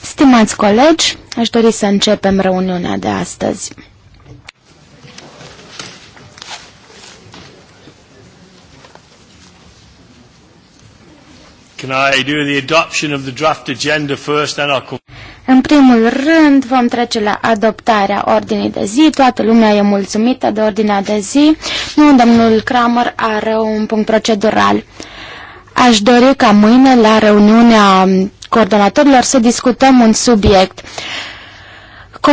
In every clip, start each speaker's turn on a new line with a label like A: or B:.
A: Stimați colegi, aș dori să începem reuniunea de astăzi.
B: Can I do the adoption of the draft agenda first and I'll come...
A: În primul rând vom trece la adoptarea ordinii de zi. Toată lumea e mulțumită de ordinea de zi. Nu, domnul Kramer are un punct procedural. Aș dori ca mâine la reuniunea coordonatorilor să discutăm un subiect. Uh,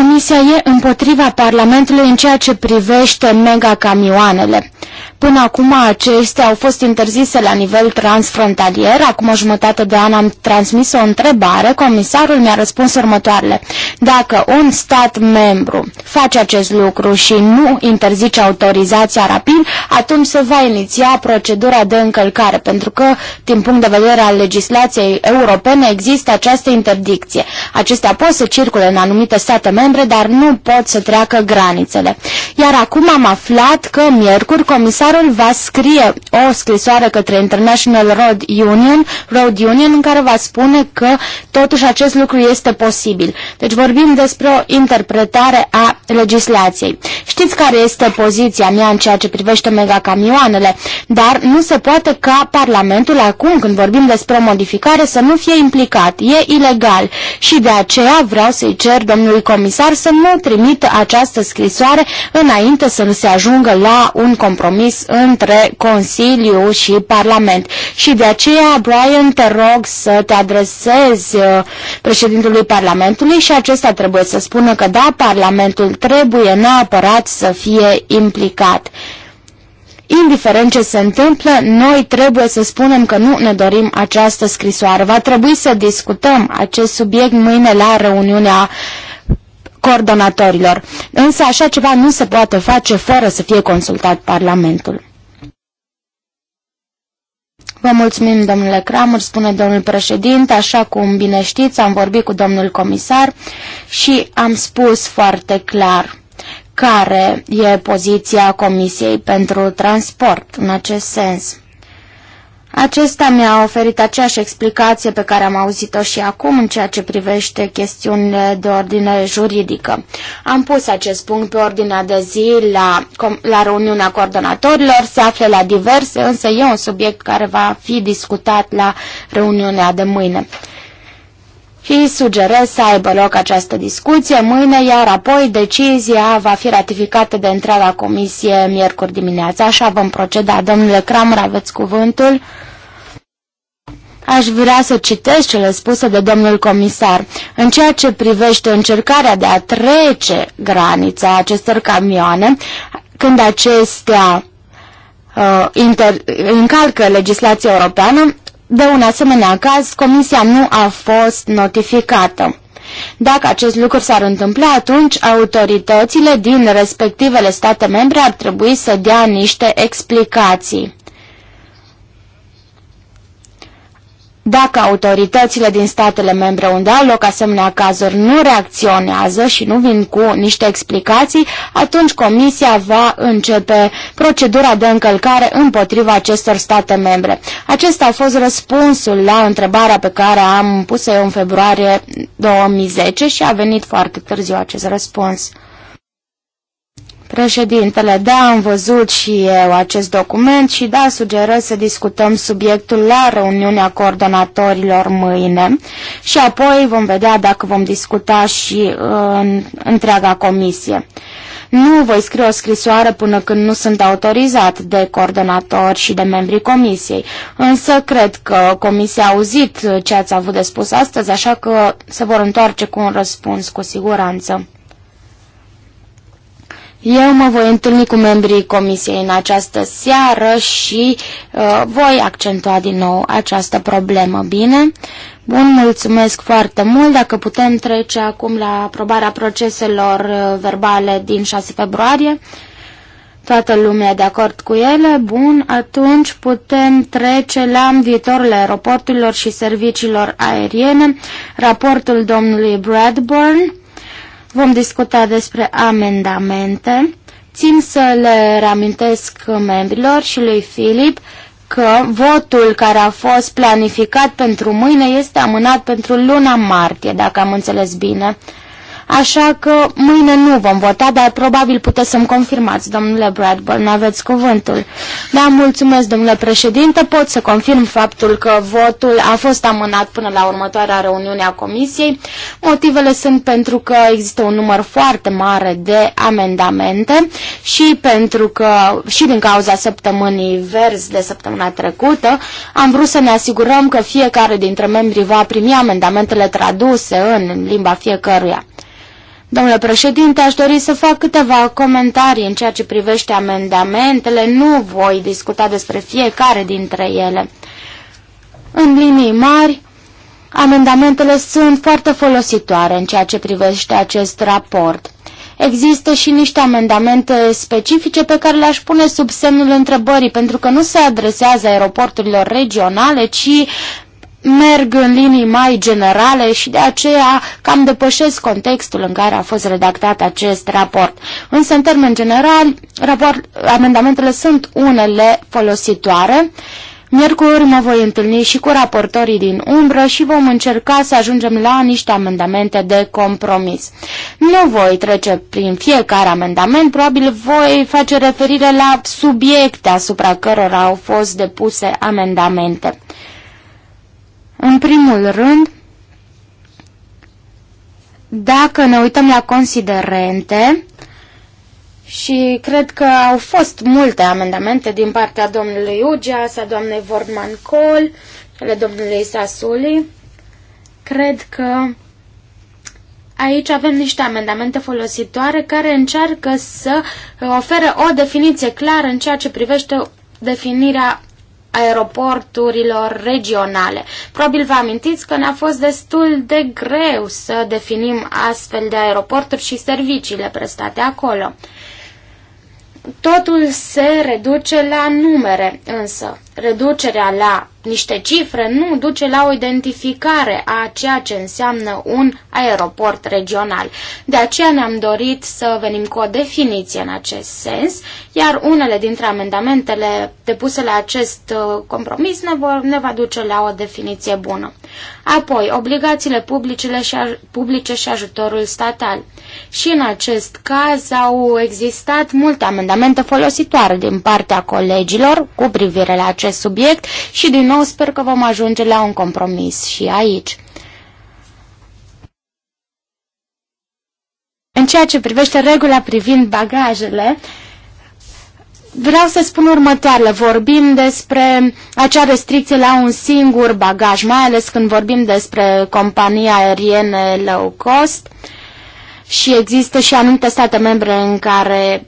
A: Comisia e împotriva Parlamentului în ceea ce privește megacamioanele. Până acum acestea au fost interzise la nivel transfrontalier. Acum o jumătate de an am transmis o întrebare. Comisarul mi-a răspuns următoarele. Dacă un stat membru face acest lucru și nu interzice autorizația rapid, atunci se va iniția procedura de încălcare, pentru că, din punct de vedere al legislației europene, există această interdicție. Acestea pot să circule în anumite state membre membre, dar nu pot să treacă granițele. Iar acum am aflat că miercuri comisarul va scrie o scrisoare către International Road Union, Road Union în care va spune că totuși acest lucru este posibil. Deci vorbim despre o interpretare a legislației. Știți care este poziția mea în ceea ce privește megacamioanele, dar nu se poate ca Parlamentul acum, când vorbim despre o modificare, să nu fie implicat. E ilegal și de aceea vreau să-i cer domnului comisar comisar să nu trimită această scrisoare înainte să nu se ajungă la un compromis între Consiliu și Parlament. Și de aceea, Brian, te rog să te adresezi uh, președintelui Parlamentului și acesta trebuie să spună că da, Parlamentul trebuie neapărat să fie implicat. Indiferent ce se întâmplă, noi trebuie să spunem că nu ne dorim această scrisoare. Va trebui să discutăm acest subiect mâine la reuniunea coordonatorilor. Însă așa ceva nu se poate face fără să fie consultat Parlamentul. Vă mulțumim, domnule Cramur, spune domnul președinte, așa cum bine știți, am vorbit cu domnul comisar și am spus foarte clar care e poziția Comisiei pentru Transport în acest sens. Acesta mi-a oferit aceeași explicație pe care am auzit-o și acum în ceea ce privește chestiunile de ordine juridică. Am pus acest punct pe ordinea de zi la, la reuniunea coordonatorilor, se află la diverse, însă e un subiect care va fi discutat la reuniunea de mâine și sugerez să aibă loc această discuție mâine, iar apoi decizia va fi ratificată de întreaga comisie miercuri dimineața. Așa vom proceda. Domnule Cramer, aveți cuvântul. Aș vrea să citesc cele spuse de domnul comisar. În ceea ce privește încercarea de a trece granița acestor camioane, când acestea uh, inter, încalcă legislația europeană, de un asemenea caz, comisia nu a fost notificată. Dacă acest lucru s-ar întâmpla, atunci autoritățile din respectivele state membre ar trebui să dea niște explicații. Dacă autoritățile din statele membre unde au loc asemenea cazuri nu reacționează și nu vin cu niște explicații, atunci Comisia va începe procedura de încălcare împotriva acestor state membre. Acesta a fost răspunsul la întrebarea pe care am pus-o eu în februarie 2010 și a venit foarte târziu acest răspuns. Președintele, da, am văzut și eu acest document și da, sugerez să discutăm subiectul la reuniunea coordonatorilor mâine și apoi vom vedea dacă vom discuta și în întreaga comisie. Nu voi scrie o scrisoare până când nu sunt autorizat de coordonatori și de membrii comisiei, însă cred că comisia a auzit ce ați avut de spus astăzi, așa că se vor întoarce cu un răspuns cu siguranță. Eu mă voi întâlni cu membrii comisiei în această seară și uh, voi accentua din nou această problemă, bine? Bun, mulțumesc foarte mult. Dacă putem trece acum la aprobarea proceselor uh, verbale din 6 februarie. Toată lumea de acord cu ele? Bun, atunci putem trece la viitorul aeroporturilor și serviciilor aeriene, raportul domnului Bradburn Vom discuta despre amendamente. Țin să le reamintesc membrilor și lui Filip că votul care a fost planificat pentru mâine este amânat pentru luna martie, dacă am înțeles bine. Așa că mâine nu vom vota, dar probabil puteți să-mi confirmați, domnule Bradburn, aveți cuvântul. Da, mulțumesc, domnule președinte, pot să confirm faptul că votul a fost amânat până la următoarea reuniune a comisiei. Motivele sunt pentru că există un număr foarte mare de amendamente și pentru că și din cauza săptămânii verzi de săptămâna trecută am vrut să ne asigurăm că fiecare dintre membrii va primi amendamentele traduse în limba fiecăruia. Domnule președinte, aș dori să fac câteva comentarii în ceea ce privește amendamentele. Nu voi discuta despre fiecare dintre ele. În linii mari, amendamentele sunt foarte folositoare în ceea ce privește acest raport. Există și niște amendamente specifice pe care le-aș pune sub semnul întrebării, pentru că nu se adresează aeroporturilor regionale, ci merg în linii mai generale și de aceea cam depășesc contextul în care a fost redactat acest raport. Însă, în termen general, raport, amendamentele sunt unele folositoare. Miercuri mă voi întâlni și cu raportorii din umbră și vom încerca să ajungem la niște amendamente de compromis. Nu voi trece prin fiecare amendament, probabil voi face referire la subiecte asupra cărora au fost depuse amendamente. În primul rând, dacă ne uităm la considerente, și cred că au fost multe amendamente din partea domnului Ugea, a doamnei Vorman Col, ale domnului Sasuli, cred că aici avem niște amendamente folositoare care încearcă să ofere o definiție clară în ceea ce privește definirea aeroporturilor regionale. Probabil vă amintiți că ne-a fost destul de greu să definim astfel de aeroporturi și serviciile prestate acolo. Totul se reduce la numere, însă reducerea la niște cifre nu duce la o identificare a ceea ce înseamnă un aeroport regional. De aceea ne-am dorit să venim cu o definiție în acest sens, iar unele dintre amendamentele depuse la acest uh, compromis ne, vor, ne va duce la o definiție bună. Apoi, obligațiile publicele și publice și ajutorul statal. Și în acest caz au existat multe amendamente folositoare din partea colegilor cu privire la acest acest subiect și din nou sper că vom ajunge la un compromis și aici. În ceea ce privește regula privind bagajele, vreau să spun următoarele. Vorbim despre acea restricție la un singur bagaj, mai ales când vorbim despre companii aeriene low cost și există și anumite state membre în care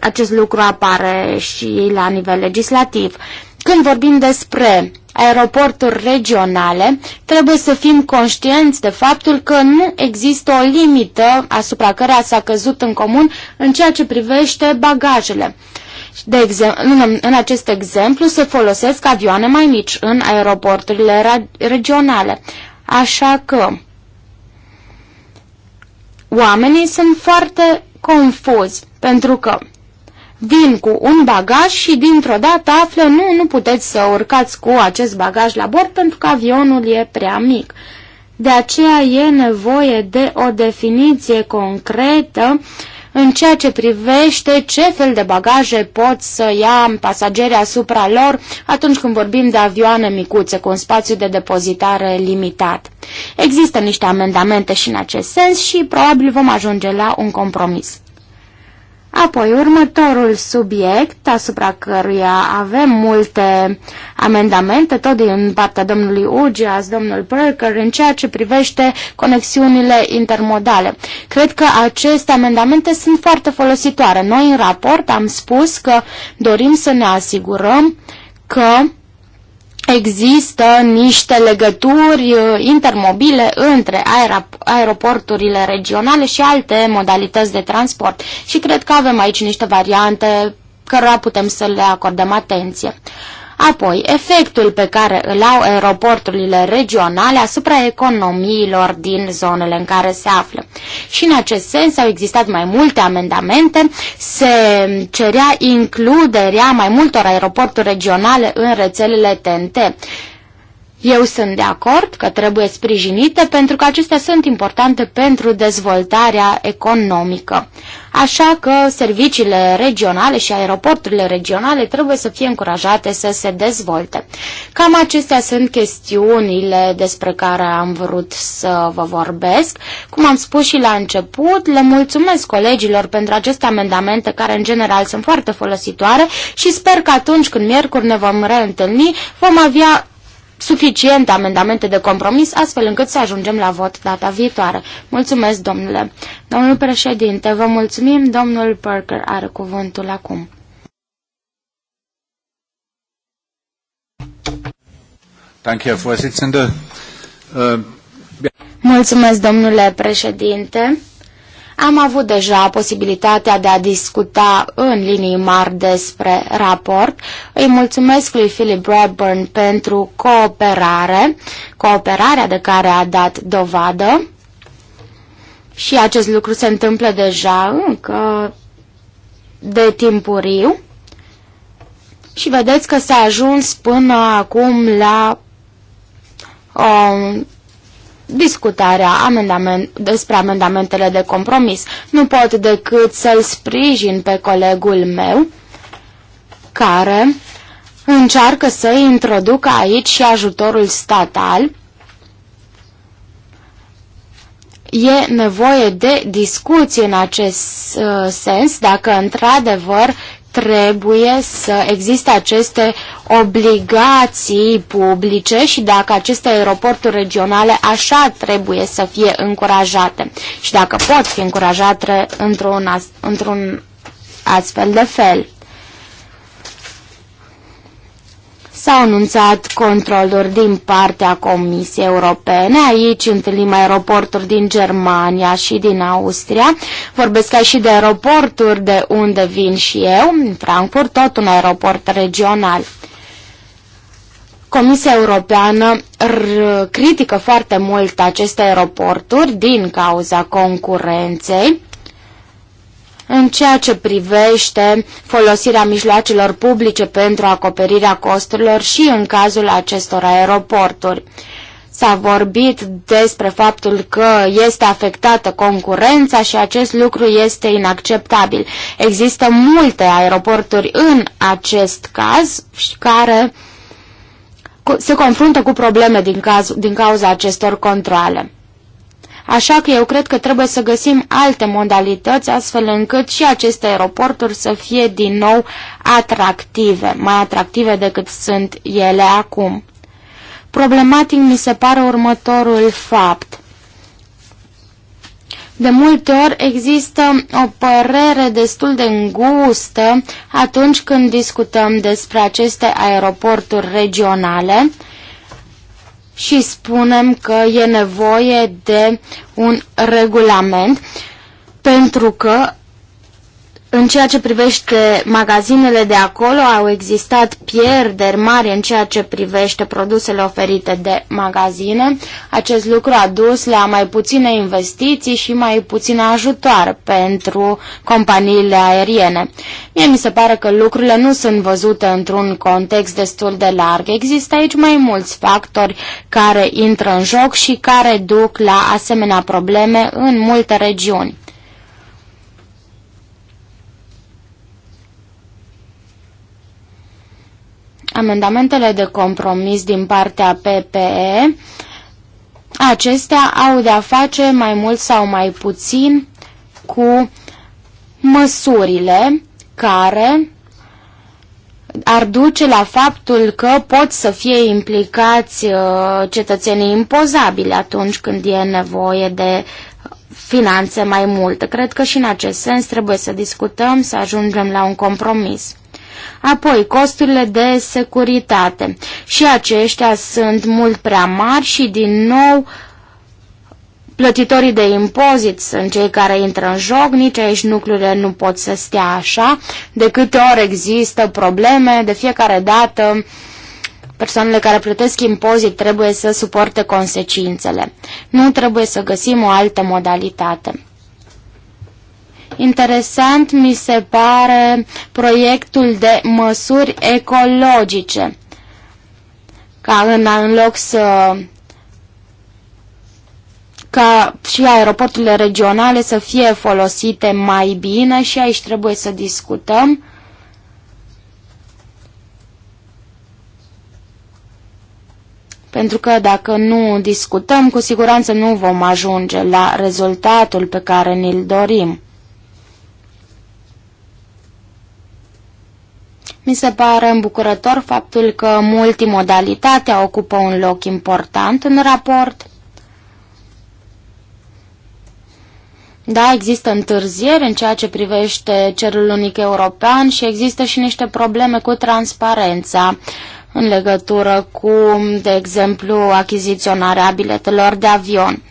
A: acest lucru apare și la nivel legislativ. Când vorbim despre aeroporturi regionale, trebuie să fim conștienți de faptul că nu există o limită asupra căreia s-a căzut în comun în ceea ce privește bagajele. De exemplu, în, în acest exemplu se folosesc avioane mai mici în aeroporturile regionale. Așa că oamenii sunt foarte confuzi pentru că vin cu un bagaj și dintr-o dată află nu, nu puteți să urcați cu acest bagaj la bord pentru că avionul e prea mic. De aceea e nevoie de o definiție concretă în ceea ce privește ce fel de bagaje pot să ia pasagerii asupra lor atunci când vorbim de avioane micuțe cu un spațiu de depozitare limitat. Există niște amendamente și în acest sens și probabil vom ajunge la un compromis. Apoi, următorul subiect, asupra căruia avem multe amendamente, tot din partea domnului Ugias, domnul Berker, în ceea ce privește conexiunile intermodale. Cred că aceste amendamente sunt foarte folositoare. Noi, în raport, am spus că dorim să ne asigurăm că există niște legături uh, intermobile între aeroporturile regionale și alte modalități de transport și cred că avem aici niște variante cărora putem să le acordăm atenție. Apoi, efectul pe care îl au aeroporturile regionale asupra economiilor din zonele în care se află. Și în acest sens au existat mai multe amendamente, se cerea includerea mai multor aeroporturi regionale în rețelele TNT. Eu sunt de acord că trebuie sprijinite pentru că acestea sunt importante pentru dezvoltarea economică. Așa că serviciile regionale și aeroporturile regionale trebuie să fie încurajate să se dezvolte. Cam acestea sunt chestiunile despre care am vrut să vă vorbesc. Cum am spus și la început, le mulțumesc colegilor pentru aceste amendamente care în general sunt foarte folositoare și sper că atunci când miercuri ne vom reîntâlni vom avea suficiente amendamente de compromis, astfel încât să ajungem la vot data viitoare. Mulțumesc, domnule. Domnul președinte, vă mulțumim. Domnul Parker are cuvântul acum. Äh, Mulțumesc, domnule președinte. Am avut deja posibilitatea de a discuta în linii mari despre raport. Îi mulțumesc lui Philip Bradburn pentru cooperare, cooperarea de care a dat dovadă. Și acest lucru se întâmplă deja încă de timpuriu. Și vedeți că s-a ajuns până acum la o um, discutarea amendament, despre amendamentele de compromis. Nu pot decât să-l sprijin pe colegul meu care încearcă să introducă aici și ajutorul statal. E nevoie de discuții în acest uh, sens dacă într-adevăr trebuie să existe aceste obligații publice și dacă aceste aeroporturi regionale așa trebuie să fie încurajate și dacă pot fi încurajate într-un într, astfel de fel. S-au anunțat controluri din partea Comisiei Europene, aici întâlnim aeroporturi din Germania și din Austria. Vorbesc și de aeroporturi de unde vin și eu, în Frankfurt, tot un aeroport regional. Comisia Europeană critică foarte mult aceste aeroporturi din cauza concurenței în ceea ce privește folosirea mijloacelor publice pentru acoperirea costurilor și în cazul acestor aeroporturi. S-a vorbit despre faptul că este afectată concurența și acest lucru este inacceptabil. Există multe aeroporturi în acest caz care se confruntă cu probleme din, caz, din cauza acestor controle. Așa că eu cred că trebuie să găsim alte modalități astfel încât și aceste aeroporturi să fie din nou atractive, mai atractive decât sunt ele acum. Problematic mi se pare următorul fapt. De multe ori există o părere destul de îngustă atunci când discutăm despre aceste aeroporturi regionale, și spunem că e nevoie de un regulament pentru că în ceea ce privește magazinele de acolo, au existat pierderi mari în ceea ce privește produsele oferite de magazine. Acest lucru a dus la mai puține investiții și mai puține ajutor pentru companiile aeriene. Mie mi se pare că lucrurile nu sunt văzute într-un context destul de larg. Există aici mai mulți factori care intră în joc și care duc la asemenea probleme în multe regiuni. Amendamentele de compromis din partea PPE, acestea au de-a face mai mult sau mai puțin cu măsurile care ar duce la faptul că pot să fie implicați uh, cetățenii impozabili atunci când e nevoie de finanțe mai multe. Cred că și în acest sens trebuie să discutăm, să ajungem la un compromis. Apoi, costurile de securitate. Și aceștia sunt mult prea mari și, din nou, plătitorii de impozit sunt cei care intră în joc, nici aici lucrurile nu pot să stea așa. De câte ori există probleme, de fiecare dată persoanele care plătesc impozit trebuie să suporte consecințele. Nu trebuie să găsim o altă modalitate. Interesant mi se pare proiectul de măsuri ecologice, ca în, în loc să ca și aeroporturile regionale să fie folosite mai bine și aici trebuie să discutăm. Pentru că dacă nu discutăm, cu siguranță nu vom ajunge la rezultatul pe care ni-l dorim. Mi se pare îmbucurător faptul că multimodalitatea ocupă un loc important în raport. Da, există întârzieri în ceea ce privește cerul unic european și există și niște probleme cu transparența în legătură cu, de exemplu, achiziționarea biletelor de avion.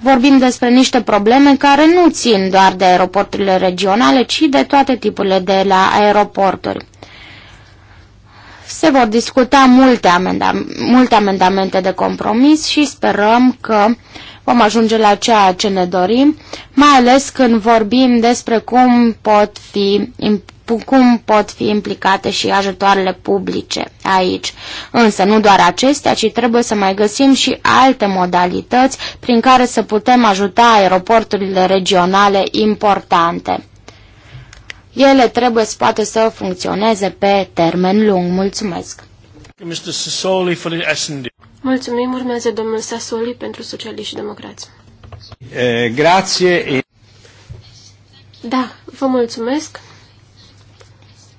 A: Vorbim despre niște probleme care nu țin doar de aeroporturile regionale, ci de toate tipurile de la aeroporturi. Se vor discuta multe, amenda multe amendamente de compromis și sperăm că vom ajunge la ceea ce ne dorim, mai ales când vorbim despre cum pot fi cum pot fi implicate și ajutoarele publice aici. Însă nu doar acestea, ci trebuie să mai găsim și alte modalități prin care să putem ajuta aeroporturile regionale importante. Ele trebuie să poată să funcționeze pe termen lung. Mulțumesc!
C: Mulțumim, urmează domnul Sassoli pentru Socialiști și Democrați.
B: Eh, grație.
C: Da, vă mulțumesc.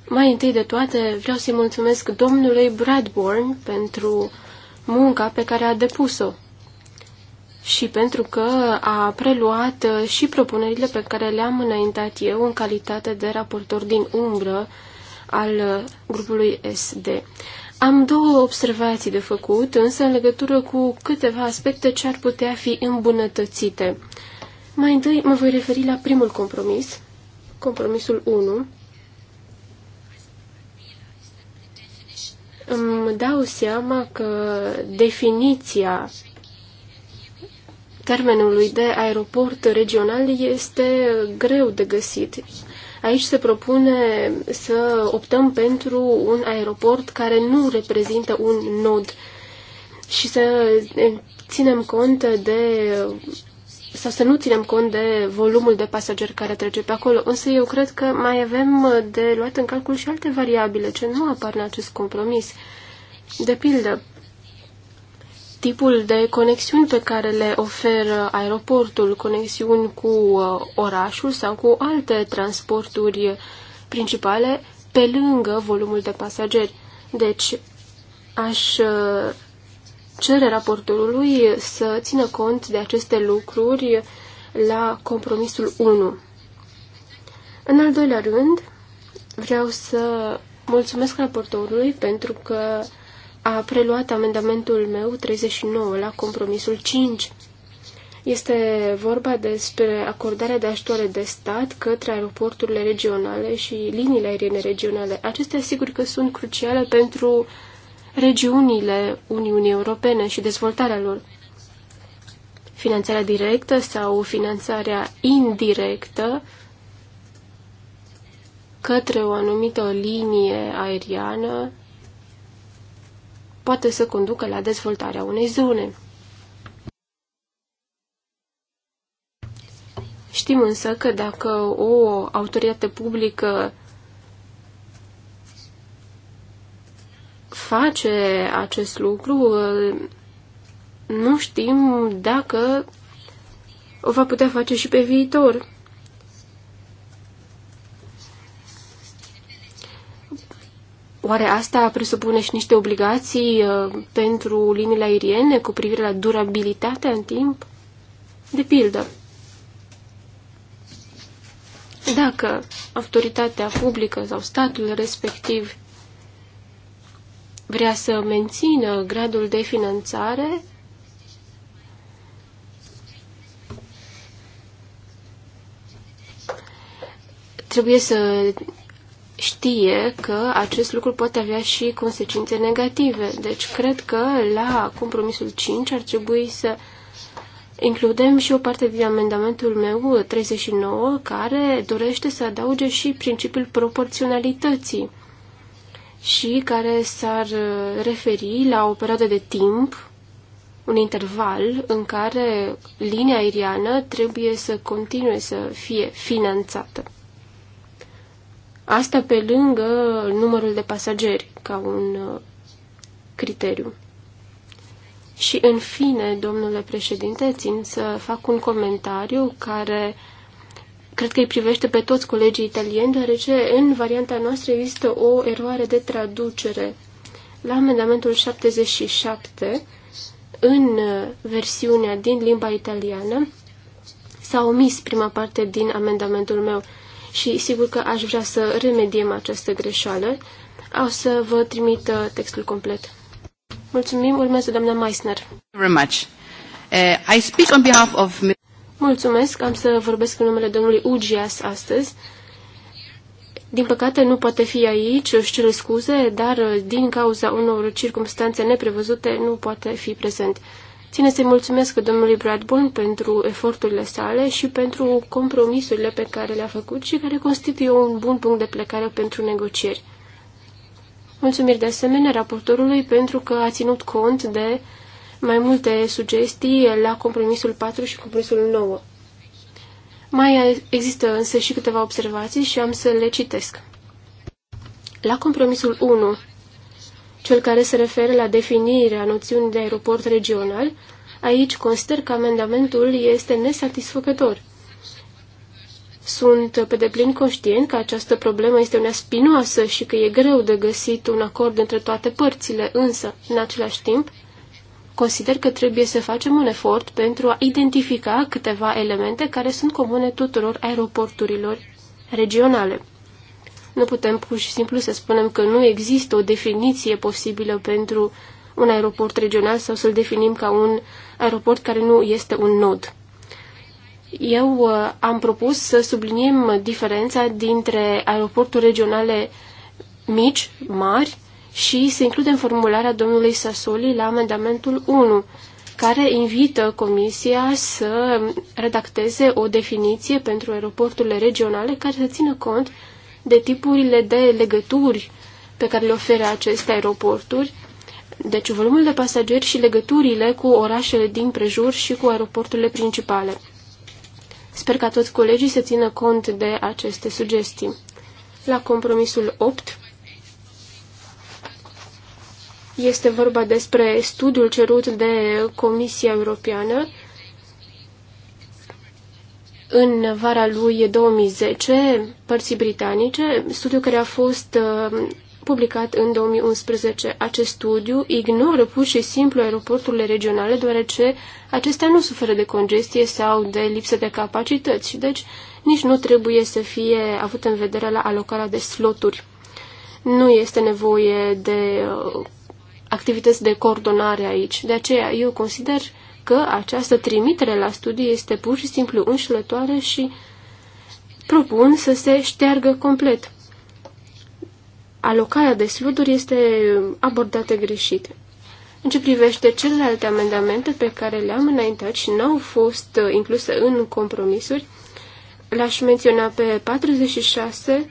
C: Mai întâi de toate, vreau să-i mulțumesc domnului Bradburn pentru munca pe care a depus-o și pentru că a preluat uh, și propunerile pe care le-am înaintat eu în calitate de raportor din umbră al uh, grupului SD. Am două observații de făcut, însă în legătură cu câteva aspecte ce ar putea fi îmbunătățite. Mai întâi mă voi referi la primul compromis, compromisul 1. Îmi dau seama că definiția termenului de aeroport regional este greu de găsit. Aici se propune să optăm pentru un aeroport care nu reprezintă un nod și să ținem cont de sau să nu ținem cont de volumul de pasageri care trece pe acolo, însă eu cred că mai avem de luat în calcul și alte variabile ce nu apar în acest compromis. De pildă, tipul de conexiuni pe care le oferă aeroportul, conexiuni cu uh, orașul sau cu alte transporturi principale pe lângă volumul de pasageri. Deci, aș uh, cere raportorului să țină cont de aceste lucruri la compromisul 1. În al doilea rând, vreau să mulțumesc raportorului pentru că a preluat amendamentul meu 39 la compromisul 5. Este vorba despre acordarea de ajutoare de stat către aeroporturile regionale și liniile aeriene regionale. Acestea, sigur că sunt cruciale pentru regiunile Uniunii Europene și dezvoltarea lor. Finanțarea directă sau finanțarea indirectă către o anumită linie aeriană poate să conducă la dezvoltarea unei zone. Știm însă că dacă o autoritate publică face acest lucru, nu știm dacă o va putea face și pe viitor. Oare asta presupune și niște obligații uh, pentru liniile aeriene cu privire la durabilitatea în timp? De pildă, dacă autoritatea publică sau statul respectiv vrea să mențină gradul de finanțare, trebuie să știe că acest lucru poate avea și consecințe negative. Deci cred că la compromisul 5 ar trebui să includem și o parte din amendamentul meu 39 care dorește să adauge și principiul proporționalității și care s-ar uh, referi la o perioadă de timp, un interval în care linia aeriană trebuie să continue să fie finanțată. Asta pe lângă numărul de pasageri, ca un uh, criteriu. Și în fine, domnule președinte, țin să fac un comentariu care cred că îi privește pe toți colegii italieni, deoarece în varianta noastră există o eroare de traducere. La amendamentul 77, în uh, versiunea din limba italiană, s-a omis prima parte din amendamentul meu și sigur că aș vrea să remediem această greșeală. O să vă trimit uh, textul complet. Mulțumim, urmează doamna Meissner. Very much. Uh, I speak on behalf of... Mulțumesc, am să vorbesc în numele domnului Ugias astăzi. Din păcate nu poate fi aici, își cer scuze, dar uh, din cauza unor circumstanțe neprevăzute nu poate fi prezent. Ține să-i mulțumesc domnului Bradburn pentru eforturile sale și pentru compromisurile pe care le-a făcut și care constituie un bun punct de plecare pentru negocieri. Mulțumiri de asemenea raportorului pentru că a ținut cont de mai multe sugestii la compromisul 4 și compromisul 9. Mai există însă și câteva observații și am să le citesc. La compromisul 1, cel care se referă la definirea noțiunii de aeroport regional, aici consider că amendamentul este nesatisfăcător. Sunt pe deplin conștient că această problemă este una spinoasă și că e greu de găsit un acord între toate părțile, însă, în același timp, consider că trebuie să facem un efort pentru a identifica câteva elemente care sunt comune tuturor aeroporturilor regionale. Nu putem pur și simplu să spunem că nu există o definiție posibilă pentru un aeroport regional sau să-l definim ca un aeroport care nu este un nod. Eu uh, am propus să subliniem diferența dintre aeroporturi regionale mici, mari, și se include în formularea domnului Sasoli la amendamentul 1, care invită Comisia să redacteze o definiție pentru aeroporturile regionale care să țină cont de tipurile de legături pe care le oferă aceste aeroporturi, deci volumul de pasageri și legăturile cu orașele din prejur și cu aeroporturile principale. Sper ca toți colegii să țină cont de aceste sugestii. La compromisul 8 este vorba despre studiul cerut de Comisia Europeană în vara lui 2010 părții britanice, studiu care a fost uh, publicat în 2011. Acest studiu ignoră pur și simplu aeroporturile regionale, deoarece acestea nu suferă de congestie sau de lipsă de capacități și deci nici nu trebuie să fie avut în vedere la alocarea de sloturi. Nu este nevoie de uh, activități de coordonare aici. De aceea eu consider că această trimitere la studii este pur și simplu înșelătoare și propun să se șteargă complet. Alocarea de sluduri este abordată greșit. În ce privește celelalte amendamente pe care le-am înaintat și n-au fost uh, incluse în compromisuri, le-aș menționa pe 46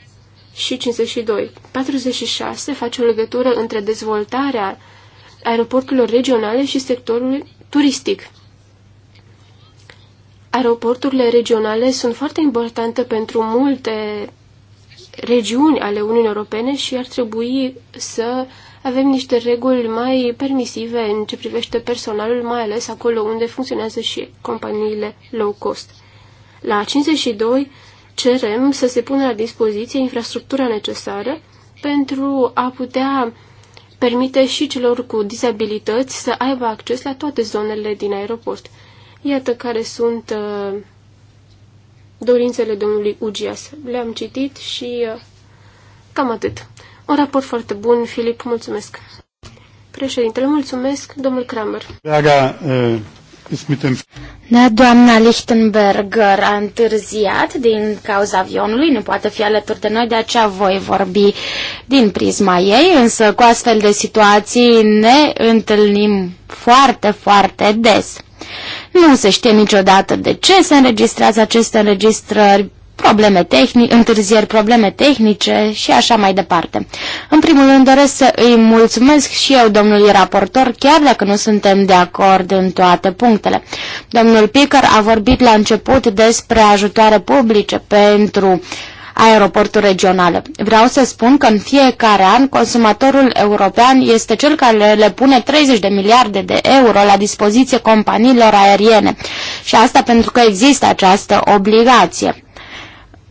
C: și 52. 46 face o legătură între dezvoltarea aeroporturilor regionale și sectorul turistic. Aeroporturile regionale sunt foarte importante pentru multe regiuni ale Uniunii Europene și ar trebui să avem niște reguli mai permisive în ce privește personalul, mai ales acolo unde funcționează și companiile low cost. La 52 cerem să se pună la dispoziție infrastructura necesară pentru a putea permite și celor cu dizabilități să aibă acces la toate zonele din aeroport. Iată care sunt uh, dorințele domnului Ugias. Le-am citit și uh, cam atât. Un raport foarte bun, Filip, mulțumesc. Președintele, mulțumesc, domnul Kramer.
B: Draga uh,
A: da, doamna Lichtenberger a întârziat din cauza avionului, nu poate fi alături de noi, de aceea voi vorbi din prisma ei, însă cu astfel de situații ne întâlnim foarte, foarte des. Nu se știe niciodată de ce se înregistrează aceste înregistrări, probleme tehnice, întârzieri, probleme tehnice și așa mai departe. În primul rând doresc să îi mulțumesc și eu domnului raportor, chiar dacă nu suntem de acord în toate punctele. Domnul Picker a vorbit la început despre ajutoare publice pentru aeroporturi regionale. Vreau să spun că în fiecare an consumatorul european este cel care le pune 30 de miliarde de euro la dispoziție companiilor aeriene și asta pentru că există această obligație.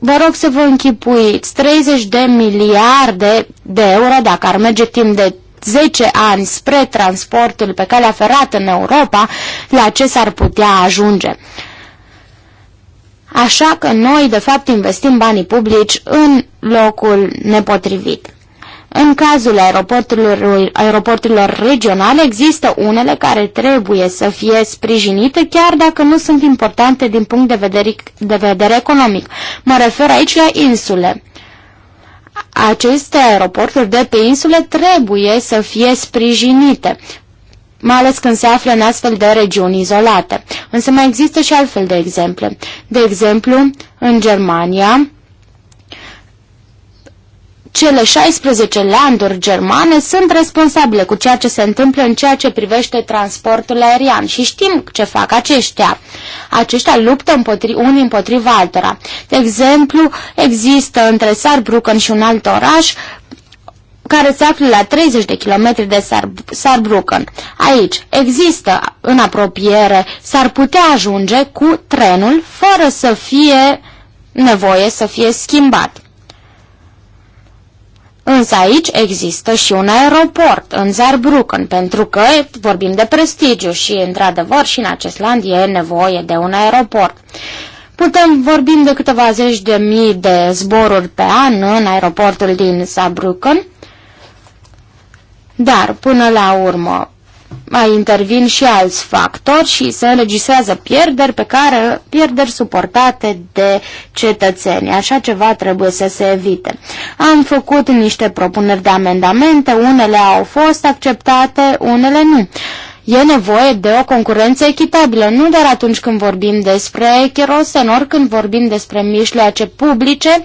A: Vă rog să vă închipuiți, 30 de miliarde de euro, dacă ar merge timp de 10 ani spre transportul pe calea ferată în Europa, la ce s-ar putea ajunge. Așa că noi, de fapt, investim banii publici în locul nepotrivit. În cazul aeroporturilor, aeroporturilor regionale există unele care trebuie să fie sprijinite chiar dacă nu sunt importante din punct de vedere, de vedere economic. Mă refer aici la insule aceste aeroporturi de pe insule trebuie să fie sprijinite, mai ales când se află în astfel de regiuni izolate. Însă mai există și altfel de exemple. De exemplu, în Germania, cele 16 landuri germane sunt responsabile cu ceea ce se întâmplă în ceea ce privește transportul aerian și știm ce fac aceștia. Aceștia luptă împotri, unii împotriva altora. De exemplu, există între Saarbrücken și un alt oraș care se află la 30 de kilometri de Sar Aici există în apropiere, s-ar putea ajunge cu trenul fără să fie nevoie să fie schimbat. Însă aici există și un aeroport în Zarbrucken, pentru că vorbim de prestigiu și, într-adevăr, și în acest land e nevoie de un aeroport. Putem vorbim de câteva zeci de mii de zboruri pe an în aeroportul din Zarbrucken, dar, până la urmă, mai intervin și alți factori și se înregistrează pierderi pe care pierderi suportate de cetățeni. Așa ceva trebuie să se evite. Am făcut niște propuneri de amendamente, unele au fost acceptate, unele nu. E nevoie de o concurență echitabilă, nu doar atunci când vorbim despre cherosen, oricând vorbim despre mijloace publice,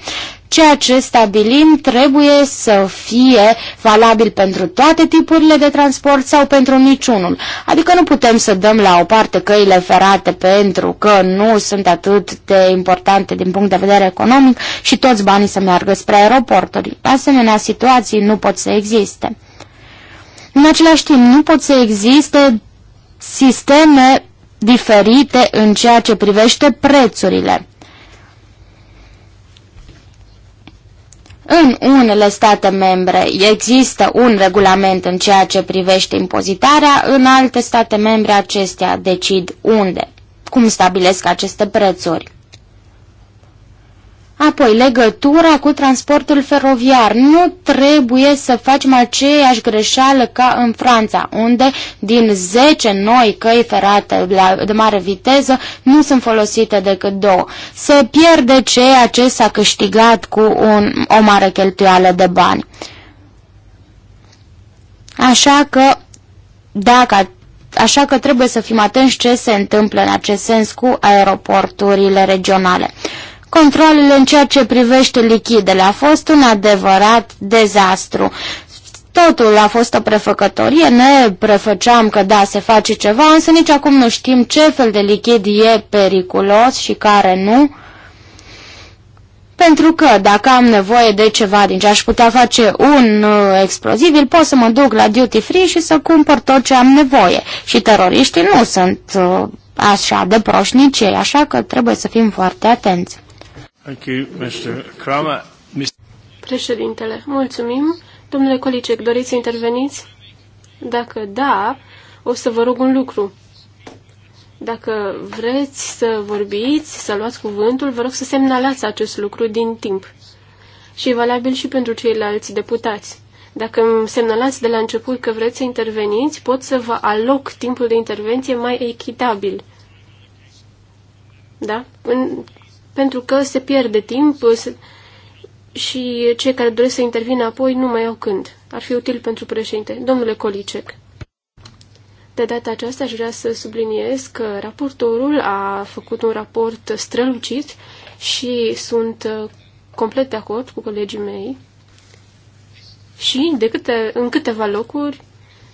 A: ceea ce stabilim trebuie să fie valabil pentru toate tipurile de transport sau pentru niciunul. Adică nu putem să dăm la o parte căile ferate pentru că nu sunt atât de importante din punct de vedere economic și toți banii să meargă spre aeroporturi. Asemenea situații nu pot să existe. În același timp, nu pot să existe sisteme diferite în ceea ce privește prețurile. În unele state membre există un regulament în ceea ce privește impozitarea, în alte state membre acestea decid unde, cum stabilesc aceste prețuri. Apoi, legătura cu transportul feroviar. Nu trebuie să facem aceeași greșeală ca în Franța, unde din 10 noi căi ferate de mare viteză nu sunt folosite decât două. Se pierde ceea ce s-a câștigat cu un, o mare cheltuială de bani. Așa că, dacă așa că trebuie să fim atenți ce se întâmplă în acest sens cu aeroporturile regionale. Controlul în ceea ce privește lichidele a fost un adevărat dezastru. Totul a fost o prefăcătorie, ne prefăceam că da, se face ceva, însă nici acum nu știm ce fel de lichid e periculos și care nu. Pentru că dacă am nevoie de ceva din ce aș putea face un uh, explozibil, pot să mă duc la duty free și să cumpăr tot ce am nevoie. Și teroriștii nu sunt uh, așa de proșnici, așa că trebuie să fim foarte atenți.
B: Thank you, Mr. Kramer.
C: Președintele, mulțumim. Domnule Colicec, doriți să interveniți? Dacă da, o să vă rog un lucru. Dacă vreți să vorbiți, să luați cuvântul, vă rog să semnalați acest lucru din timp. Și e valabil și pentru ceilalți deputați. Dacă îmi semnalați de la început că vreți să interveniți, pot să vă aloc timpul de intervenție mai echitabil. Da? În pentru că se pierde timp și cei care doresc să intervină apoi nu mai au când. Ar fi util pentru președinte. Domnule Colicec. De data aceasta aș vrea să subliniez că raportorul a făcut un raport strălucit și sunt uh, complet de acord cu colegii mei. Și de câte, în câteva locuri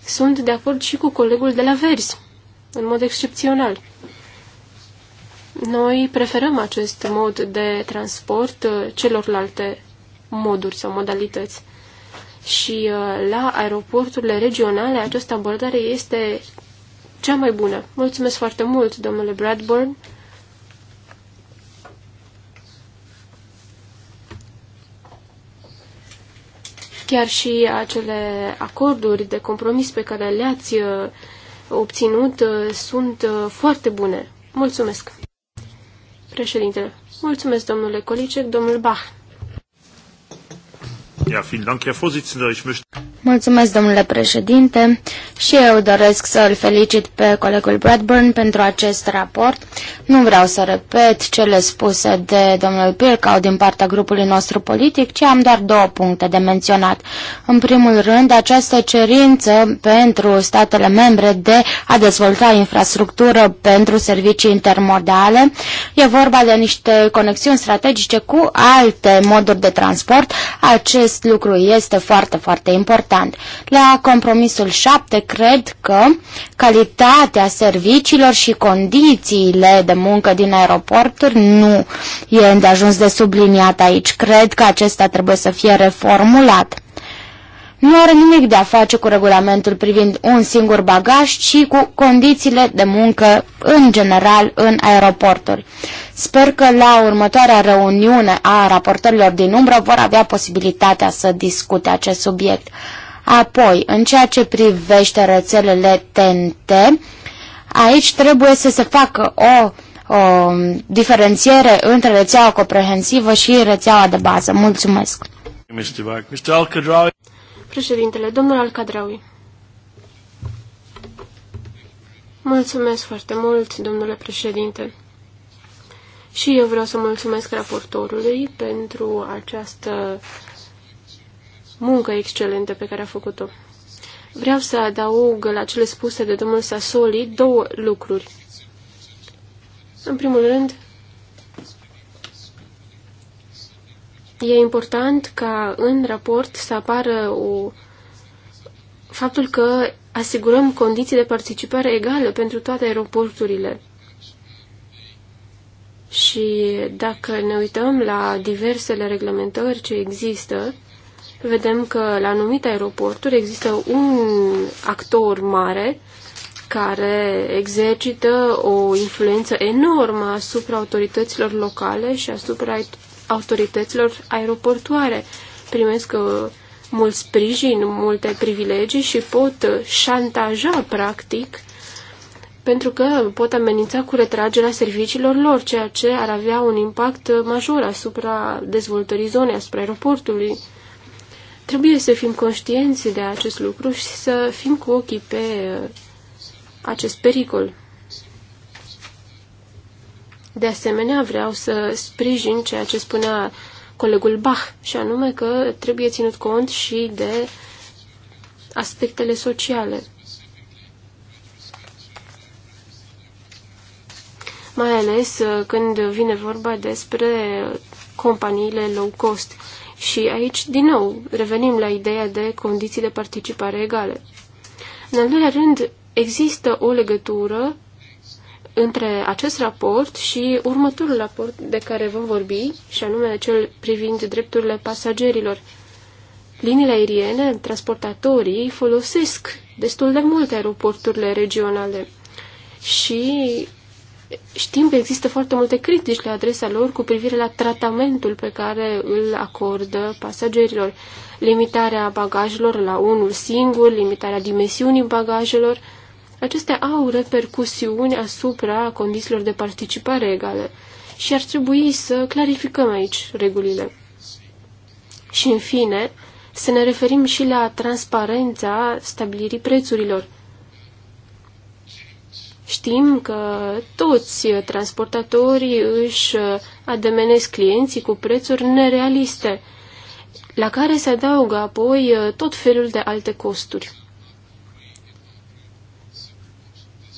C: sunt de acord și cu colegul de la Verzi, în mod excepțional. Noi preferăm acest mod de transport uh, celorlalte moduri sau modalități. Și uh, la aeroporturile regionale această abordare este cea mai bună. Mulțumesc foarte mult, domnule Bradburn. Chiar și acele acorduri de compromis pe care le-ați uh, obținut sunt foarte bune. Mulțumesc! Președintele. Mulțumesc, domnule Colicec, domnul Bach.
A: Mulțumesc, domnule președinte, și eu doresc să îl felicit pe colegul Bradburn pentru acest raport. Nu vreau să repet cele spuse de domnul Pircau din partea grupului nostru politic, ci am doar două puncte de menționat. În primul rând, această cerință pentru statele membre de a dezvolta infrastructură pentru servicii intermodale. E vorba de niște conexiuni strategice cu alte moduri de transport. Acest acest lucru este foarte, foarte important. La compromisul 7 cred că calitatea serviciilor și condițiile de muncă din aeroporturi nu e îndeajuns de subliniat aici. Cred că acesta trebuie să fie reformulat nu are nimic de a face cu regulamentul privind un singur bagaj, ci cu condițiile de muncă în general în aeroporturi. Sper că la următoarea reuniune a raportărilor din umbră vor avea posibilitatea să discute acest subiect. Apoi, în ceea ce privește rețelele TNT, aici trebuie să se facă o, o diferențiere între rețeaua comprehensivă și rețeaua de bază. Mulțumesc!
B: Mr.
C: Președintele, domnul Alcadraui. Mulțumesc foarte mult, domnule președinte. Și eu vreau să mulțumesc raportorului pentru această muncă excelentă pe care a făcut-o. Vreau să adaug la cele spuse de domnul Sasoli două lucruri. În primul rând, E important ca în raport să apară o... faptul că asigurăm condiții de participare egală pentru toate aeroporturile. Și dacă ne uităm la diversele reglementări ce există, vedem că la anumite aeroporturi există un actor mare care exercită o influență enormă asupra autorităților locale și asupra autorităților aeroportuare. Primesc uh, mult sprijin, multe privilegii și pot uh, șantaja, practic, pentru că pot amenința cu retragerea serviciilor lor, ceea ce ar avea un impact uh, major asupra dezvoltării zonei, asupra aeroportului. Trebuie să fim conștienți de acest lucru și să fim cu ochii pe acest pericol. De asemenea, vreau să sprijin ceea ce spunea colegul Bach, și anume că trebuie ținut cont și de aspectele sociale. Mai ales uh, când vine vorba despre companiile low cost. Și aici, din nou, revenim la ideea de condiții de participare egale. În al doilea rând, există o legătură între acest raport și următorul raport de care vom vorbi, și anume cel privind drepturile pasagerilor. Liniile aeriene, transportatorii folosesc destul de mult aeroporturile regionale și știm că există foarte multe critici la adresa lor cu privire la tratamentul pe care îl acordă pasagerilor. Limitarea bagajelor la unul singur, limitarea dimensiunii bagajelor, acestea au repercusiuni asupra condițiilor de participare egale și ar trebui să clarificăm aici regulile. Și, în fine, să ne referim și la transparența stabilirii prețurilor. Știm că toți transportatorii își ademenesc clienții cu prețuri nerealiste, la care se adaugă apoi tot felul de alte costuri.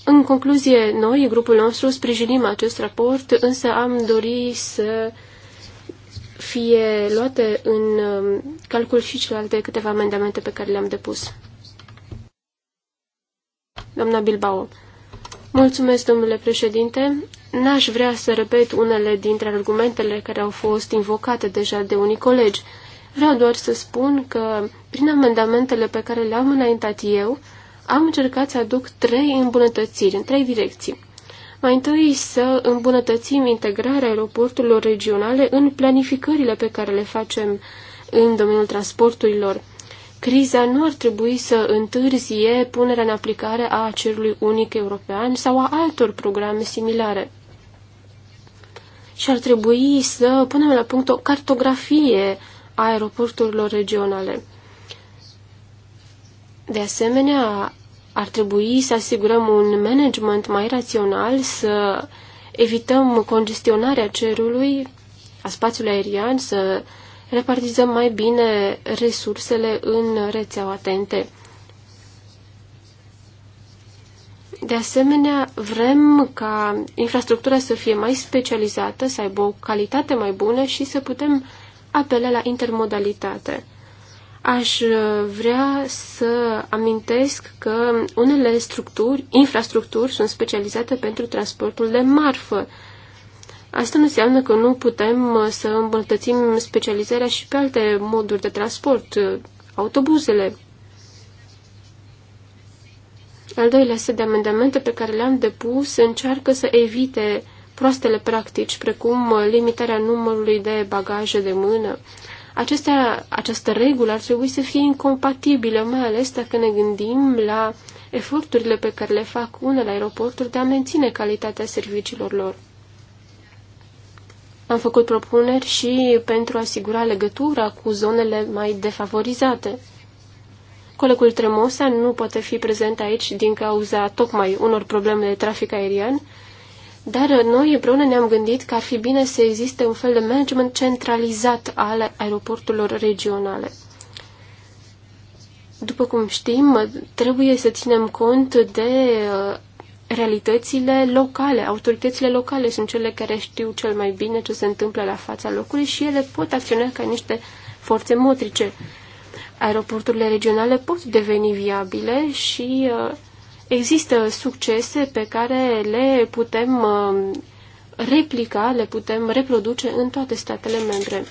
C: În concluzie, noi, grupul nostru, sprijinim acest raport, însă am dori să fie luate în um, calcul și celelalte câteva amendamente pe care le-am depus. Doamna Bilbao. Mulțumesc, domnule președinte. N-aș vrea să repet unele dintre argumentele care au fost invocate deja de unii colegi. Vreau doar să spun că, prin amendamentele pe care le-am înaintat eu, am încercat să aduc trei îmbunătățiri în trei direcții. Mai întâi să îmbunătățim integrarea aeroporturilor regionale în planificările pe care le facem în domeniul transporturilor. Criza nu ar trebui să întârzie punerea în aplicare a cerului unic european sau a altor programe similare. Și ar trebui să punem la punct o cartografie a aeroporturilor regionale. De asemenea, ar trebui să asigurăm un management mai rațional, să evităm congestionarea cerului, a spațiului aerian, să repartizăm mai bine resursele în rețeaua atente. De asemenea, vrem ca infrastructura să fie mai specializată, să aibă o calitate mai bună și să putem apela la intermodalitate aș uh, vrea să amintesc că unele structuri, infrastructuri sunt specializate pentru transportul de marfă. Asta nu înseamnă că nu putem uh, să îmbunătățim specializarea și pe alte moduri de transport, uh, autobuzele. Al doilea set de amendamente pe care le-am depus încearcă să evite proastele practici, precum limitarea numărului de bagaje de mână, Acestea, această regulă ar trebui să fie incompatibilă, mai ales dacă ne gândim la eforturile pe care le fac unele aeroporturi de a menține calitatea serviciilor lor. Am făcut propuneri și pentru a asigura legătura cu zonele mai defavorizate. Colegul Tremosa nu poate fi prezent aici din cauza tocmai unor probleme de trafic aerian, dar noi împreună ne-am gândit că ar fi bine să existe un fel de management centralizat al aeroporturilor regionale. După cum știm, trebuie să ținem cont de uh, realitățile locale. Autoritățile locale sunt cele care știu cel mai bine ce se întâmplă la fața locului și ele pot acționa ca niște forțe motrice. Aeroporturile regionale pot deveni viabile și uh, Există succese pe care le putem uh, replica, le putem reproduce în toate statele membre.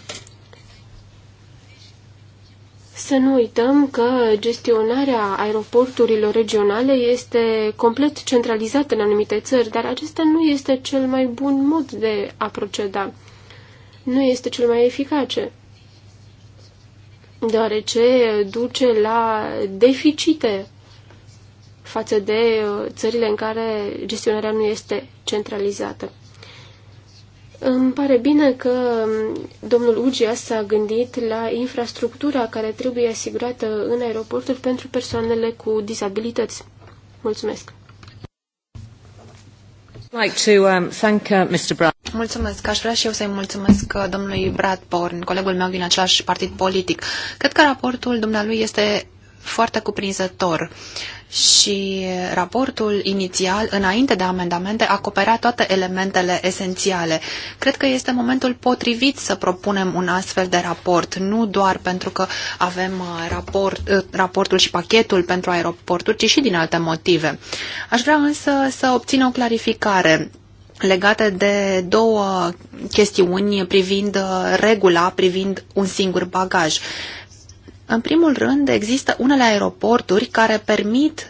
C: Să nu uităm că gestionarea aeroporturilor regionale este complet centralizată în anumite țări, dar acesta nu este cel mai bun mod de a proceda. Nu este cel mai eficace, deoarece duce la deficite față de uh, țările în care gestionarea nu este centralizată. Îmi pare bine că um, domnul Ugia s-a gândit la infrastructura care trebuie asigurată în aeroporturi pentru persoanele cu dizabilități. Mulțumesc!
B: Like to, um, thank, uh,
C: Mr. Brad.
D: Mulțumesc. Aș vrea și eu să-i mulțumesc uh, domnului Bradborn, colegul meu din același partid politic. Cred că raportul dumnealui este foarte cuprinzător și raportul inițial, înainte de amendamente, acoperea toate elementele esențiale. Cred că este momentul potrivit să propunem un astfel de raport, nu doar pentru că avem uh, raport, uh, raportul și pachetul pentru aeroporturi, ci și din alte motive. Aș vrea însă să obțin o clarificare legate de două chestiuni privind uh, regula, privind un singur bagaj. În primul rând, există unele aeroporturi care permit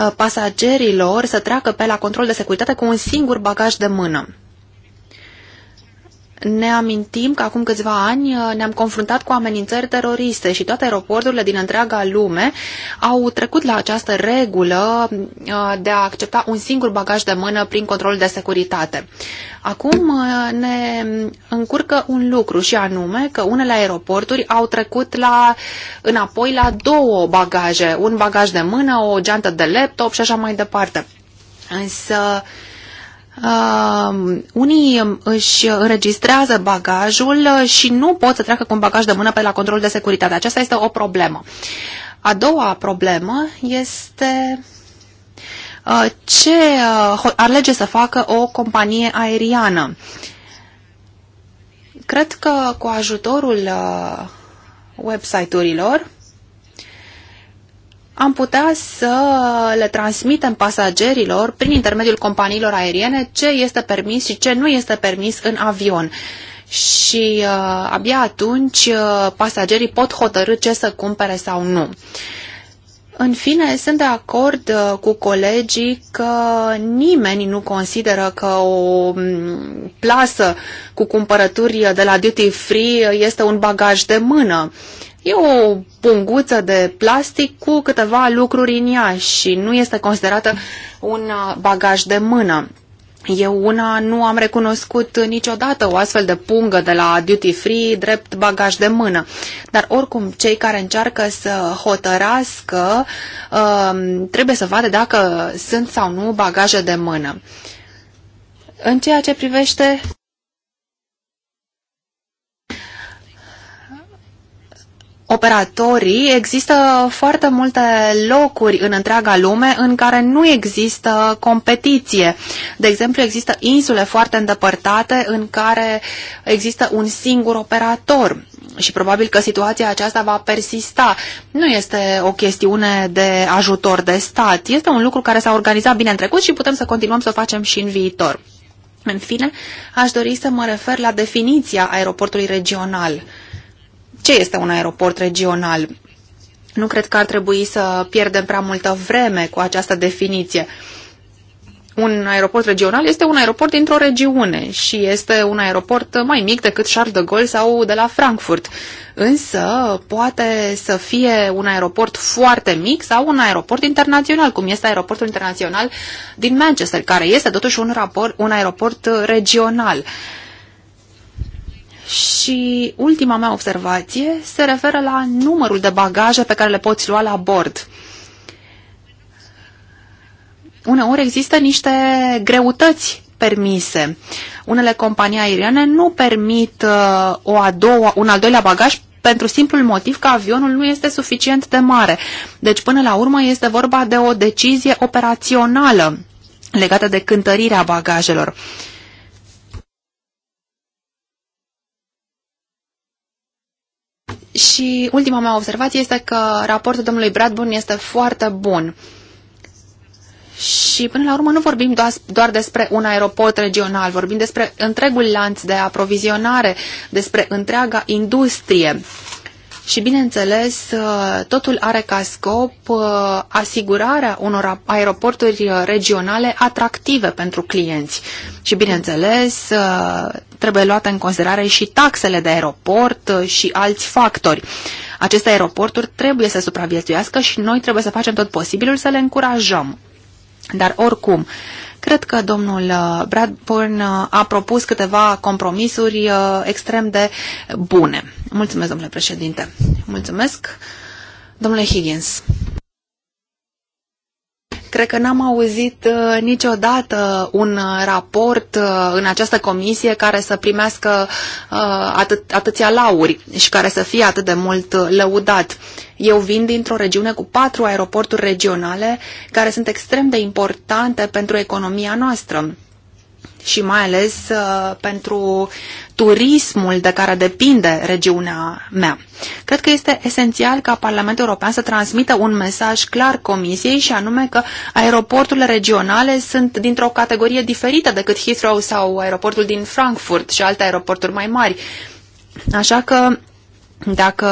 D: uh, pasagerilor să treacă pe la control de securitate cu un singur bagaj de mână ne amintim că acum câțiva ani uh, ne-am confruntat cu amenințări teroriste și toate aeroporturile din întreaga lume au trecut la această regulă uh, de a accepta un singur bagaj de mână prin control de securitate. Acum uh, ne încurcă un lucru și anume că unele aeroporturi au trecut la, înapoi la două bagaje, un bagaj de mână, o geantă de laptop și așa mai departe. Însă uh, Uh, unii își înregistrează bagajul și nu pot să treacă cu un bagaj de mână pe la control de securitate. Aceasta este o problemă. A doua problemă este uh, ce uh, lege să facă o companie aeriană. Cred că cu ajutorul uh, website-urilor am putea să le transmitem pasagerilor prin intermediul companiilor aeriene ce este permis și ce nu este permis în avion. Și uh, abia atunci uh, pasagerii pot hotărâ ce să cumpere sau nu. În fine, sunt de acord uh, cu colegii că nimeni nu consideră că o mm, plasă cu cumpărături de la duty free este un bagaj de mână. Uh, E o punguță de plastic cu câteva lucruri în ea și nu este considerată un uh, bagaj de mână. Eu una nu am recunoscut niciodată o astfel de pungă de la duty free drept bagaj de mână. Dar oricum, cei care încearcă să hotărască um, trebuie să vadă dacă sunt sau nu bagaje de mână. În ceea ce privește operatorii, există foarte multe locuri în întreaga lume în care nu există competiție. De exemplu, există insule foarte îndepărtate în care există un singur operator și probabil că situația aceasta va persista. Nu este o chestiune de ajutor de stat. Este un lucru care s-a organizat bine în trecut și putem să continuăm să o facem și în viitor. În fine, aș dori să mă refer la definiția aeroportului regional ce este un aeroport regional. Nu cred că ar trebui să pierdem prea multă vreme cu această definiție. Un aeroport regional este un aeroport dintr-o regiune și este un aeroport mai mic decât Charles de Gaulle sau de la Frankfurt. Însă poate să fie un aeroport foarte mic sau un aeroport internațional, cum este aeroportul internațional din Manchester, care este totuși un, aeroport un aeroport regional. Uh, și ultima mea observație se referă la numărul de bagaje pe care le poți lua la bord. Uneori există niște greutăți permise. Unele companii aeriene nu permit uh, o a doua, un al doilea bagaj pentru simplul motiv că avionul nu este suficient de mare. Deci, până la urmă, este vorba de o decizie operațională legată de cântărirea bagajelor. Uh, Și ultima mea observație este că raportul domnului Bradburn este foarte bun. Și până la urmă nu vorbim doar, doar despre un aeroport regional, vorbim despre întregul lanț de aprovizionare, despre întreaga industrie și, bineînțeles, uh, totul are ca scop uh, asigurarea unor aeroporturi uh, regionale atractive pentru clienți. Și, bineînțeles, trebuie luate în considerare și taxele de aeroport și alți factori. Aceste aeroporturi trebuie să supraviețuiască și noi trebuie să facem tot posibilul să le încurajăm. Dar oricum, Cred că domnul uh, Bradburn uh, a propus câteva compromisuri uh, extrem de bune. Mulțumesc, domnule președinte. Mulțumesc. Domnule Higgins. Cred că n-am auzit uh, niciodată un uh, raport uh, în această comisie care să primească atât, atâția lauri și care să fie atât de mult lăudat. Eu vin dintr-o regiune cu patru aeroporturi regionale care sunt extrem de importante pentru economia noastră și mai ales uh, pentru turismul de care depinde regiunea mea. Cred că este esențial ca Parlamentul European să transmită un mesaj clar Comisiei și anume că aeroporturile regionale sunt dintr-o categorie diferită decât Heathrow sau aeroportul din Frankfurt și alte aeroporturi mai mari. Așa că dacă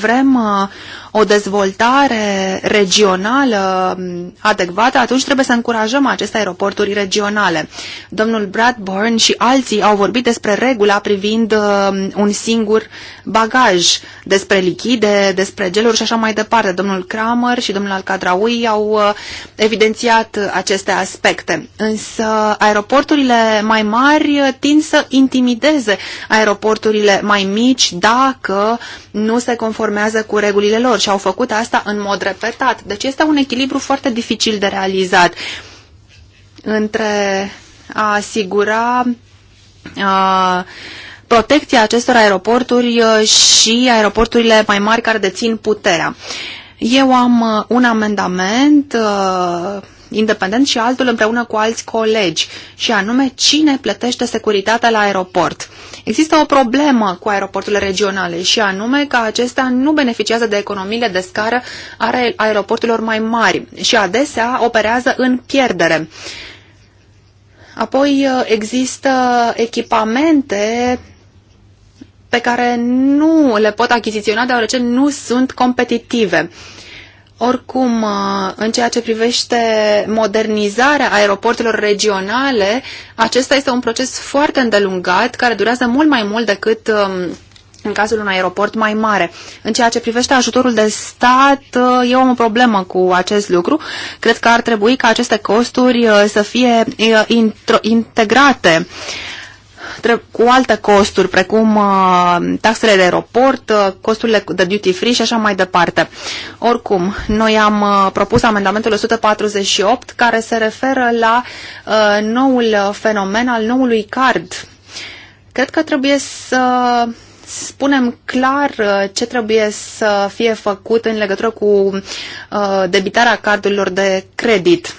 D: vrem uh, o dezvoltare regională um, adecvată, atunci trebuie să încurajăm aceste aeroporturi regionale. Domnul Bradburn și alții au vorbit despre regula privind um, un singur bagaj, despre lichide, despre geluri și așa mai departe. Domnul Kramer și domnul Alcadraui au uh, evidențiat aceste aspecte. Însă aeroporturile mai mari tind să intimideze aeroporturile mai mici dacă nu se conformează cu regulile lor și au făcut asta în mod repetat. Deci este un echilibru foarte dificil de realizat între a asigura a, protecția acestor aeroporturi și aeroporturile mai mari care dețin puterea. Eu am uh, un amendament uh, independent și altul împreună cu alți colegi, și anume cine plătește securitatea la aeroport. Există o problemă cu aeroporturile regionale și anume că acestea nu beneficiază de economiile de scară ale aeroporturilor mai mari și adesea operează în pierdere. Apoi uh, există echipamente pe care nu le pot achiziționa deoarece nu sunt competitive. Oricum, uh, în ceea ce privește modernizarea aeroportelor regionale, acesta este un proces foarte îndelungat, care durează mult mai mult decât um, în cazul unui aeroport mai mare. În ceea ce privește ajutorul de stat, uh, eu am o problemă cu acest lucru. Cred că ar trebui ca aceste costuri uh, să fie integrate cu alte costuri, precum uh, taxele de aeroport, uh, costurile de duty free și așa mai departe. Oricum, noi am uh, propus amendamentul 148 care se referă la noul fenomen al noului card. Cred că trebuie să spunem clar ce trebuie să fie făcut în legătură cu debitarea cardurilor de credit.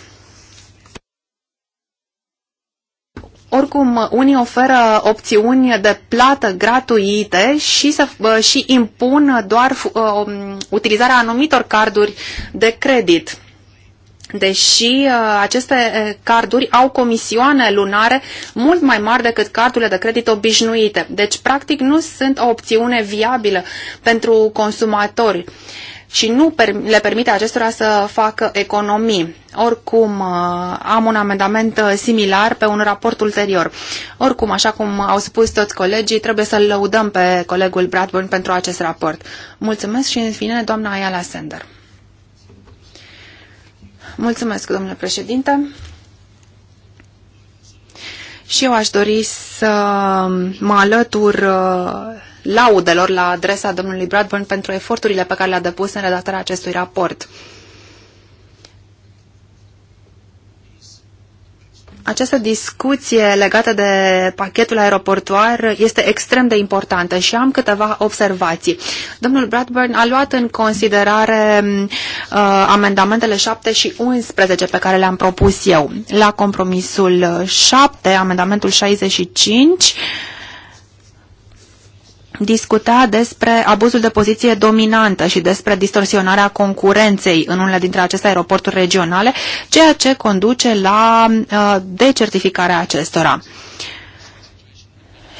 D: Oricum, unii oferă opțiuni de plată gratuite și, să, și impun doar uh, utilizarea anumitor carduri de credit. Deși uh, aceste ă, carduri au comisioane lunare mult mai mari decât cardurile de credit obișnuite. Deci, practic, nu sunt o opțiune viabilă pentru consumatori. Uh, și nu le permite acestora să facă economii. Oricum, uh, am un amendament uh, similar pe un raport ulterior. Oricum, așa cum au spus toți colegii, trebuie să-l lăudăm pe colegul Bradburn pentru acest raport. Mulțumesc și, în fine, doamna Ayala Sender. Mulțumesc, domnule președinte. Și eu aș dori să mă alătur uh, laudelor la adresa domnului Bradburn pentru eforturile pe care le-a depus în redactarea acestui raport. Această discuție legată de pachetul aeroportuar este extrem de importantă și am câteva observații. Domnul Bradburn a luat în considerare uh, amendamentele 7 și 11 pe care le-am propus eu. La compromisul 7, amendamentul 65, discuta despre abuzul de poziție dominantă și despre distorsionarea concurenței în unele dintre aceste aeroporturi regionale, ceea ce conduce la uh, decertificarea acestora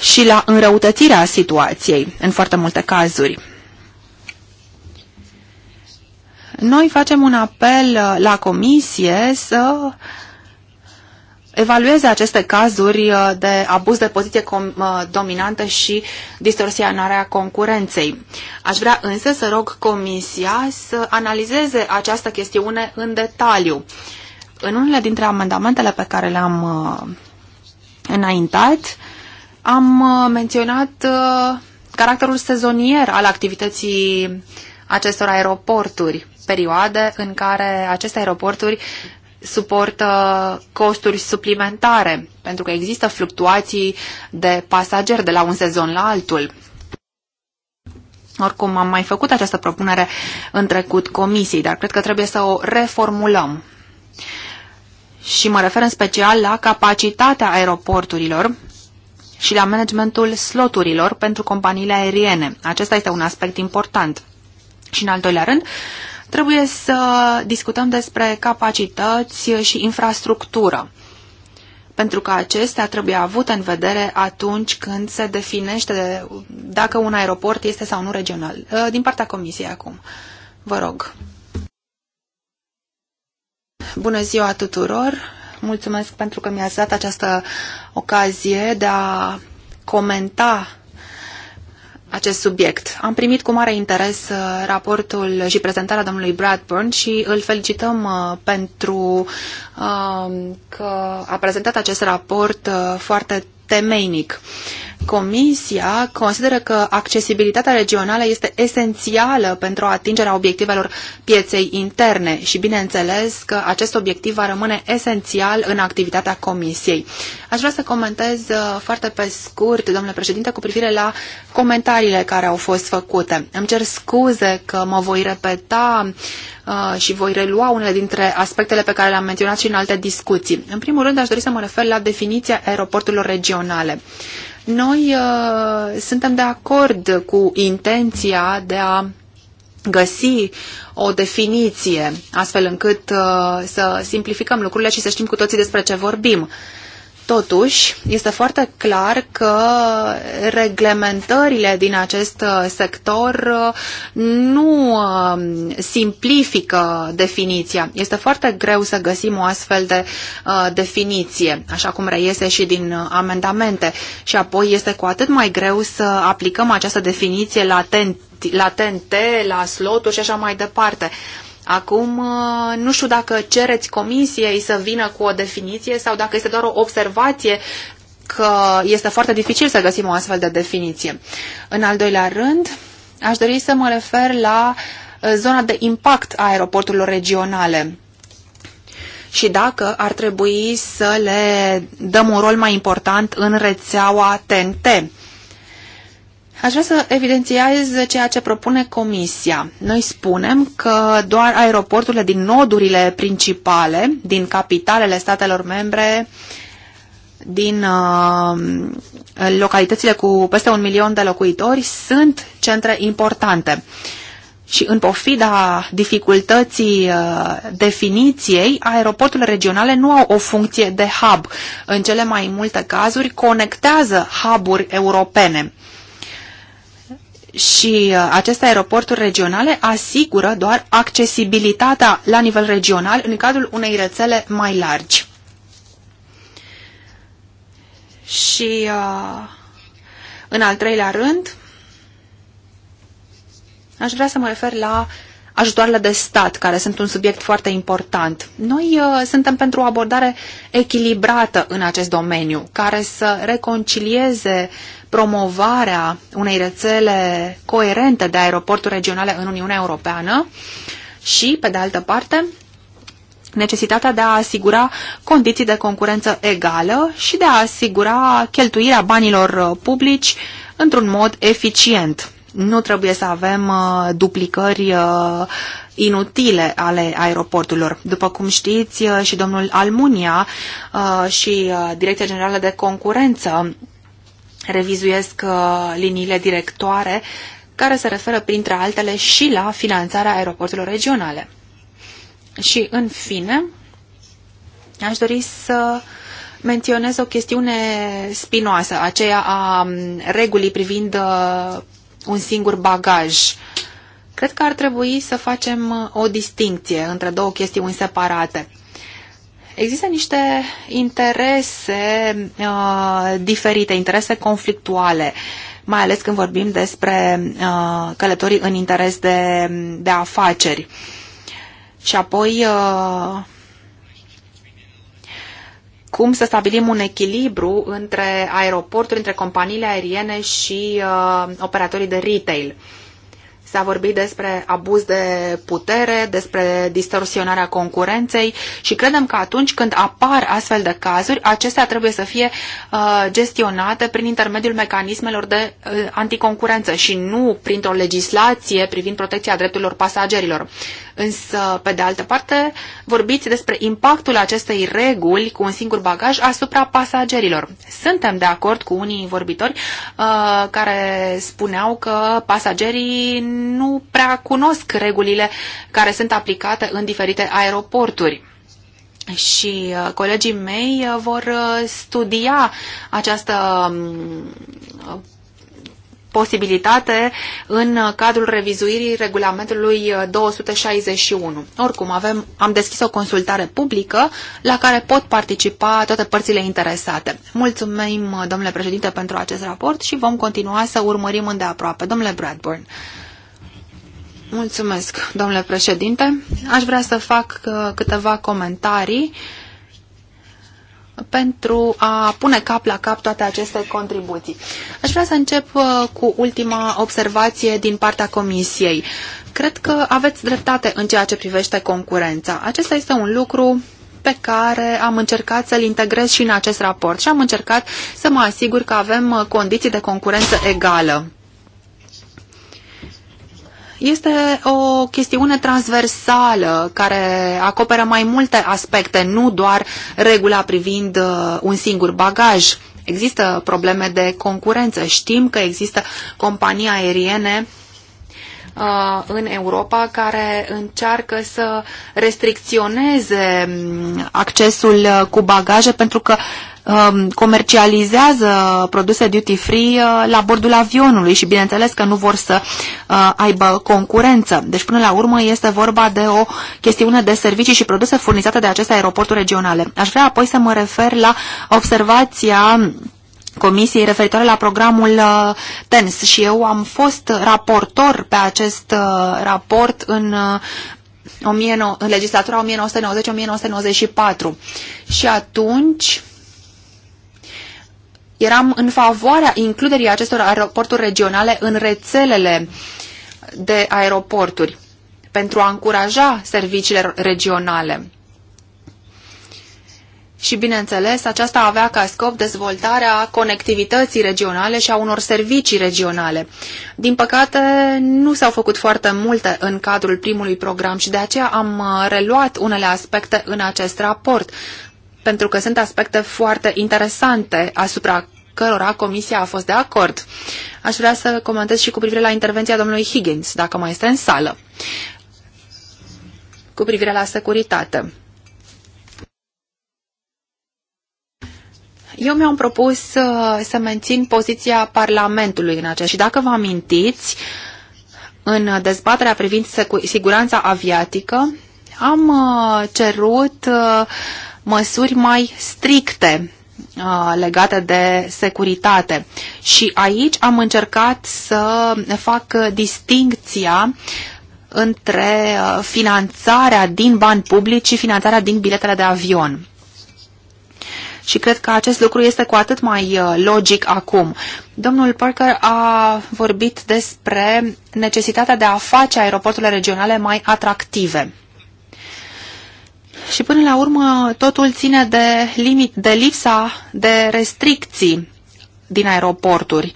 D: și la înrăutățirea situației în foarte multe cazuri. Noi facem un apel uh, la comisie să uh, evalueze aceste cazuri uh, de abuz de poziție uh, dominantă și distorsionarea concurenței. Aș vrea însă să rog Comisia să analizeze această chestiune în detaliu. În unele dintre amendamentele pe care le-am uh, înaintat, am menționat caracterul sezonier al activității acestor aeroporturi, perioade în care aceste aeroporturi suportă costuri suplimentare, pentru că există fluctuații de pasageri de la un sezon la altul. Oricum, am mai făcut această propunere în trecut comisiei, dar cred că trebuie să o reformulăm. Și mă refer în special la capacitatea aeroporturilor și la managementul sloturilor pentru companiile aeriene. Acesta este un aspect important. Și în al doilea rând, Trebuie să discutăm despre capacități și infrastructură, pentru că acestea trebuie avute în vedere atunci când se definește dacă un aeroport este sau nu regional. Uh, din partea Comisiei acum. Vă rog. Bună ziua tuturor! Mulțumesc pentru că mi-ați dat această ocazie de a comenta acest subiect. Am primit cu mare interes uh, raportul și prezentarea domnului Bradburn și îl felicităm uh, pentru uh, că a prezentat acest raport foarte temeinic. Comisia consideră că accesibilitatea regională este esențială pentru atingerea obiectivelor pieței interne și bineînțeles că acest obiectiv va rămâne esențial în activitatea Comisiei. Aș vrea să comentez uh, foarte pe scurt, domnule președinte, cu privire la comentariile care au fost făcute. Îmi cer scuze că mă voi repeta Uh, și voi relua unele dintre aspectele pe care le-am menționat și în alte discuții. În primul rând, aș dori să mă refer la definiția aeroporturilor regionale. Noi uh, suntem de acord cu intenția de a găsi o definiție astfel încât uh, să simplificăm lucrurile și să știm cu toții despre ce vorbim. Uh, Totuși, este foarte clar că reglementările din acest uh, sector uh, nu uh, simplifică definiția. Este foarte greu să găsim o astfel de definiție, așa cum reiese și din amendamente. Și apoi este cu atât mai greu să aplicăm această definiție la TNT, la, TNT, la sloturi și așa mai departe. Acum, uh, nu știu dacă cereți comisiei să vină cu o definiție sau dacă este doar o observație că este foarte dificil să găsim o astfel de definiție. În al doilea rând, aș dori să mă refer la uh, zona de impact a aeroporturilor regionale și dacă ar trebui să le dăm un rol mai important în rețeaua TNT Aș vrea să evidențiez ceea ce propune Comisia. Noi spunem că doar aeroporturile din nodurile principale, din capitalele statelor membre, din uh, localitățile cu peste un milion de locuitori, sunt centre importante. Și în pofida dificultății uh, definiției, aeroporturile regionale nu au o funcție de hub. În cele mai multe cazuri, conectează hub-uri europene. Uh, și uh, aceste aeroporturi regionale asigură doar accesibilitatea la nivel regional în cadrul unei rețele mai largi. Și uh, în al treilea rând, aș vrea să mă refer la ajutoarele de stat, care sunt un subiect foarte important. Noi uh, suntem pentru o abordare echilibrată în acest domeniu, care să reconcilieze uh, promovarea unei rețele coerente de aeroporturi regionale în Uniunea Europeană și, pe de altă parte, necesitatea de a asigura condiții de concurență egală și de a asigura cheltuirea banilor publici într-un mod eficient. Nu trebuie să avem uh, duplicări uh, inutile ale aeroporturilor. După cum știți, uh, și domnul Almunia și Direcția Generală de Concurență revizuiesc uh, liniile directoare care se referă, printre altele, și la finanțarea aeroporturilor regionale. Și, în fine, aș dori să menționez o chestiune spinoasă, aceea a regulii privind uh, un singur bagaj. Cred că ar trebui să facem uh, o distincție între două chestiuni separate. Există niște interese uh, diferite, interese conflictuale, mai ales când vorbim despre uh, călătorii în interes de, de afaceri. Și apoi uh, cum să stabilim un echilibru între aeroporturi, între companiile aeriene și uh, operatorii de retail. Uh, S-a vorbit despre abuz de putere, despre distorsionarea concurenței și credem că atunci când apar astfel de cazuri, acestea trebuie să fie uh, gestionate prin intermediul mecanismelor de uh, anticoncurență și nu printr-o legislație privind protecția drepturilor pasagerilor. Însă, pe de altă parte, vorbiți despre impactul acestei reguli cu un singur bagaj asupra pasagerilor. Suntem de acord cu unii vorbitori uh, care spuneau că pasagerii nu prea cunosc regulile care sunt aplicate în diferite aeroporturi. Și uh, colegii mei uh, vor uh, studia această um, posibilitate în cadrul revizuirii regulamentului 261. Oricum, avem, am deschis o consultare publică la care pot participa toate părțile interesate. Mulțumim, domnule președinte, pentru acest raport și vom continua să urmărim îndeaproape. Domnule Bradburn. Mulțumesc, domnule președinte. Aș vrea să fac uh, câteva comentarii pentru a pune cap la cap toate aceste contribuții. Aș vrea să încep uh, cu ultima observație din partea Comisiei. Cred că aveți dreptate în ceea ce privește concurența. Acesta este un lucru pe care am încercat să-l integrez și în acest raport și am încercat să mă asigur că avem uh, condiții de concurență egală. Este o chestiune transversală care acoperă mai multe aspecte, nu doar regula privind uh, un singur bagaj. Există probleme de concurență. Știm că există companii aeriene uh, în Europa care încearcă să restricționeze mm, accesul uh, cu bagaje pentru că Um, comercializează produse duty-free uh, la bordul avionului și bineînțeles că nu vor să uh, aibă concurență. Deci până la urmă este vorba de o chestiune de servicii și produse furnizate de aceste aeroporturi regionale. Aș vrea apoi să mă refer la observația Comisiei referitoare la programul uh, TENS și eu am fost raportor pe acest raport în în legislatura 1990-1994 și atunci eram în favoarea includerii acestor aeroporturi regionale în rețelele de aeroporturi pentru a încuraja serviciile regionale. Și, bineînțeles, aceasta avea ca scop dezvoltarea conectivității regionale și a unor servicii regionale. Din păcate, nu s-au făcut foarte multe în cadrul primului program și de aceea am uh, reluat unele aspecte în acest raport, pentru că sunt aspecte foarte interesante asupra cărora comisia a fost de acord. Aș vrea să comentez și cu privire la intervenția domnului Higgins, dacă mai este în sală, cu privire la securitate. Eu mi-am propus să, uh, să mențin poziția Parlamentului în acest și dacă vă amintiți, în dezbaterea privind siguranța aviatică, am uh, cerut uh, măsuri mai stricte uh, legate de securitate. Și aici am încercat să fac distincția între uh, finanțarea din bani publici și finanțarea din biletele de avion. Și cred că acest lucru este cu atât mai uh, logic acum. Domnul Parker a vorbit despre necesitatea de a face aeroporturile regionale mai atractive. Și până la urmă totul ține de, limit, de lipsa de restricții din aeroporturi.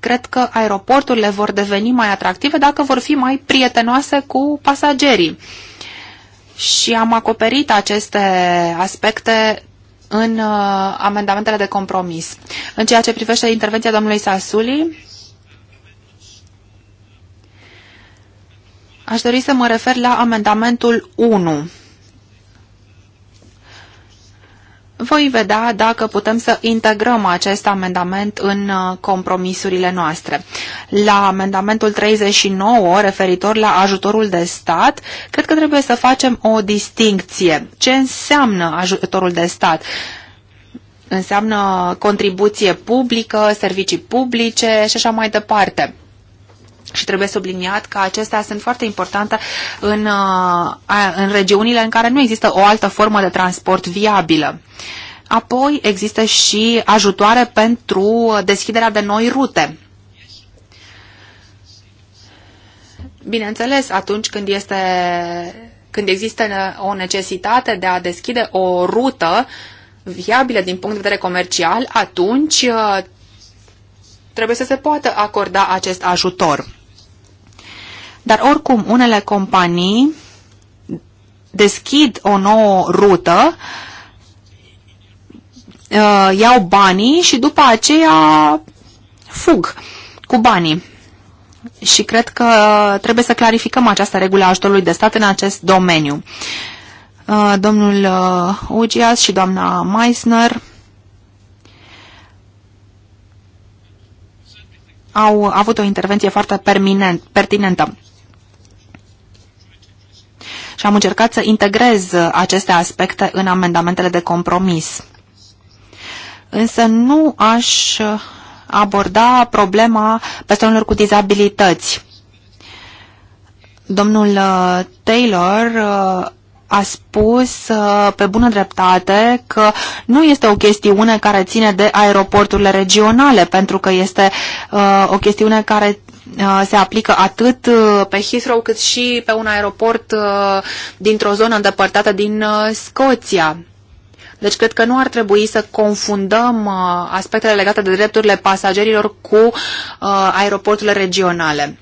D: Cred că aeroporturile vor deveni mai atractive dacă vor fi mai prietenoase cu pasagerii. Și am acoperit aceste aspecte în uh, amendamentele de compromis. În ceea ce privește intervenția domnului Sasuli, aș dori să mă refer la amendamentul 1 Voi vedea dacă putem să integrăm acest amendament în uh, compromisurile noastre. La amendamentul 39, referitor la ajutorul de stat, cred că trebuie să facem o distincție. Ce înseamnă ajutorul de stat? Înseamnă contribuție publică, servicii publice și așa mai departe și trebuie subliniat că acestea sunt foarte importante în, uh, în regiunile în care nu există o altă formă de transport viabilă. Apoi există și ajutoare pentru deschiderea de noi rute. Bineînțeles, atunci când este când există o necesitate de a deschide o rută viabilă din punct de vedere comercial, atunci uh, trebuie să se poată acorda acest ajutor. Dar oricum, unele companii deschid o nouă rută, uh, iau banii și după aceea fug cu banii. Și cred că trebuie să clarificăm această regulă a ajutorului de stat în acest domeniu. Uh, domnul uh, Ugias și doamna Meissner au avut o intervenție foarte pertinentă. Și am încercat să integrez aceste aspecte în amendamentele de compromis. Însă nu aș aborda problema persoanelor cu dizabilități. Domnul uh, Taylor uh, a spus uh, pe bună dreptate că nu este o chestiune care ține de aeroporturile regionale, pentru că este uh, o chestiune care uh, se aplică atât pe Heathrow cât și pe un aeroport dintr-o zonă îndepărtată din Scoția. Deci cred că nu ar trebui să confundăm aspectele legate de drepturile pasagerilor cu aeroporturile regionale.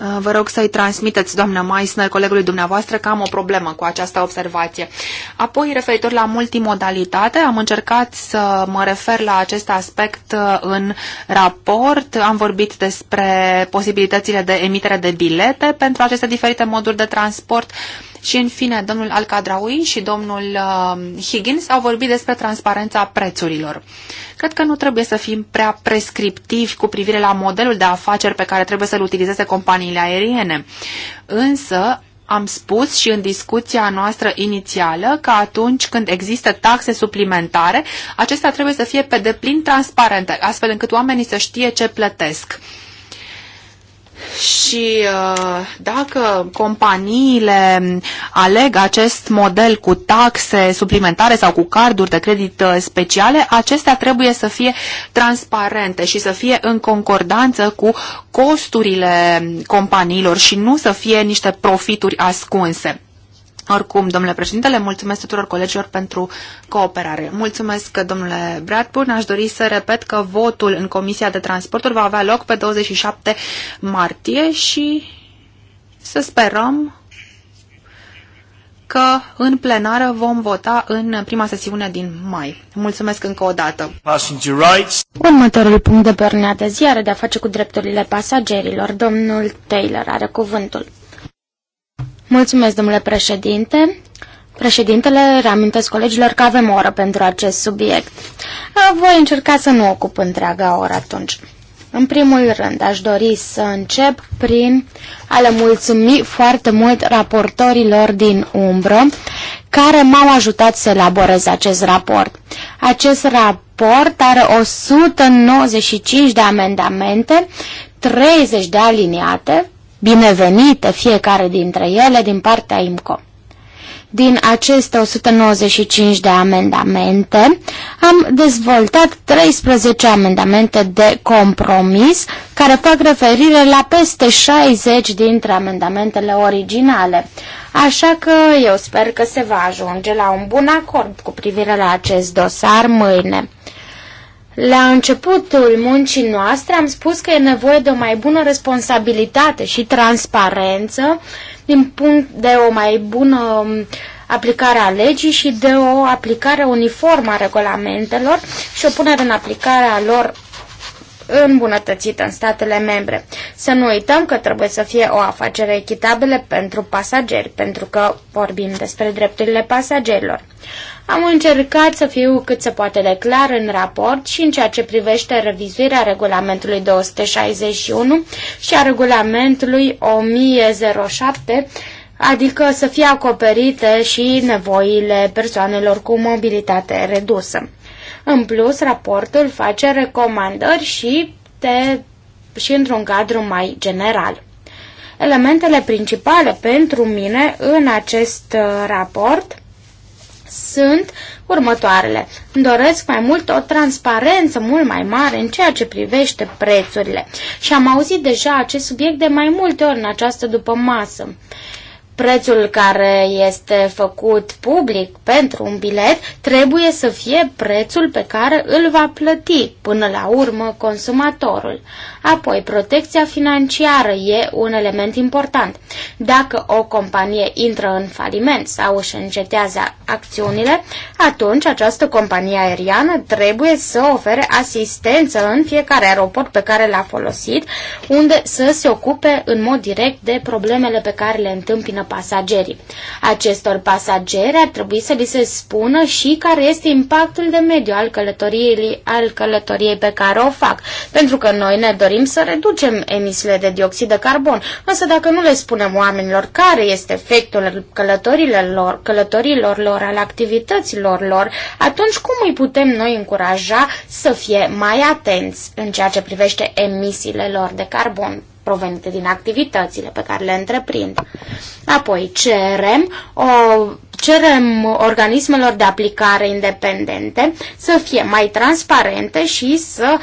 D: Uh, vă rog să-i transmiteți, doamna Meissner, colegului dumneavoastră, că am o problemă cu această observație. Apoi, referitor la multimodalitate, am încercat să mă refer la acest aspect uh, în raport. Am vorbit despre posibilitățile de emitere de bilete pentru aceste diferite moduri de transport. Și, în fine, domnul Alcadraui și domnul uh, Higgins au vorbit despre transparența prețurilor. Cred că nu trebuie să fim prea prescriptivi cu privire la modelul de afaceri pe care trebuie să-l utilizeze companiile companiile aeriene. Însă, am spus și în discuția noastră inițială că atunci când există taxe suplimentare, acestea trebuie să fie pe deplin transparente, astfel încât oamenii să știe ce plătesc. Și uh, dacă companiile aleg acest model cu taxe suplimentare sau cu carduri de credit uh, speciale, acestea trebuie să fie transparente și să fie în concordanță cu costurile companiilor și nu să fie niște profituri ascunse. Oricum, domnule președintele, mulțumesc tuturor colegilor pentru cooperare. Mulțumesc, domnule Bradburn. Aș dori să repet că votul în Comisia de Transporturi va avea loc pe 27 martie și să sperăm că în plenară
A: vom vota în prima sesiune din mai. Mulțumesc încă o dată. Următorul punct de pe ordinea de zi are de-a face cu drepturile pasagerilor. Domnul Taylor are cuvântul. Mulțumesc, domnule președinte. Președintele, reamintesc colegilor că avem o oră pentru acest subiect. Voi încerca să nu ocup întreaga oră atunci. În primul rând, aș dori să încep prin a le mulțumi foarte mult raportorilor din umbră care m-au ajutat să elaborez acest raport. Acest raport are 195 de amendamente, 30 de aliniate binevenite fiecare dintre ele din partea IMCO. Din aceste 195 de amendamente am dezvoltat 13 amendamente de compromis care fac referire la peste 60 dintre amendamentele originale. Așa că eu sper că se va ajunge la un bun acord cu privire la acest dosar mâine. La începutul muncii noastre am spus că e nevoie de o mai bună responsabilitate și transparență din punct de o mai bună um, aplicare a legii și de o aplicare uniformă a regulamentelor și o punere în aplicare a lor îmbunătățită în statele membre. Să nu uităm că trebuie să fie o afacere echitabilă pentru pasageri, pentru că vorbim despre drepturile pasagerilor. Am încercat să fiu cât se poate de clar în raport și în ceea ce privește revizuirea regulamentului 261 și a regulamentului 1007, adică să fie acoperite și nevoile persoanelor cu mobilitate redusă. În plus, raportul face recomandări și, te, și într-un cadru mai general. Elementele principale pentru mine în acest uh, raport – sunt următoarele. Îmi doresc mai mult o transparență mult mai mare în ceea ce privește prețurile. Și am auzit deja acest subiect de mai multe ori în această după masă prețul care este făcut public pentru un bilet trebuie să fie prețul pe care îl va plăti până la urmă consumatorul. Apoi, protecția financiară e un element important. Dacă o companie intră în faliment sau își încetează acțiunile, atunci această companie aeriană trebuie să ofere asistență în fiecare aeroport pe care l-a folosit, unde să se ocupe în mod direct de problemele pe care le întâmpină pasagerii. Acestor pasageri ar trebui să li se spună și care este impactul de mediu al călătoriei, al călătoriei pe care o fac, pentru că noi ne dorim dorim să reducem emisiile de dioxid de carbon, însă dacă nu le spunem oamenilor care este efectul călătorilor lor, călătorilor lor, al activităților lor, atunci cum îi putem noi încuraja să fie mai atenți în ceea ce privește emisiile lor de carbon? provenite din activitățile pe care le întreprind. Apoi cerem, o, cerem organismelor de aplicare independente să fie mai transparente și să,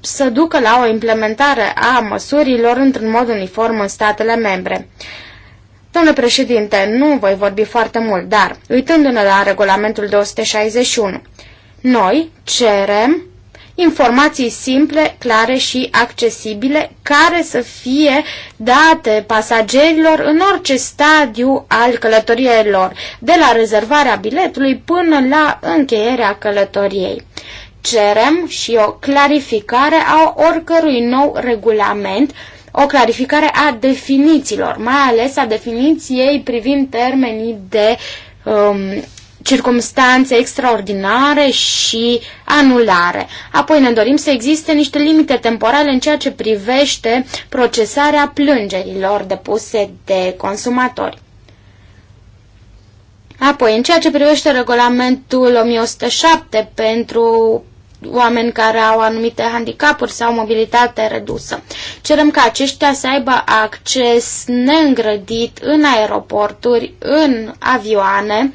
A: să ducă la o implementare a măsurilor într-un mod uniform în statele membre. Domnule președinte, nu voi vorbi foarte mult, dar uitându-ne la regulamentul 261, noi cerem informații simple, clare și accesibile, care să fie date pasagerilor în orice stadiu al călătoriei lor, de la rezervarea biletului până la încheierea călătoriei. Cerem și o clarificare a oricărui nou regulament, o clarificare a definițiilor, mai ales a definiției privind termenii de um, circumstanțe extraordinare și anulare. Apoi ne dorim să existe niște limite temporale în ceea ce privește procesarea plângerilor depuse de consumatori. Apoi, în ceea ce privește regulamentul 1107 pentru oameni care au anumite handicapuri sau mobilitate redusă. Cerem ca aceștia să aibă acces neîngrădit în aeroporturi, în avioane.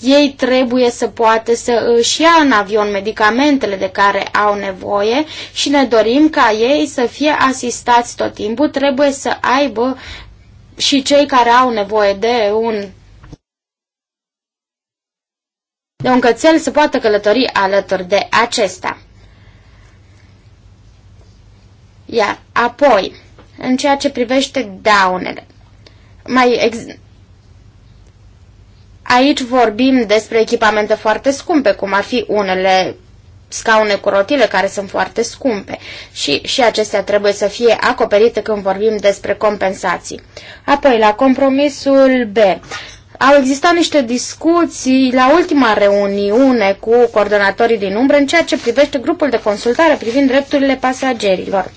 A: Ei trebuie să poată să își ia în avion medicamentele de care au nevoie și ne dorim ca ei să fie asistați tot timpul. Trebuie să aibă și cei care au nevoie de un de un cățel să poată călători alături de acesta. Iar apoi, în ceea ce privește daunele, mai ex aici vorbim despre echipamente foarte scumpe, cum ar fi unele scaune cu rotile care sunt foarte scumpe și, și acestea trebuie să fie acoperite când vorbim despre compensații. Apoi, la compromisul B, au existat niște discuții la ultima reuniune cu coordonatorii din umbră în ceea ce privește grupul de consultare privind drepturile pasagerilor.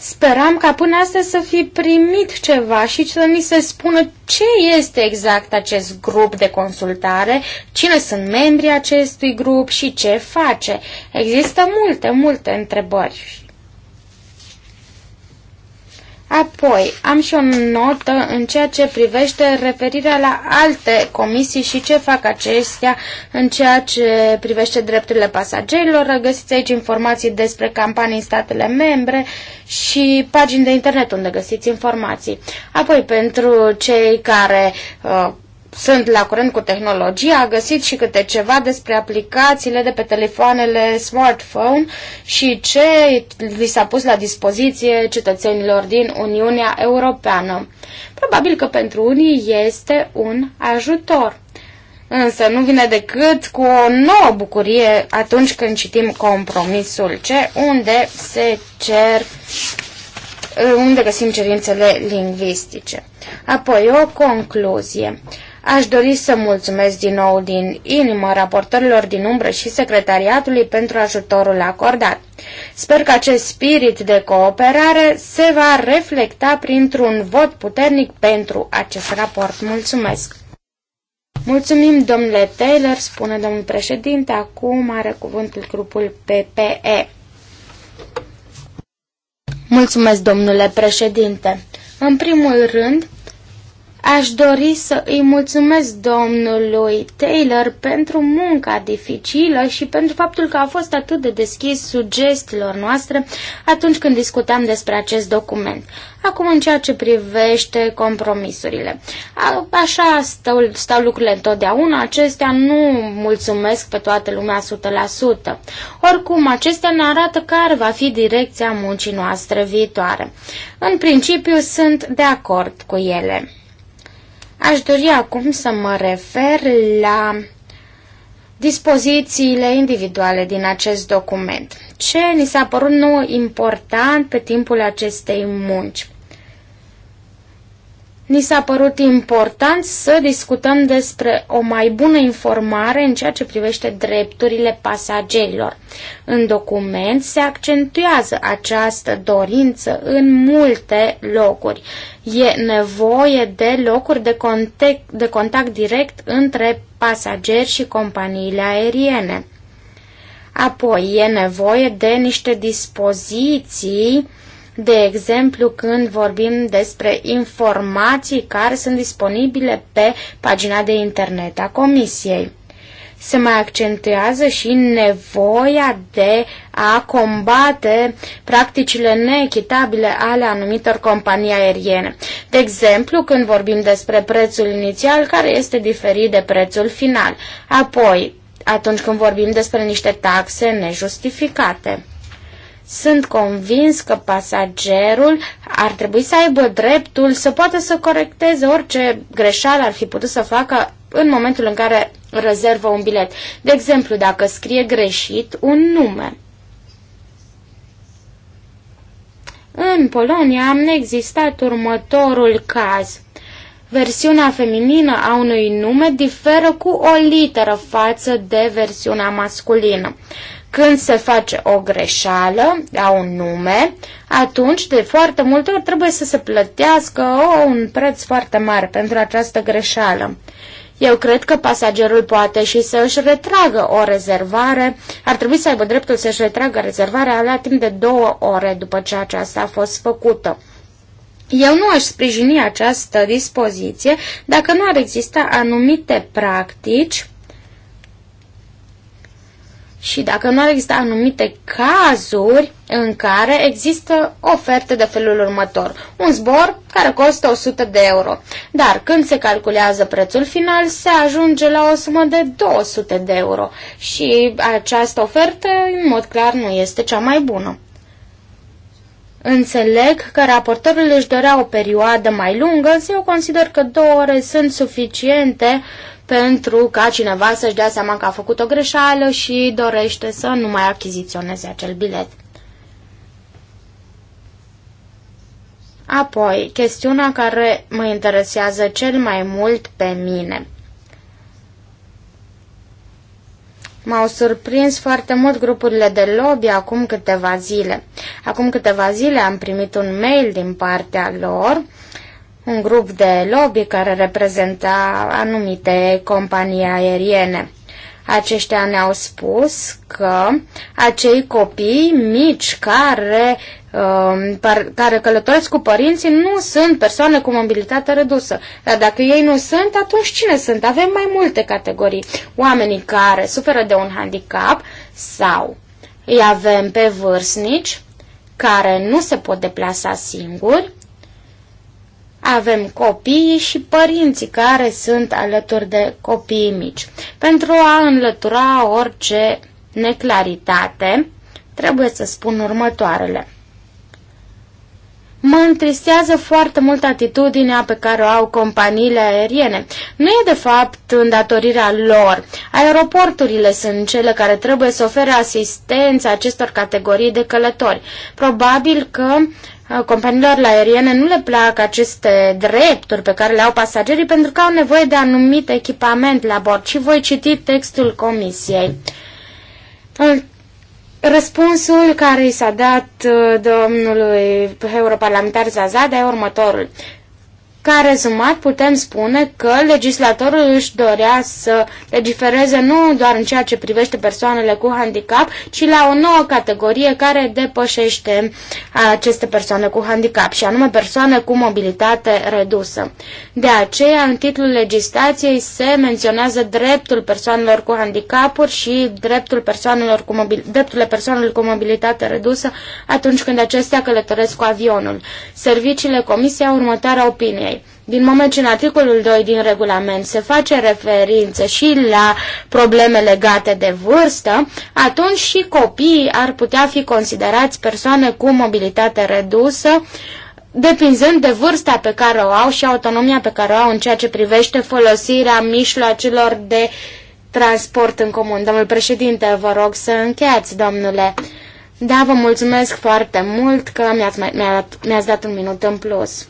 A: Speram ca până astăzi să fi primit ceva și să ni se spună ce este exact acest grup de consultare, cine sunt membrii acestui grup și ce face. Există multe, multe întrebări Apoi, am și o notă în ceea ce privește referirea la alte comisii și ce fac acestea în ceea ce privește drepturile pasagerilor. Găsiți aici informații despre campanii în statele membre și pagini de internet unde găsiți informații. Apoi, pentru cei care uh, sunt la curent cu tehnologia, a găsit și câte ceva despre aplicațiile de pe telefoanele smartphone și ce li s-a pus la dispoziție cetățenilor din Uniunea Europeană. Probabil că pentru unii este un ajutor. Însă nu vine decât cu o nouă bucurie atunci când citim compromisul ce unde se cer unde găsim cerințele lingvistice. Apoi o concluzie. Aș dori să mulțumesc din nou din inimă raportorilor din umbră și secretariatului pentru ajutorul acordat. Sper că acest spirit de cooperare se va reflecta printr-un vot puternic pentru acest raport. Mulțumesc! Mulțumim, domnule Taylor, spune domnul președinte. Acum are cuvântul grupul PPE. Mulțumesc, domnule președinte. În primul rând, Aș dori să îi mulțumesc domnului Taylor pentru munca dificilă și pentru faptul că a fost atât de deschis sugestiilor noastre atunci când discutam despre acest document. Acum în ceea ce privește compromisurile. A, așa stau, stau lucrurile întotdeauna, acestea nu mulțumesc pe toată lumea 100%. Oricum, acestea ne arată care va fi direcția muncii noastre viitoare. În principiu sunt de acord cu ele. Aș dori acum să mă refer la dispozițiile individuale din acest document. Ce ni s-a părut nou important pe timpul acestei munci? Ni s-a părut important să discutăm despre o mai bună informare în ceea ce privește drepturile pasagerilor. În document se accentuează această dorință în multe locuri e nevoie de locuri de contact, de contact direct între pasageri și companiile aeriene. Apoi, e nevoie de niște dispoziții, de exemplu când vorbim despre informații care sunt disponibile pe pagina de internet a Comisiei se mai accentuează și nevoia de a combate practicile neechitabile ale anumitor companii aeriene. De exemplu, când vorbim despre prețul inițial care este diferit de prețul final, apoi atunci când vorbim despre niște taxe nejustificate. Sunt convins că pasagerul ar trebui să aibă dreptul să poată să corecteze orice greșeală ar fi putut să facă în momentul în care rezervă un bilet. De exemplu, dacă scrie greșit un nume. În Polonia am existat următorul caz. Versiunea feminină a unui nume diferă cu o literă față de versiunea masculină. Când se face o greșeală la da, un nume, atunci de foarte multe ori trebuie să se plătească o, oh, un preț foarte mare pentru această greșeală. Eu cred că pasagerul poate și să își retragă o rezervare. Ar trebui să aibă dreptul să își retragă rezervarea la timp de două ore după ce aceasta a fost făcută. Eu nu aș sprijini această dispoziție dacă nu ar exista anumite practici și dacă nu ar exista anumite cazuri în care există oferte de felul următor. Un zbor care costă 100 de euro, dar când se calculează prețul final se ajunge la o sumă de 200 de euro și această ofertă în mod clar nu este cea mai bună. Înțeleg că raportorul își dorea o perioadă mai lungă, însă eu consider că două ore sunt suficiente uh, pentru ca cineva să-și dea seama că a făcut o greșeală și dorește să nu mai achiziționeze acel bilet. Apoi, chestiunea care mă interesează cel mai mult pe mine. M-au surprins foarte mult grupurile de lobby acum câteva zile. Acum câteva zile am primit un mail din partea lor uh, un grup de lobby care reprezenta anumite companii aeriene. Aceștia ne-au spus că acei copii mici care, um, care călătoresc cu părinții nu sunt persoane cu mobilitate redusă. Dar dacă ei nu sunt, atunci cine sunt? Avem mai multe categorii. Oamenii care suferă de un handicap sau îi avem pe vârstnici care nu se pot deplasa singuri avem copiii și părinții care sunt alături de copiii mici. Pentru a înlătura orice neclaritate, trebuie să spun următoarele. Mă întristează foarte mult atitudinea pe care o au companiile aeriene. Nu e de fapt îndatorirea lor. Aeroporturile sunt cele care trebuie să ofere asistență acestor categorii de călători. Probabil că companiilor aeriene nu le plac aceste drepturi pe care le au pasagerii pentru că au nevoie de anumit echipament la bord. Și voi citi textul comisiei. Răspunsul care i s-a dat uh, domnului europarlamentar Zazada e următorul. Ca rezumat, putem spune că legislatorul își dorea să legifereze nu doar în ceea ce privește persoanele cu handicap, ci la o nouă categorie care depășește aceste persoane cu handicap, și anume persoane cu mobilitate redusă. De aceea, în titlul legislației se menționează dreptul persoanelor cu handicapuri și dreptul persoanelor cu mobil- drepturile persoanelor cu mobilitate redusă atunci când acestea călătoresc cu avionul. Serviciile Comisiei au următoarea opinie din moment ce în articolul 2 din regulament se face referință și la probleme legate de vârstă, atunci și copiii ar putea fi considerați persoane cu mobilitate redusă, depinzând de vârsta pe care o au și autonomia pe care o au în ceea ce privește folosirea mijloacelor de transport în comun. Domnul președinte, vă rog să încheiați, domnule da, vă mulțumesc foarte mult
C: că mi-ați, mi mi dat un minut în plus.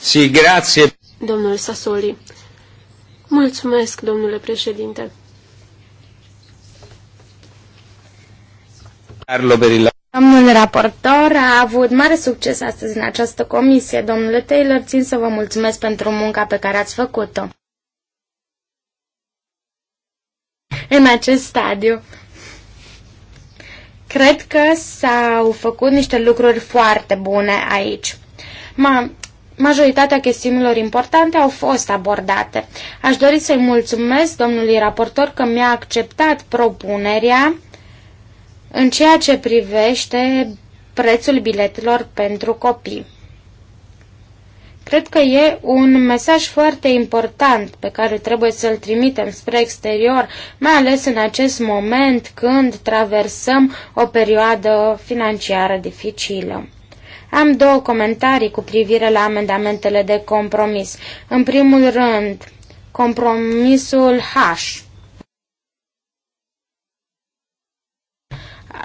A: Si, grație.
C: Domnul Sasoli. Mulțumesc, domnule președinte. Domnul raportor a
A: avut mare succes astăzi în această comisie. Domnule Taylor, țin să vă mulțumesc pentru munca pe care ați făcut-o. În acest stadiu. Cred că s-au făcut niște lucruri foarte bune aici. Ma, majoritatea chestiunilor importante au fost abordate. Aș dori să-i mulțumesc domnului raportor că mi-a acceptat propunerea în ceea ce privește prețul biletelor pentru copii. Cred că e un mesaj foarte important pe care trebuie să-l trimitem spre exterior, mai ales în acest moment când traversăm o perioadă financiară dificilă. Am două comentarii cu privire la amendamentele de compromis. În primul rând, compromisul H.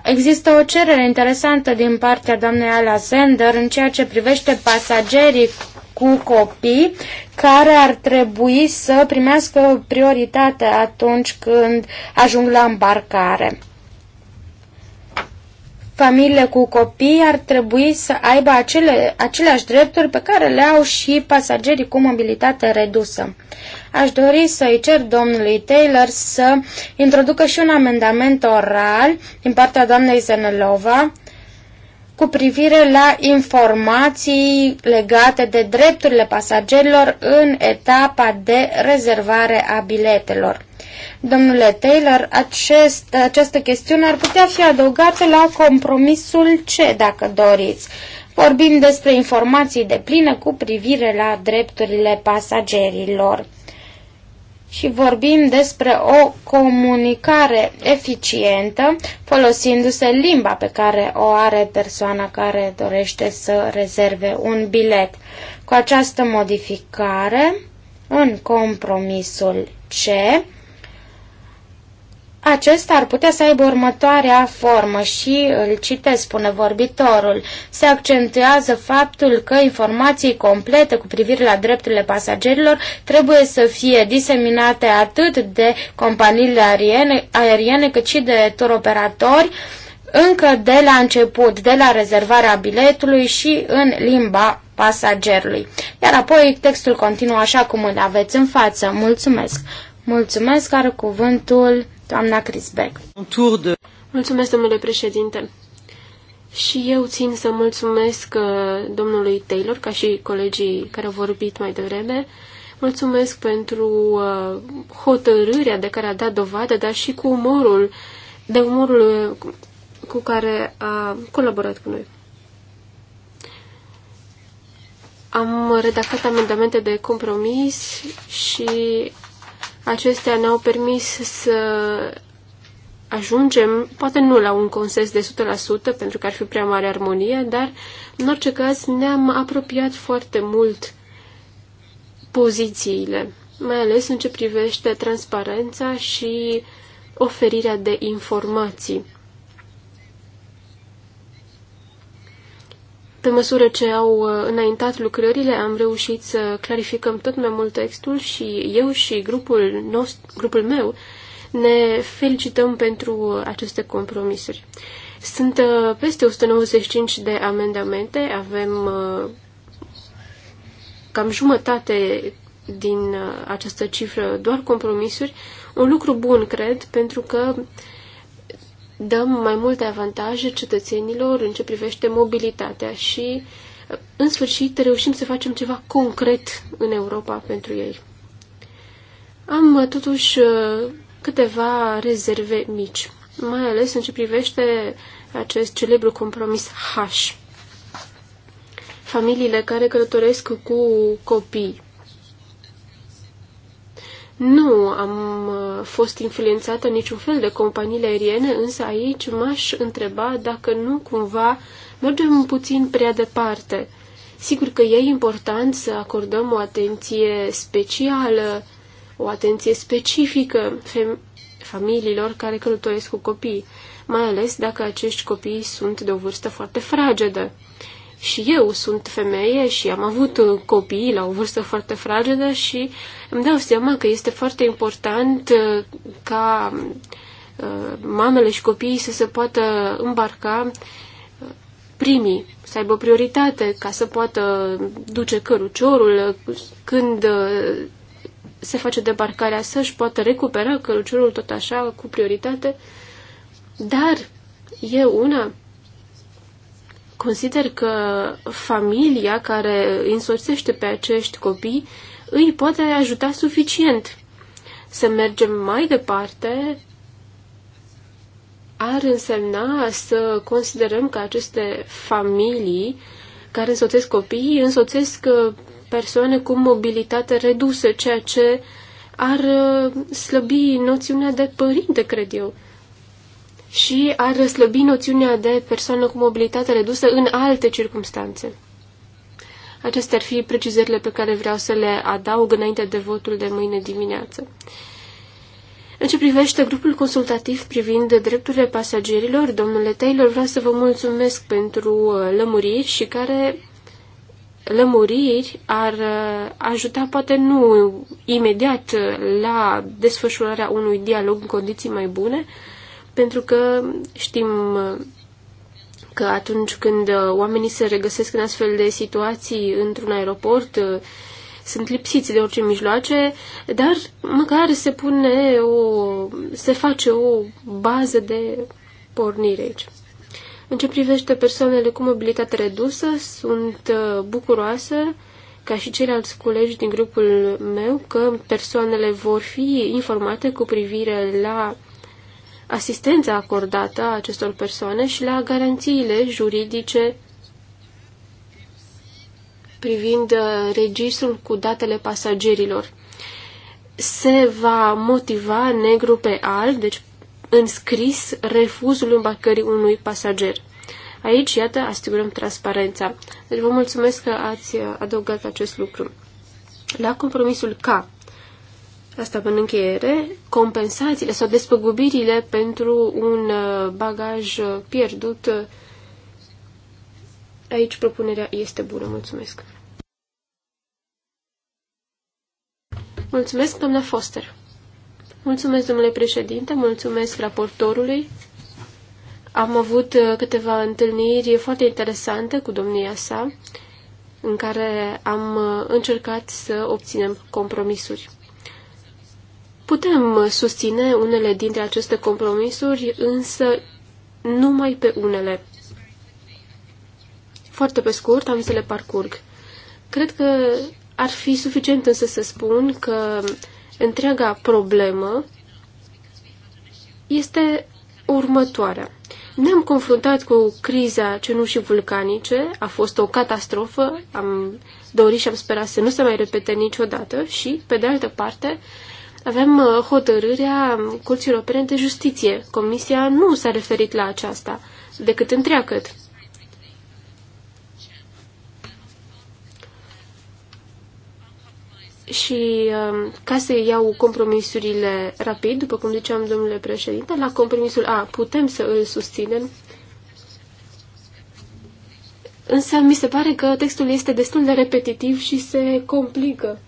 A: Există o cerere interesantă din partea doamnei Ala Sender în ceea ce privește pasagerii cu copii care ar trebui să primească prioritate atunci când ajung la îmbarcare. Familiile cu copii ar trebui să aibă acele, aceleași drepturi pe care le au și pasagerii cu mobilitate redusă. Aș dori să-i cer domnului Taylor să introducă și un amendament oral din partea doamnei Zenelova, cu privire la informații legate de drepturile pasagerilor în etapa de rezervare a biletelor. Domnule Taylor, acest, această chestiune ar putea fi adăugată la compromisul C, dacă doriți. Vorbim despre informații de plină cu privire la drepturile pasagerilor și vorbim despre o comunicare eficientă folosindu-se limba pe care o are persoana care dorește să rezerve un bilet. Cu această modificare, în compromisul C, acesta ar putea să aibă următoarea formă și, îl citesc, spune vorbitorul, se accentuează faptul că informații complete cu privire la drepturile pasagerilor trebuie să fie diseminate atât de companiile aeriene, aeriene cât și de turoperatori, încă de la început, de la rezervarea biletului și în limba pasagerului. Iar apoi textul continuă așa cum îl aveți în față. Mulțumesc! Mulțumesc, are cuvântul Doamna
C: Crisbeck. Mulțumesc, domnule președinte. Și eu țin să mulțumesc uh, domnului Taylor, ca și colegii care au vorbit mai devreme. Mulțumesc pentru uh, hotărârea de care a dat dovadă, dar și cu umorul, de umorul uh, cu care a colaborat cu noi. Am redactat amendamente de compromis și Acestea ne-au permis să ajungem, poate nu la un consens de 100%, pentru că ar fi prea mare armonie, dar, în orice caz, ne-am apropiat foarte mult pozițiile, mai ales în ce privește transparența și oferirea de informații. Pe măsură ce au uh, înaintat lucrările, am reușit să clarificăm tot mai mult textul și eu și grupul, nostru, grupul meu ne felicităm pentru aceste compromisuri. Sunt uh, peste 195 de amendamente, avem uh, cam jumătate din această cifră doar compromisuri. Un lucru bun, cred, pentru că uh, dăm mai multe avantaje cetățenilor în ce privește mobilitatea și, în sfârșit, reușim să facem ceva concret în Europa pentru ei. Am, totuși, câteva rezerve mici, mai ales în ce privește acest celebru compromis H. Familiile care călătoresc cu copii nu am uh, fost influențată niciun fel de companiile aeriene, însă aici m-aș întreba dacă nu cumva mergem puțin prea departe. Sigur că e important să acordăm o atenție specială, o atenție specifică familiilor care călătoresc cu copii, mai ales dacă acești copii sunt de o vârstă foarte fragedă. Și eu sunt femeie și am avut copii la o vârstă foarte fragedă și îmi dau seama că este foarte important uh, ca uh, mamele și copiii să se poată îmbarca uh, primii, să aibă prioritate ca să poată duce căruciorul când se face debarcarea să-și poată recupera căruciorul tot așa cu prioritate. Dar eu una Consider că familia care însoțește pe acești copii îi poate ajuta suficient. Să mergem mai departe ar însemna să considerăm că aceste familii care însoțesc copiii însoțesc uh, persoane cu mobilitate redusă, ceea ce ar uh, slăbi noțiunea de părinte, cred eu și ar răslăbi noțiunea de persoană cu mobilitate redusă în alte circunstanțe. Acestea ar fi precizările pe care vreau să le adaug înainte de votul de mâine dimineață. În ce privește grupul consultativ privind drepturile pasagerilor, domnule Taylor, vreau să vă mulțumesc pentru uh, lămuriri și care lămuriri ar uh, ajuta poate nu imediat uh, la desfășurarea unui dialog în condiții mai bune, pentru că știm uh, că atunci când uh, oamenii se regăsesc în astfel de situații într-un aeroport, uh, sunt lipsiți de orice mijloace, dar măcar se pune o, se face o bază de pornire aici. În ce privește persoanele cu mobilitate redusă, sunt bucuroasă, ca și ceilalți colegi din grupul meu, că persoanele vor fi informate cu privire la asistența acordată acestor persoane și la garanțiile juridice privind uh, registrul cu datele pasagerilor. Se va motiva negru pe alb, deci înscris refuzul îmbarcării unui pasager. Aici, iată, asigurăm transparența. Deci vă mulțumesc că ați uh, adăugat acest lucru. La compromisul K, asta până încheiere, compensațiile sau despăgubirile pentru un uh, bagaj uh, pierdut. Uh, aici propunerea este bună. Mulțumesc. Mulțumesc, doamna Foster. Mulțumesc, domnule președinte, mulțumesc raportorului. Am avut câteva întâlniri foarte interesante cu domnia sa, în care am încercat să obținem compromisuri. Putem susține unele dintre aceste compromisuri, însă numai pe unele. Foarte pe scurt, am să le parcurg. Cred că ar fi suficient însă să spun că întreaga problemă este următoarea. Ne-am confruntat cu criza cenușii vulcanice, a fost o catastrofă, am dorit și am sperat să nu se mai repete niciodată și, pe de altă parte, avem uh, hotărârea Curții Europene de Justiție. Comisia nu s-a referit la aceasta, decât întreagăt. Și um, ca să iau compromisurile rapid, după cum ziceam, domnule președinte, la compromisul A putem să îl susținem, însă mi se pare că textul este destul de repetitiv și se complică.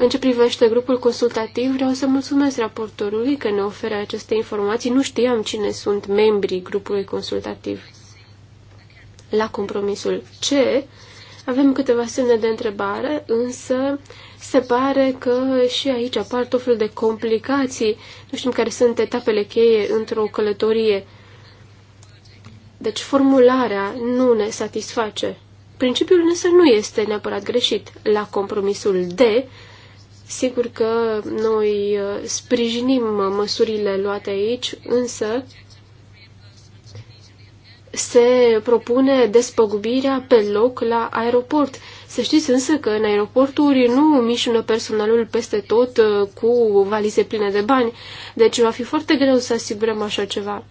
C: În ce privește grupul consultativ, vreau să mulțumesc raportorului că ne oferă aceste informații. Nu știam cine sunt membrii grupului consultativ. La compromisul C avem câteva semne de întrebare, însă se pare că și aici apar tot felul de complicații. Nu știm care sunt etapele cheie într-o călătorie. Deci formularea nu ne satisface. Principiul însă nu este neapărat greșit. La compromisul D Sigur că noi uh, sprijinim măsurile luate aici, însă se propune despăgubirea pe loc la aeroport. Să știți însă că în aeroporturi nu mișună personalul peste tot uh, cu valize pline de bani, deci va fi foarte greu să asigurăm așa ceva.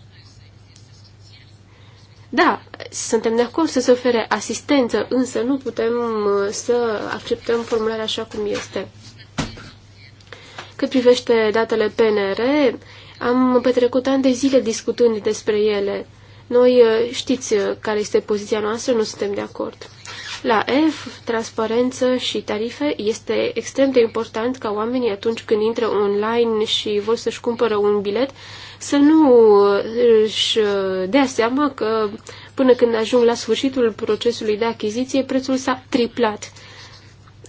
C: Da, suntem de acord să se ofere asistență, însă nu putem uh, să acceptăm formularea așa cum este. Cât privește datele PNR, am petrecut ani de zile discutând despre ele. Noi uh, știți uh, care este poziția noastră, nu suntem de acord. La F, transparență și tarife, este extrem de important ca oamenii atunci când intră online și vor să-și cumpără un bilet să nu uh, își dea seama că până când ajung la sfârșitul procesului de achiziție prețul s-a triplat.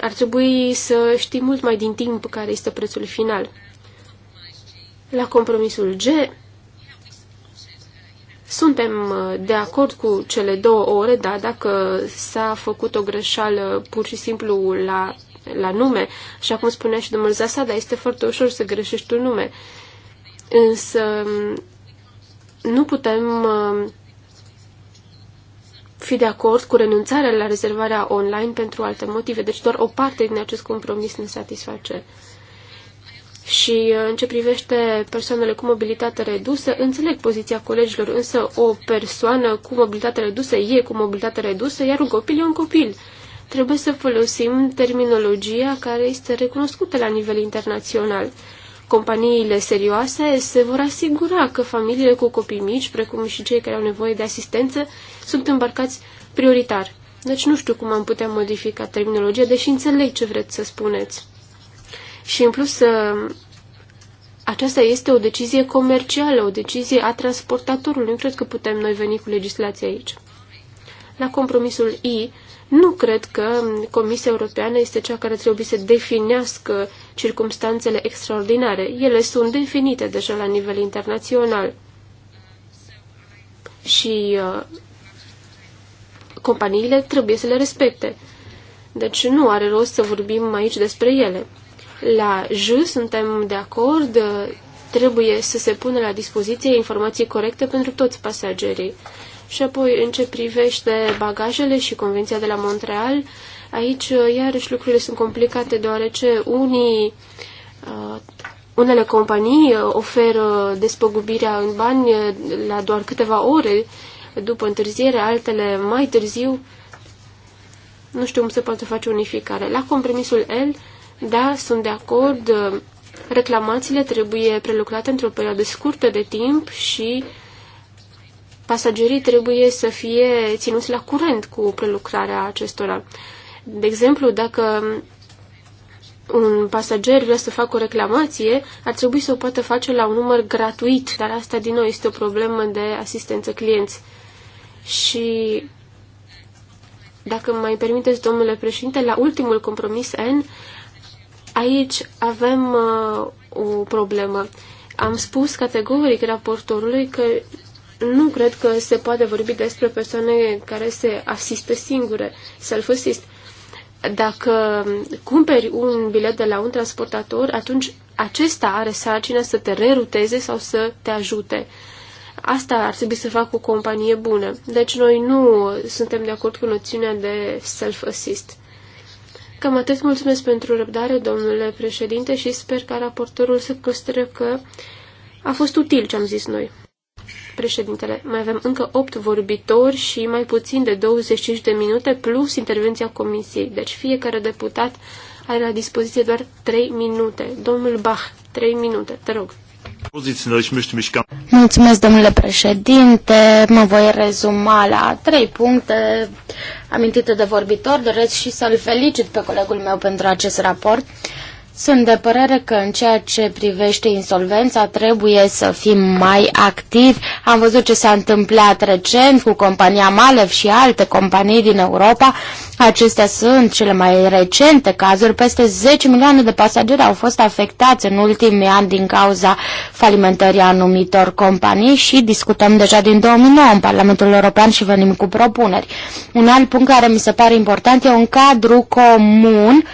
C: Ar trebui să știi mult mai din timp care este prețul final. La compromisul G, suntem uh, de acord cu cele două ore, dar dacă s-a făcut o greșeală pur și simplu la, la nume, așa cum spunea și domnul Zasada, este foarte ușor să greșești un nume. Însă mm, nu putem uh, fi de acord cu renunțarea la rezervarea online pentru alte motive, deci doar o parte din acest compromis ne satisface. Și uh, în ce privește persoanele cu mobilitate redusă, înțeleg poziția colegilor, însă o persoană cu mobilitate redusă e cu mobilitate redusă, iar un copil e un copil. Trebuie să folosim terminologia care este recunoscută la nivel internațional companiile serioase se vor asigura că familiile cu copii mici, precum și cei care au nevoie de asistență, sunt îmbarcați prioritar. Deci nu știu cum am putea modifica terminologia, deși înțeleg ce vreți să spuneți. Și în plus, uh, aceasta este o decizie comercială, o decizie a transportatorului. Nu cred că putem noi veni cu legislația aici. La compromisul I, nu cred că Comisia Europeană este cea care trebuie să definească circumstanțele extraordinare. Ele sunt definite deja la nivel internațional. Și uh, companiile trebuie să le respecte. Deci nu are rost să vorbim aici despre ele. La J suntem de acord, uh, trebuie să se pună la dispoziție informații corecte pentru toți pasagerii. Și apoi, în ce privește bagajele și Convenția de la Montreal, aici, uh, iarăși, lucrurile sunt complicate, deoarece unii, uh, unele companii uh, oferă despăgubirea în bani la doar câteva ore după întârziere, altele mai târziu. Nu știu cum se poate face unificare. La compromisul L, da, sunt de acord, reclamațiile trebuie prelucrate într-o perioadă scurtă de timp și uh, pasagerii trebuie să fie ținuți la curent cu prelucrarea acestora. De exemplu, dacă un pasager vrea să facă o reclamație, ar trebui să o poată face la un număr gratuit, dar asta din nou este o problemă de asistență clienți. Și dacă mai permiteți, domnule președinte, la ultimul compromis N, aici avem uh, o problemă. Am spus categoric raportorului că nu cred că se poate vorbi despre persoane care se asistă singure, self-assist. Dacă cumperi un bilet de la un transportator, atunci acesta are sarcina să te reruteze sau să te ajute. Asta ar trebui să facă o companie bună. Deci noi nu suntem de acord cu noțiunea de self-assist. Cam atât mulțumesc pentru răbdare, domnule președinte, și sper ca raportorul să consideră că a fost util ce am zis noi. Președintele, mai avem încă 8 vorbitori și mai puțin de 25 de minute plus intervenția comisiei. Deci fiecare deputat are la dispoziție doar 3 minute. Domnul Bach, 3 minute, te rog.
A: Mulțumesc, domnule președinte. Mă voi rezuma la trei puncte amintite de vorbitor. Doresc și să-l felicit pe colegul meu pentru acest raport. Uh, sunt de părere că în ceea ce privește insolvența trebuie să fim mai activi. Am văzut ce s-a întâmplat recent cu compania Malev și alte companii din Europa. Acestea sunt cele mai recente cazuri. Peste 10 milioane de pasageri au fost afectați în ultimii ani din cauza falimentării anumitor companii și discutăm deja din 2009 în Parlamentul European și venim cu propuneri. Un alt punct care mi se pare important e un cadru comun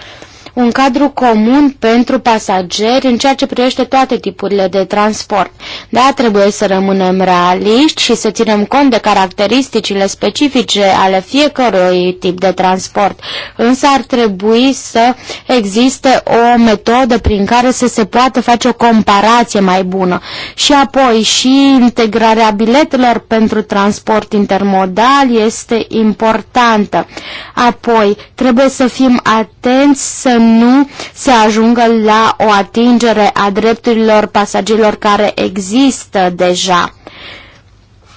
A: un cadru comun pentru pasageri în ceea ce privește toate tipurile de transport. Da, trebuie să rămânem realiști și să ținem cont de caracteristicile specifice ale fiecărui tip de transport, însă ar trebui să existe o metodă prin care să se poată face o comparație mai bună și apoi și integrarea biletelor pentru transport intermodal este importantă. Apoi, trebuie să fim atenți să nu se ajungă la o atingere a drepturilor pasagerilor care există deja.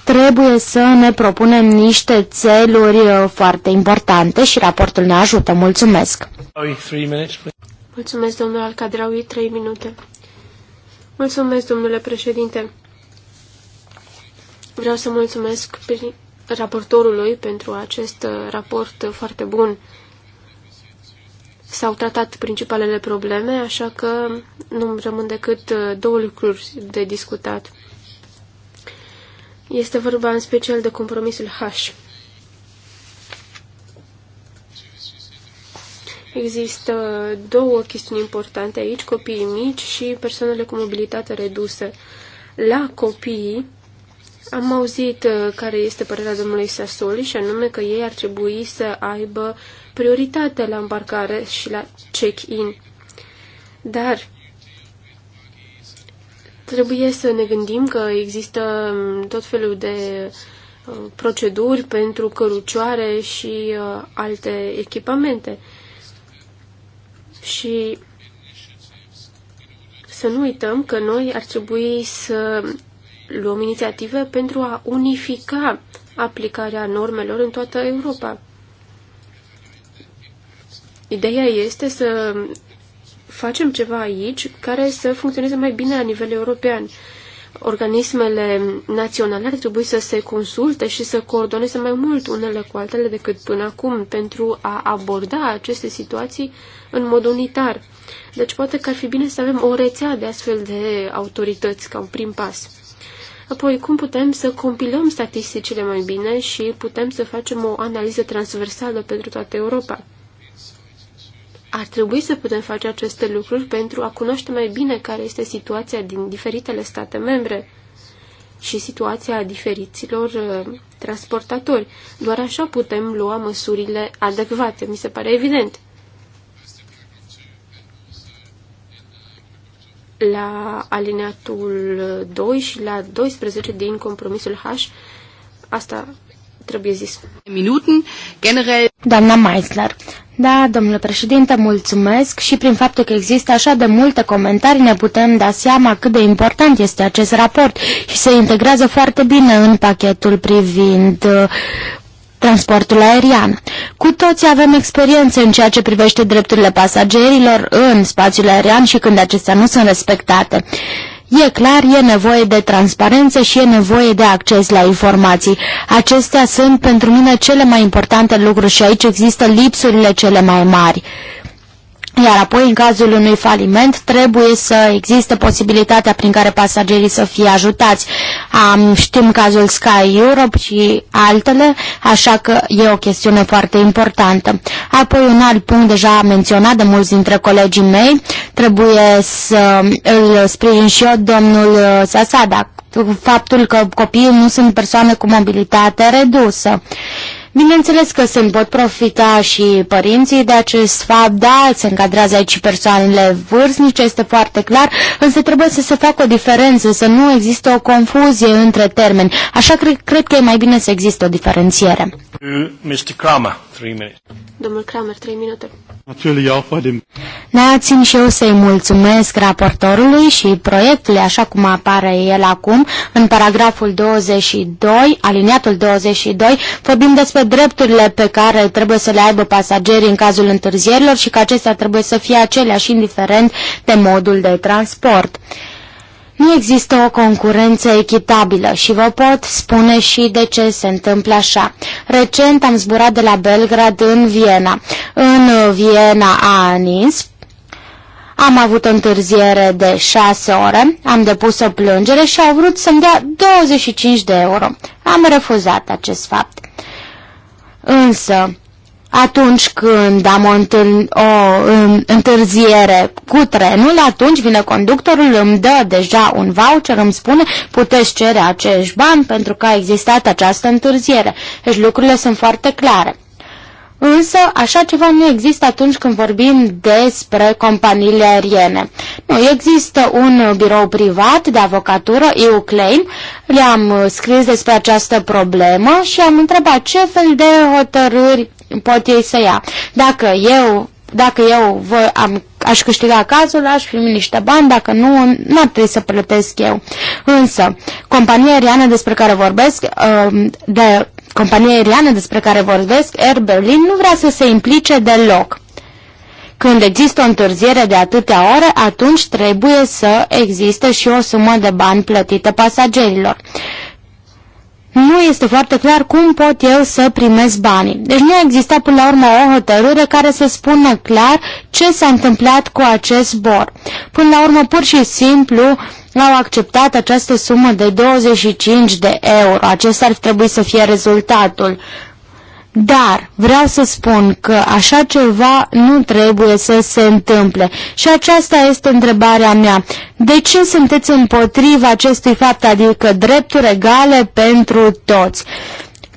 A: Trebuie să ne propunem niște țeluri uh, foarte importante și raportul ne ajută. Mulțumesc!
C: Mulțumesc, domnul Alcadraui, trei minute. Mulțumesc, domnule președinte. Vreau să mulțumesc raportorului pentru acest raport foarte bun s-au tratat principalele probleme, așa că nu îmi rămân decât uh, două lucruri de discutat. Este vorba în special de compromisul H. Există două chestiuni importante aici, copiii mici și persoanele cu mobilitate redusă. La copii am auzit uh, care este părerea domnului Sasoli și anume că ei ar trebui să aibă prioritate la îmbarcare și la check-in. Dar trebuie să ne gândim că există tot felul de uh, proceduri pentru cărucioare și uh, alte echipamente. Și să nu uităm că noi ar trebui să luăm inițiative pentru a unifica aplicarea normelor în toată Europa. Ideea este să facem ceva aici care să funcționeze mai bine la nivel european. Organismele naționale ar trebui să se consulte și să coordoneze mai mult unele cu altele decât până acum pentru a aborda aceste situații în mod unitar. Deci poate că ar fi bine să avem o rețea de astfel de autorități ca un prim pas. Apoi, cum putem să compilăm statisticile mai bine și putem să facem o analiză transversală pentru toată Europa? Ar trebui să putem face aceste lucruri pentru a cunoaște mai bine care este situația din diferitele state membre și situația diferiților uh, transportatori. Doar așa putem lua măsurile adecvate, mi se pare evident. La alineatul 2 și la 12 din compromisul H, asta trebuie zis. Minuten, general...
A: Doamna Meisler, da, domnule președinte, mulțumesc și prin faptul că există așa de multe comentarii ne putem da seama cât de important este acest raport și se integrează foarte bine în pachetul privind uh, transportul aerian. Cu toții avem experiențe în ceea ce privește drepturile pasagerilor în spațiul aerian și când acestea nu sunt respectate. E clar, e nevoie de transparență și e nevoie de acces la informații. Acestea sunt pentru mine cele mai importante lucruri și aici există lipsurile cele mai mari iar apoi, în cazul unui faliment, trebuie să existe posibilitatea prin care pasagerii să fie ajutați. Am, știm cazul Sky Europe și altele, așa că e o chestiune foarte importantă. Apoi, un alt punct deja menționat de mulți dintre colegii mei, trebuie să îl sprijin și eu, domnul Sasada, faptul că copiii nu sunt persoane cu mobilitate redusă. Bineînțeles că se pot profita și părinții de acest fapt, da, se încadrează aici și persoanele vârstnice, este foarte clar, însă trebuie să se facă o diferență, să nu există o confuzie între termeni. Așa cred, cred că e mai bine să existe o diferențiere.
C: Uh, Mr. Kramer. Three minutes. Domnul Kramer, trei minute.
A: Da, și eu să-i mulțumesc raportorului și proiectului, așa cum apare el acum, în paragraful 22, aliniatul 22, vorbim despre drepturile pe care trebuie să le aibă pasagerii în cazul întârzierilor și că acestea trebuie să fie aceleași indiferent de modul de transport. Nu există o concurență echitabilă și vă pot spune și de ce se întâmplă așa. Recent am zburat de la Belgrad în Viena. În Viena a Anis, am avut o întârziere de 6 ore, am depus o plângere și au vrut să-mi dea 25 de euro. Am refuzat acest fapt. Însă, atunci când am o, întâl- o întârziere cu trenul, atunci vine conductorul, îmi dă deja un voucher, îmi spune puteți cere acești bani pentru că a existat această întârziere. Deci lucrurile sunt foarte clare. Însă, așa ceva nu există atunci când vorbim despre companiile aeriene. Nu, există un birou privat de avocatură, eu claim, le-am scris despre această problemă și am întrebat ce fel de hotărâri pot ei să ia. Dacă eu, dacă eu vă, am, aș câștiga cazul, aș primi niște bani, dacă nu, nu ar trebui să plătesc eu. Însă, compania aeriană despre care vorbesc, uh, de compania aeriană despre care vorbesc, Air Berlin, nu vrea să se implice deloc. Când există o întârziere de atâtea ore, atunci trebuie să existe și o sumă de bani plătită pasagerilor nu este foarte clar cum pot eu să primesc banii. Deci nu exista până la urmă o hotărâre care să spună clar ce s-a întâmplat cu acest bor. Până la urmă, pur și simplu, au acceptat această sumă de 25 de euro. Acesta ar trebui să fie rezultatul. Dar vreau să spun că așa ceva nu trebuie să se întâmple. Și aceasta este întrebarea mea. De ce sunteți împotriva acestui fapt, adică drepturi egale pentru toți?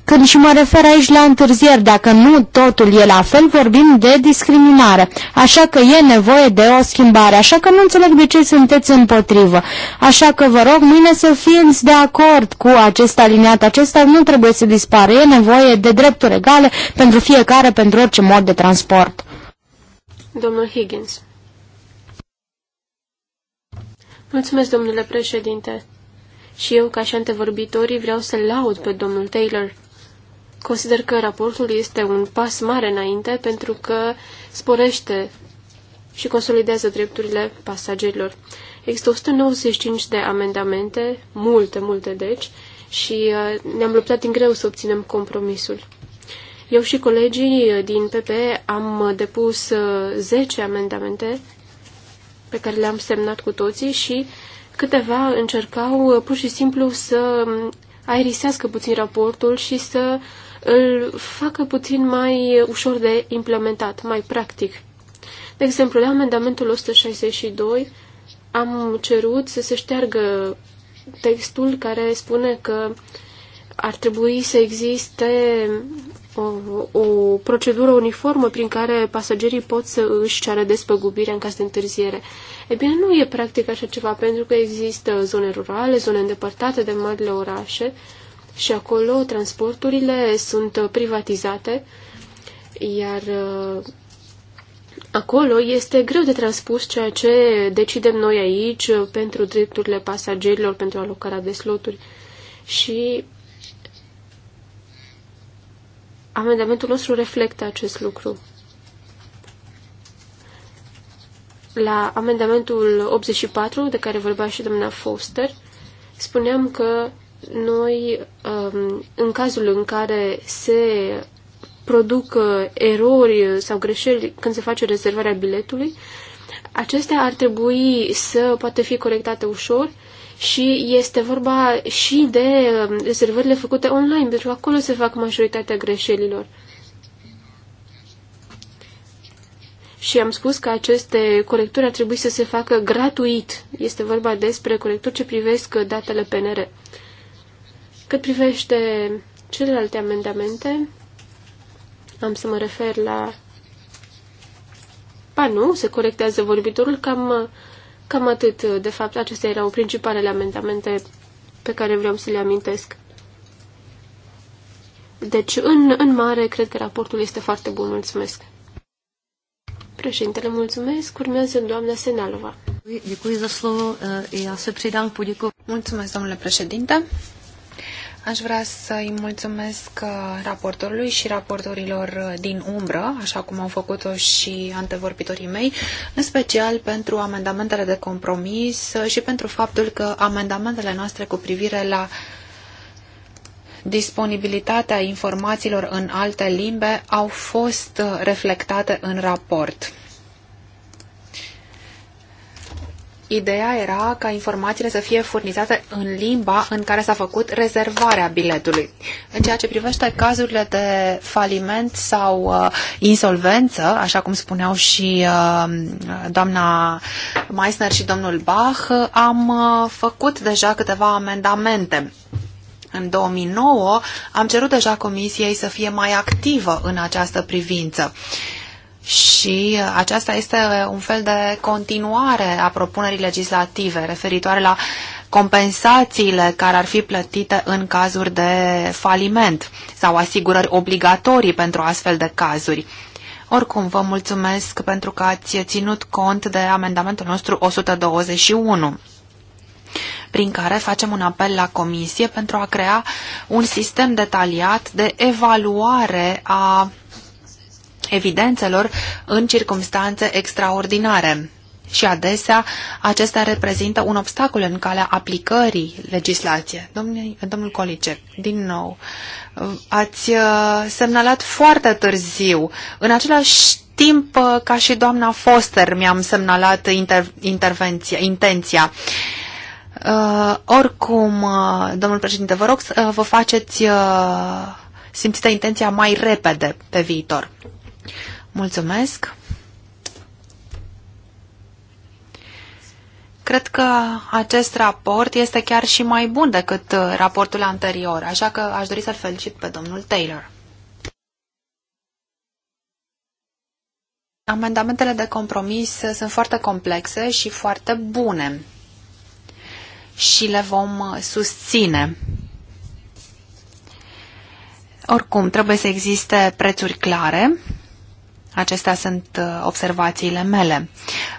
A: Când și mă refer aici la întârzieri, dacă nu totul e la fel, vorbim de discriminare. Așa că e nevoie de o schimbare, așa că nu înțeleg de ce sunteți împotrivă. Așa că vă rog mâine să fiți de acord cu acest aliniat. Acesta nu trebuie să dispară, e nevoie de drepturi egale pentru fiecare, pentru orice mod de transport.
C: Domnul Higgins. Mulțumesc, domnule președinte. Și eu, ca și antevorbitorii, vreau să laud pe domnul Taylor. Consider că raportul este un pas mare înainte pentru că sporește și consolidează drepturile pasagerilor. Există 195 de amendamente, multe, multe deci, și uh, ne-am luptat din greu să obținem compromisul. Eu și colegii uh, din PP am uh, depus 10 amendamente pe care le-am semnat cu toții și câteva încercau pur și simplu să um, aerisească puțin raportul și să îl facă puțin mai ușor de implementat, mai practic. De exemplu, la amendamentul 162 am cerut să se șteargă textul care spune că ar trebui să existe o, o procedură uniformă prin care pasagerii pot să își ceară despăgubirea în caz de întârziere. E bine, nu e practic așa ceva, pentru că există zone rurale, zone îndepărtate de marile orașe, și acolo transporturile sunt privatizate, iar uh, acolo este greu de transpus ceea ce decidem noi aici uh, pentru drepturile pasagerilor, pentru alocarea de sloturi. Și amendamentul nostru reflectă acest lucru. La amendamentul 84, de care vorbea și doamna Foster, spuneam că noi, um, în cazul în care se produc uh, erori sau greșeli când se face rezervarea biletului, acestea ar trebui să poată fi corectate ușor și este vorba și de um, rezervările făcute online, pentru că acolo se fac majoritatea greșelilor. Și am spus că aceste corecturi ar trebui să se facă gratuit. Este vorba despre corecturi ce privesc datele PNR. Cât privește celelalte amendamente, am să mă refer la... Pa, nu, se corectează vorbitorul, cam, cam atât. De fapt, acestea erau principalele amendamente pe care vreau să le amintesc. Deci, în, în mare, cred că raportul este foarte bun. Mulțumesc. Președintele, mulțumesc. Urmează doamna Senalova.
D: Mulțumesc, domnule președinte. Aș vrea să-i mulțumesc uh, raportorului și raportorilor uh, din umbră, așa cum au făcut-o și antevorbitorii mei, în special pentru amendamentele de compromis uh, și pentru faptul că amendamentele noastre cu privire la disponibilitatea informațiilor în alte limbe au fost reflectate în raport. Ideea era ca informațiile să fie furnizate în limba în care s-a făcut rezervarea biletului. În ceea ce privește cazurile de faliment sau uh, insolvență, așa cum spuneau și uh, doamna Meissner și domnul Bach, am uh, făcut deja câteva amendamente. În 2009 am cerut deja Comisiei să fie mai activă în această privință. Uh, și uh, aceasta este uh, un fel de continuare a propunerii legislative referitoare la compensațiile care ar fi plătite în cazuri de faliment sau asigurări obligatorii pentru astfel de cazuri. Oricum, vă mulțumesc pentru că ați ținut cont de amendamentul nostru 121 prin care facem un apel la Comisie pentru a crea un sistem detaliat de evaluare a evidențelor în circumstanțe extraordinare. Și adesea acestea reprezintă un obstacol în calea aplicării legislației. Domnul, domnul Colice, din nou, ați uh, semnalat foarte târziu, în același timp uh, ca și doamna Foster mi-am semnalat inter, intervenția, intenția. Uh, oricum, uh, domnul președinte, vă rog să uh, vă faceți uh, simțită intenția mai repede pe viitor. Mulțumesc. Cred că acest raport este chiar și mai bun decât uh, raportul anterior, așa că aș dori să-l felicit pe domnul Taylor. Amendamentele de compromis uh, sunt foarte complexe și foarte bune și le vom uh, susține. Oricum, trebuie să existe prețuri clare Acestea sunt uh, observațiile mele.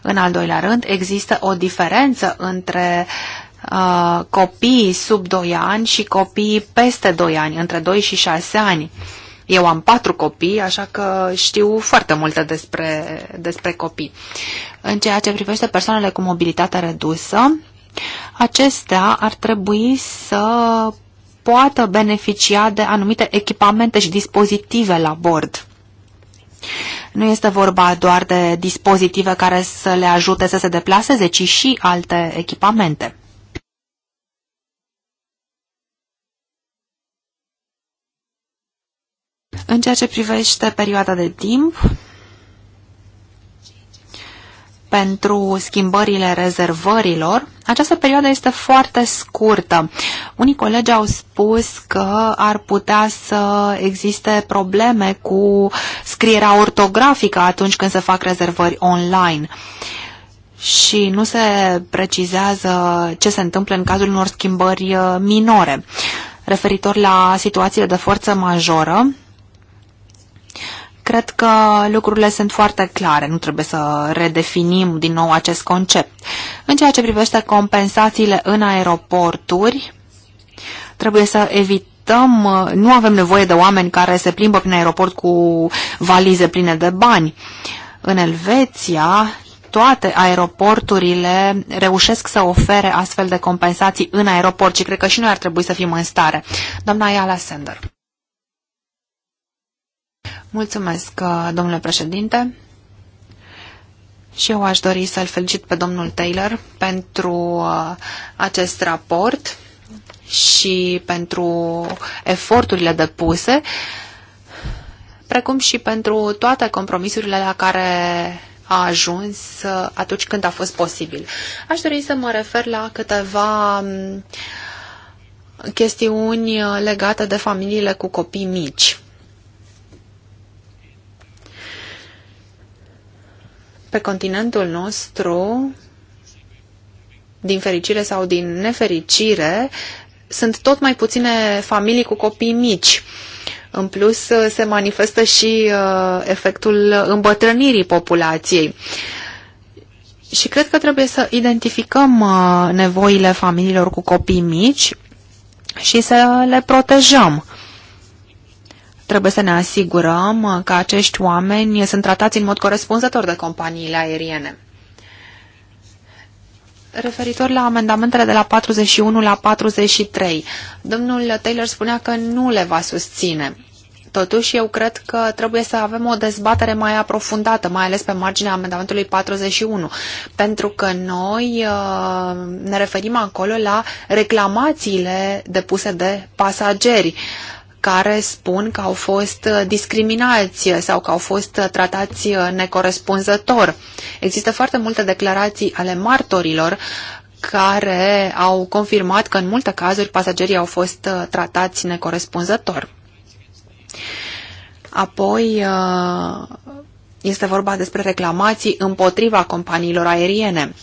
D: În al doilea rând, există o diferență între uh, copiii sub 2 ani și copiii peste 2 ani, între 2 și 6 ani. Eu am patru copii, așa că știu foarte multe despre, despre copii. În ceea ce privește persoanele cu mobilitate redusă, acestea ar trebui să poată beneficia de anumite echipamente și dispozitive la bord. Nu este vorba doar de dispozitive care să le ajute să se deplaseze, ci și alte echipamente. În ceea ce privește perioada de timp, pentru schimbările rezervărilor, această perioadă este foarte scurtă. Unii colegi au spus că ar putea să existe probleme cu scrierea ortografică atunci când se fac rezervări online și nu se precizează ce se întâmplă în cazul unor schimbări uh, minore. Referitor la situațiile de forță majoră, Cred că lucrurile sunt foarte clare, nu trebuie să redefinim din nou acest concept. În ceea ce privește compensațiile în aeroporturi, trebuie să evităm nu avem nevoie de oameni care se plimbă prin aeroport cu valize pline de bani. În Elveția, toate aeroporturile reușesc să ofere astfel de compensații în aeroport și cred că și noi ar trebui să fim în stare. Doamna Iala Sender. Mulțumesc, uh, domnule președinte. Și eu aș dori să-l felicit pe domnul Taylor pentru uh, acest raport și pentru eforturile depuse, precum și pentru toate compromisurile la care a ajuns uh, atunci când a fost posibil. Aș dori să mă refer la câteva um, chestiuni legate de familiile cu copii mici. Pe continentul nostru, din fericire sau din nefericire, sunt tot mai puține familii cu copii mici. În plus, se manifestă și uh, efectul îmbătrânirii populației. Și cred că trebuie să identificăm uh, nevoile familiilor cu copii mici și să le protejăm. Trebuie să ne asigurăm că acești oameni sunt tratați în mod corespunzător de companiile aeriene. Referitor la amendamentele de la 41 la 43, domnul Taylor spunea că nu le va susține. Totuși, eu cred că trebuie să avem o dezbatere mai aprofundată, mai ales pe marginea amendamentului 41, pentru că noi uh, ne referim acolo la reclamațiile depuse de pasageri care spun că au fost uh, discriminați sau că au fost uh, tratați uh, necorespunzător. Există foarte multe declarații ale martorilor care au confirmat că în multe cazuri pasagerii au fost tratați necorespunzător. Apoi, este vorba despre reclamații împotriva companiilor aeriene.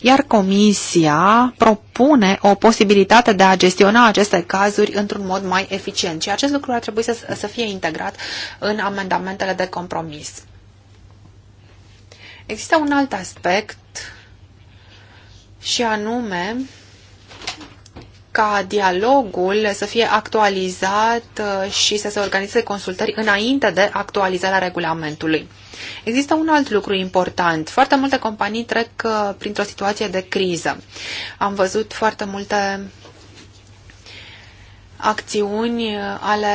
D: Iar Comisia propune o posibilitate de a gestiona aceste cazuri într-un mod mai eficient. Și acest lucru ar trebui să, să fie integrat în amendamentele de compromis. Există un alt aspect și anume ca dialogul să fie actualizat uh, și să se organizeze consultări înainte de actualizarea regulamentului. Există un alt lucru important. Foarte multe companii trec uh, printr-o situație de criză. Am văzut foarte multe acțiuni uh, ale,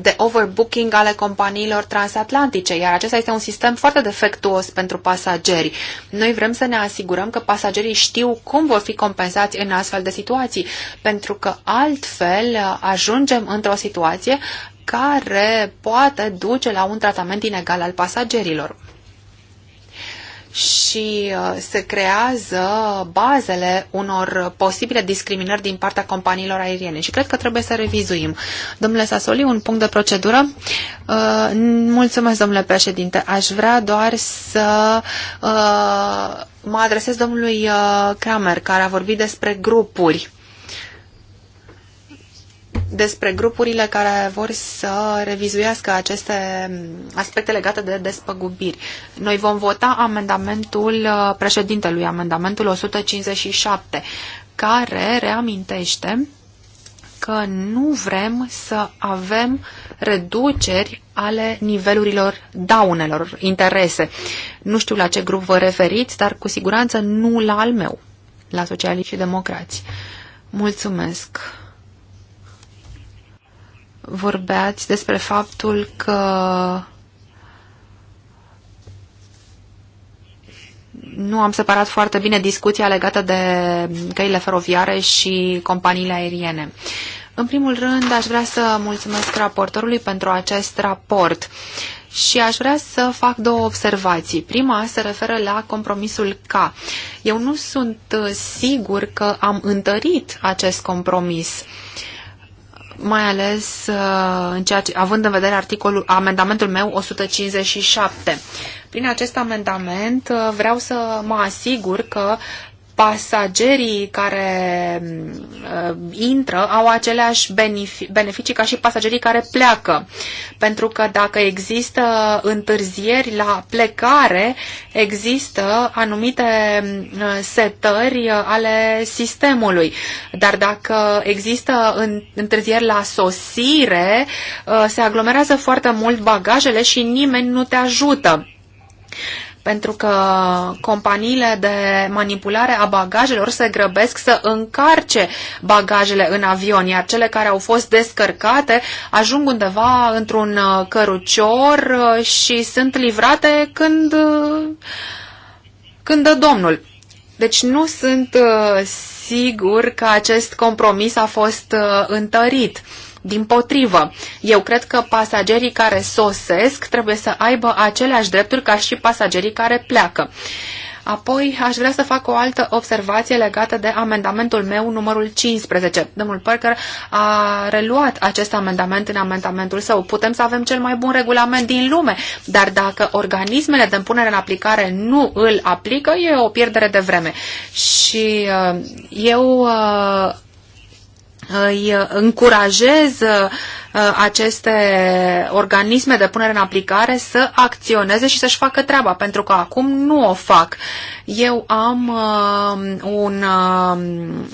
D: de overbooking ale companiilor transatlantice, iar acesta este un sistem foarte defectuos pentru pasageri. Noi vrem să ne asigurăm că pasagerii știu cum vor fi compensați în astfel de situații, pentru că altfel uh, ajungem într-o situație care poate duce la un tratament inegal al pasagerilor și uh, se creează bazele unor posibile discriminări din partea companiilor aeriene și cred că trebuie să revizuim. Domnule Sasoli, un punct de procedură. Uh, mulțumesc, domnule președinte. Aș vrea doar să uh, mă adresez domnului Kramer, care a vorbit despre grupuri despre grupurile care vor să revizuiască aceste aspecte legate de despăgubiri. Noi vom vota amendamentul uh, președintelui, amendamentul 157, care reamintește că nu vrem să avem reduceri ale nivelurilor daunelor, interese. Nu știu la ce grup vă referiți, dar cu siguranță nu la al meu, la socialiști și democrați. Mulțumesc! vorbeați despre faptul că nu am separat foarte bine discuția legată de căile feroviare și companiile aeriene. În primul rând, aș vrea să mulțumesc raportorului pentru acest raport și aș vrea să fac două observații. Prima se referă la compromisul K. Eu nu sunt sigur că am întărit acest compromis. Uh, mai ales uh, în ceea ce, având în vedere articolul, amendamentul meu 157. Prin acest amendament uh, vreau să mă asigur că pasagerii care uh, intră au aceleași benefic beneficii ca și pasagerii care pleacă. Pentru că dacă există întârzieri la plecare, există anumite uh, setări ale sistemului. Dar dacă există întârzieri la sosire, uh, se aglomerează foarte mult bagajele și nimeni nu te ajută pentru că companiile de manipulare a bagajelor se grăbesc să încarce bagajele în avion, iar cele care au fost descărcate ajung undeva într-un uh, cărucior uh, și sunt livrate când, uh, când dă domnul. Deci nu sunt sigur că acest compromis a fost întărit din potrivă, eu cred că pasagerii care sosesc trebuie să aibă aceleași drepturi ca și pasagerii care pleacă. Apoi aș vrea să fac o altă observație legată de amendamentul meu numărul 15. Domnul Parker a reluat acest amendament în amendamentul său. Putem să avem cel mai bun regulament din lume, dar dacă organismele de punere în aplicare nu îl aplică, e o pierdere de vreme. Și uh, eu uh, îi încurajez uh, aceste organisme de punere în aplicare să acționeze și să-și facă treaba, pentru că acum nu o fac. Eu am uh, un uh,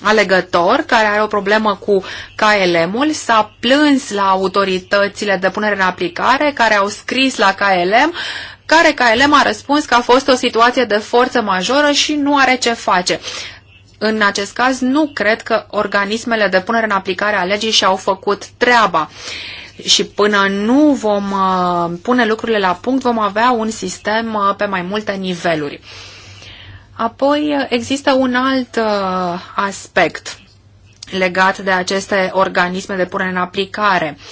D: alegător care are o problemă cu KLM-ul, s-a plâns la autoritățile de punere în aplicare care au scris la KLM care KLM a răspuns că a fost o situație de forță majoră și nu are ce face. În acest caz, nu cred că organismele de punere în aplicare a legii și-au făcut treaba. Și până nu vom uh, pune lucrurile la punct, vom avea un sistem uh, pe mai multe niveluri. Apoi uh, există un alt aspect legat de aceste organisme de punere în aplicare. Uh,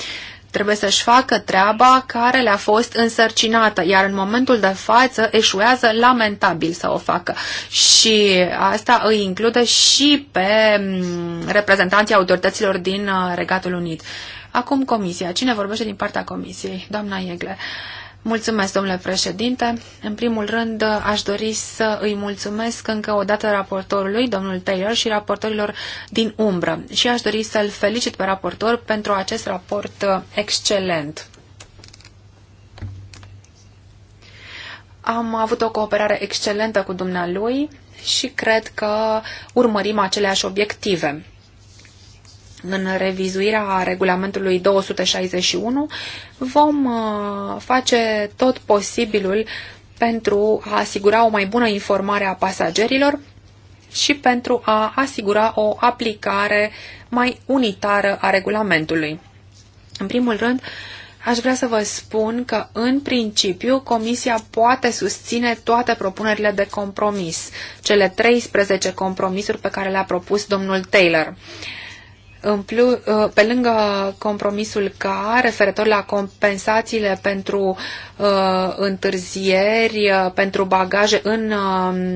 D: Trebuie să-și facă treaba care le-a fost însărcinată, iar în momentul de față eșuează lamentabil să o facă. Și asta îi include și pe mm, reprezentanții autorităților din uh, Regatul Unit. Acum comisia. Cine vorbește din partea comisiei? Doamna Iegle. Uh, Mulțumesc, domnule președinte. În primul rând, aș dori să îi mulțumesc încă o dată raportorului, domnul Taylor, și raportorilor din umbră. Și aș dori să-l felicit pe raportor pentru acest raport uh, excelent. Am avut o cooperare excelentă cu dumnealui și cred că urmărim aceleași obiective în revizuirea regulamentului 261 vom uh, face tot posibilul pentru a asigura o mai bună informare a pasagerilor și pentru a asigura o aplicare mai unitară a regulamentului. În primul rând, aș vrea să vă spun că, în principiu, Comisia poate susține toate propunerile de compromis, cele 13 compromisuri pe care le-a propus domnul Taylor. Uh, în plus, uh, pe lângă compromisul K, referitor la compensațiile pentru uh, întârzieri, uh, pentru bagaje în uh,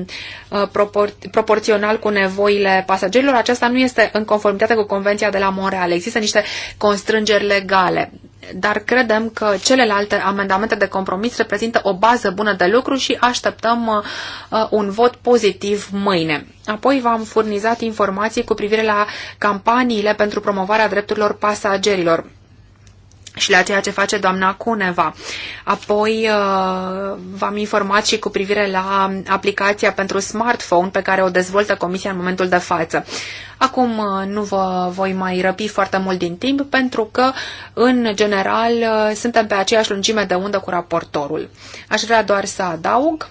D: uh, propor proporțional cu nevoile pasagerilor, aceasta nu este în conformitate cu Convenția de la Montreal. Există niște constrângeri legale dar credem că celelalte amendamente de compromis reprezintă o bază bună de lucru și așteptăm uh, uh, un vot pozitiv mâine. Apoi v-am furnizat informații cu privire la campaniile pentru promovarea drepturilor pasagerilor și la ceea ce face doamna Cuneva. Apoi uh, v-am informat și cu privire la aplicația pentru smartphone pe care o dezvoltă Comisia în momentul de față. Acum uh, nu vă voi mai răpi foarte mult din timp pentru că, în general, uh, suntem pe aceeași lungime de undă cu raportorul. Aș vrea doar să adaug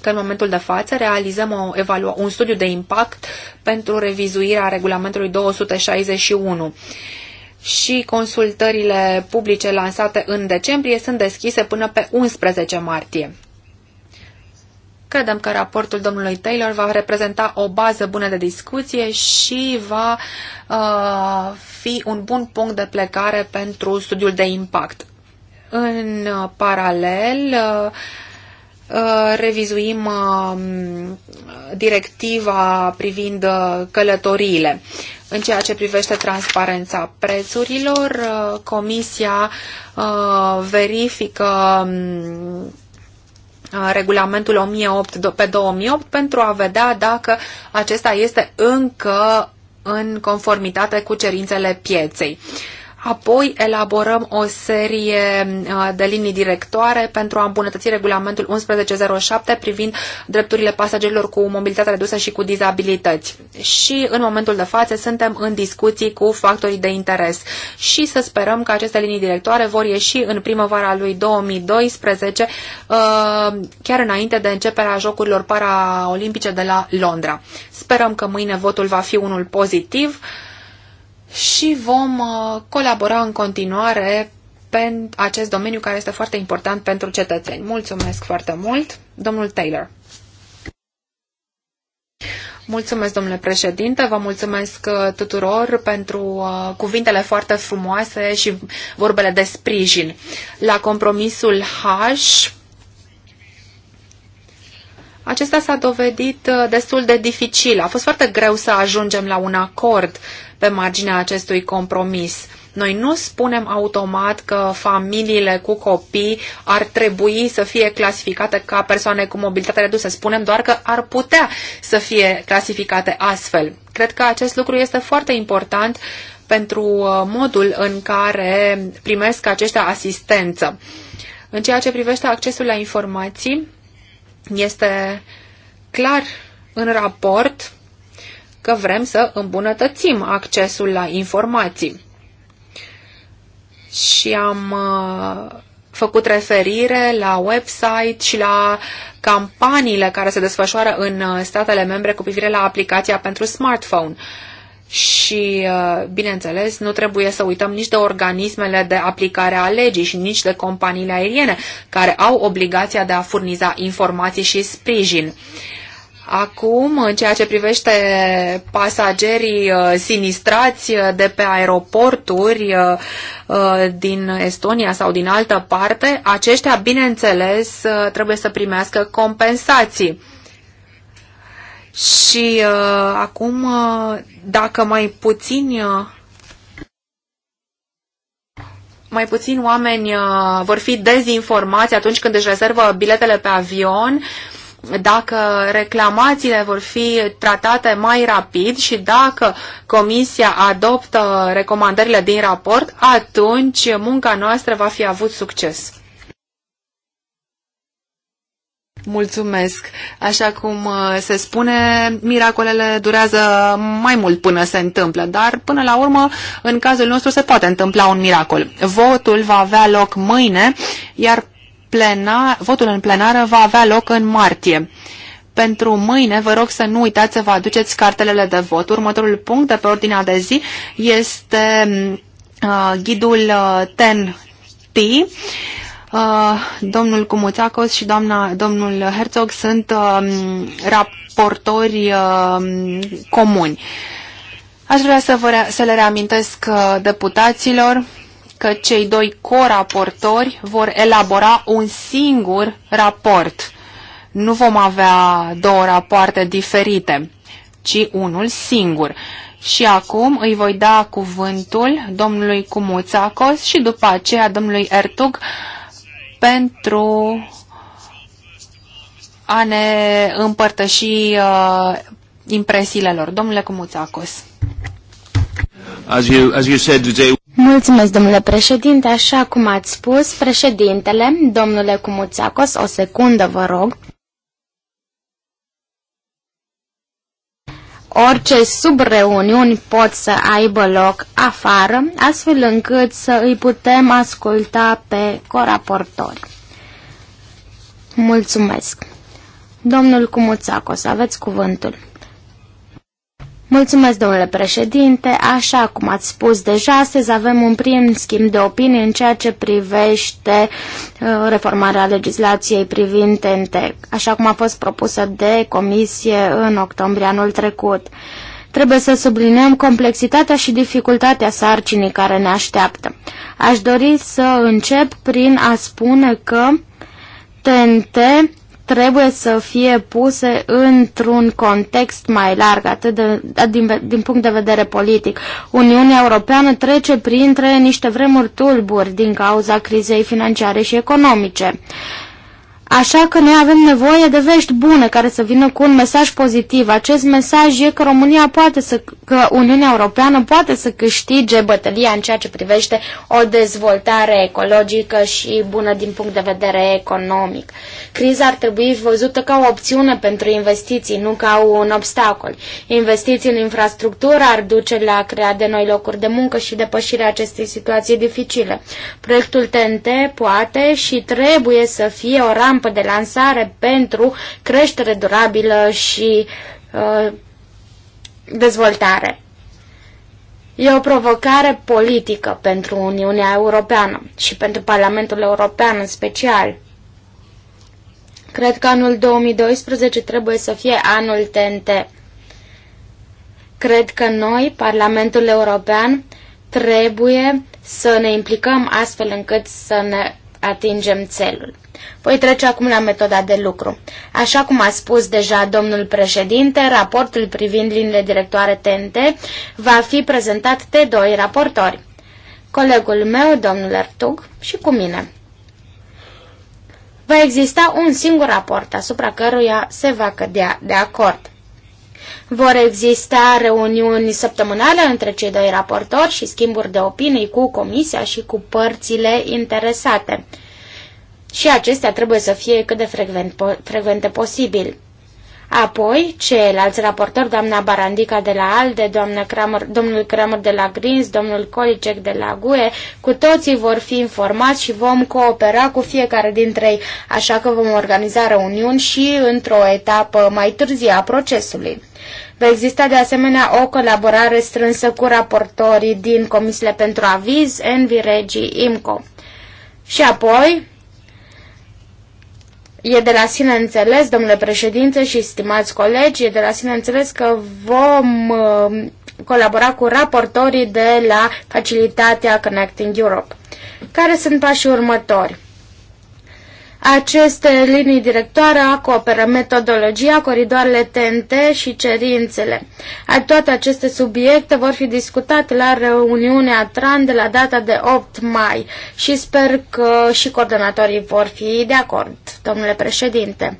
D: că în momentul de față realizăm o evalua- un studiu de impact pentru revizuirea regulamentului 261 și consultările publice lansate în decembrie sunt deschise până pe 11 martie. Credem că raportul domnului Taylor va reprezenta o bază bună de discuție și va uh, fi un bun punct de plecare pentru studiul de impact. În uh, paralel, uh, Uh, revizuim um, directiva privind uh, călătoriile. În ceea ce privește transparența prețurilor, uh, Comisia verifică um, regulamentul 1008 pe 2008 pentru a vedea dacă acesta este încă în conformitate cu cerințele pieței. Uh, Apoi elaborăm o serie uh, de linii directoare pentru a îmbunătăți regulamentul 1107 privind drepturile pasagerilor cu mobilitate redusă și cu dizabilități. Și în momentul de față suntem în discuții cu factorii de interes și să sperăm că aceste linii directoare vor ieși în primăvara lui 2012, uh, chiar înainte de începerea Jocurilor Paraolimpice de la Londra. Sperăm că mâine votul va fi unul pozitiv și vom uh, colabora în continuare pe acest domeniu care este foarte important pentru cetățeni. Mulțumesc foarte mult, domnul Taylor. Mulțumesc, domnule președinte, vă mulțumesc uh, tuturor pentru uh, cuvintele foarte frumoase și vorbele de sprijin. La compromisul H, acesta s-a dovedit destul de dificil. A fost foarte greu să ajungem la un acord pe marginea acestui compromis. Noi nu spunem automat că familiile cu copii ar trebui să fie clasificate ca persoane cu mobilitate redusă. Spunem doar că ar putea să fie clasificate astfel. Cred că acest lucru este foarte important pentru uh, modul în care primesc aceștia asistență. În ceea ce privește accesul la informații, este clar în raport că vrem să îmbunătățim accesul la informații. Și am uh, făcut referire la website și la campaniile care se desfășoară în uh, statele membre cu privire la aplicația pentru smartphone. Și, uh, bineînțeles, nu trebuie să uităm nici de organismele de aplicare a legii și nici de companiile aeriene, care au obligația de a furniza informații și sprijin. Uh, Acum, în ceea ce privește pasagerii uh, sinistrați uh, de pe aeroporturi uh, din Estonia sau din altă parte, aceștia, bineînțeles, trebuie să primească compensații. Și acum, dacă mai puțini mai puțin oameni vor fi dezinformați atunci când își rezervă biletele pe avion, uh, dacă reclamațiile vor fi tratate mai rapid și dacă Comisia adoptă recomandările din raport, atunci munca noastră va fi avut succes. Mulțumesc. Așa cum uh, se spune, miracolele durează mai mult până se întâmplă, dar până la urmă, în cazul nostru, se poate întâmpla un miracol. Votul va avea loc mâine, iar plena, votul în plenară va avea loc în martie. Pentru mâine, vă rog să nu uitați să vă aduceți cartelele de vot. Următorul punct de pe ordinea de zi este uh, ghidul uh, TEN-T. Uh, domnul Cumuțacos și doamna, domnul Herzog sunt uh, raportori uh, comuni. Aș vrea să, vă, să le reamintesc uh, deputaților că cei doi coraportori vor elabora un singur raport. Nu vom avea două rapoarte diferite, ci unul singur. Și acum îi voi da cuvântul domnului Cumuțacos și după aceea domnului Ertug pentru a ne împărtăși uh, impresiile lor. Domnule Cumuțacos.
B: As you, as you said today...
A: Mulțumesc, domnule președinte. Așa cum ați spus, președintele, domnule Cumuțacos, o secundă, vă rog. Orice subreuniuni pot să aibă loc afară, astfel încât să îi putem asculta pe coraportori. Mulțumesc. Domnul Cumuțacos, aveți cuvântul. Mulțumesc, domnule președinte. Așa cum ați spus deja, astăzi avem un prim schimb de opinie în ceea ce privește uh, reformarea legislației privind TNT, așa cum a fost propusă de comisie în octombrie anul trecut. Trebuie să subliniem complexitatea și dificultatea sarcinii care ne așteaptă. Aș dori să încep prin a spune că TNT trebuie să fie puse într-un context mai larg, atât de, da, din, din punct de vedere politic. Uniunea Europeană trece printre niște vremuri tulburi din cauza crizei financiare și economice. Așa că noi avem nevoie de vești bune care să vină cu un mesaj pozitiv. Acest mesaj e că România poate să, că Uniunea Europeană poate să câștige bătălia în ceea ce privește o dezvoltare ecologică și bună din punct de vedere economic. Criza ar trebui văzută ca o opțiune pentru investiții, nu ca un obstacol. Investiții în infrastructură ar duce la crearea de noi locuri de muncă și depășirea acestei situații dificile. Proiectul TNT poate și trebuie să fie o rampă de lansare pentru creștere durabilă și uh, dezvoltare. E o provocare politică pentru Uniunea Europeană și pentru Parlamentul European în special. Cred că anul 2012 trebuie să fie anul TNT. Cred că noi, Parlamentul European, trebuie să ne implicăm astfel încât să ne atingem țelul. Voi trece acum la metoda de lucru. Așa cum a spus deja domnul președinte, raportul privind liniile directoare TNT va fi prezentat de doi raportori. Colegul meu, domnul Ertug, și cu mine va exista un singur raport asupra căruia se va cădea de acord. Vor exista reuniuni săptămânale între cei doi raportori și schimburi de opinii cu comisia și cu părțile interesate. Și acestea trebuie să fie cât de frecvent, po frecvente posibil. Apoi, ceilalți raportori, doamna Barandica de la ALDE, doamna Kramer, domnul Kramer de la Grins, domnul Kolicek de la GUE, cu toții vor fi informați și vom coopera cu fiecare dintre ei, așa că vom organiza reuniuni și într-o etapă mai târzie a procesului. Va exista de asemenea o colaborare strânsă cu raportorii din Comisiile pentru Aviz, Envi, Regii, IMCO. Și apoi, E de la sine înțeles, domnule președinte și stimați colegi, e de la sine înțeles că vom uh, colabora cu raportorii de la Facilitatea Connecting Europe. Care sunt pașii următori? Aceste linii directoare acoperă metodologia, coridoarele TNT și cerințele. Toate aceste subiecte vor fi discutate la reuniunea TRAN de la data de 8 mai și sper că și coordonatorii vor fi de acord, domnule președinte.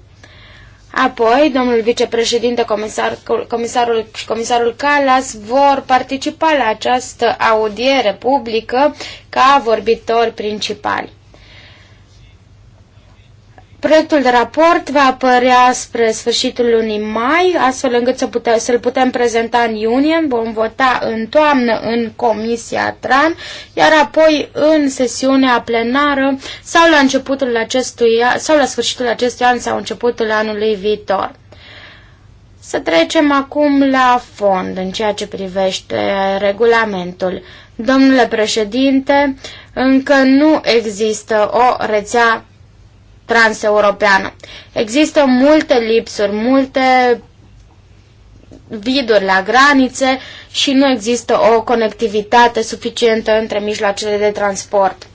A: Apoi, domnul vicepreședinte, comisar, comisarul și comisarul Calas vor participa la această audiere publică ca vorbitori principali. Proiectul de raport va apărea spre sfârșitul lunii mai, astfel încât să pute, să-l putem prezenta în iunie. Vom vota în toamnă în Comisia TRAN, iar apoi în sesiunea plenară sau la, începutul acestui, sau la sfârșitul acestui an sau începutul anului viitor. Să trecem acum la fond în ceea ce privește regulamentul. Domnule președinte, încă nu există o rețea transeuropeană. Există multe lipsuri, multe viduri la granițe și nu există o conectivitate suficientă între mijloacele de transport.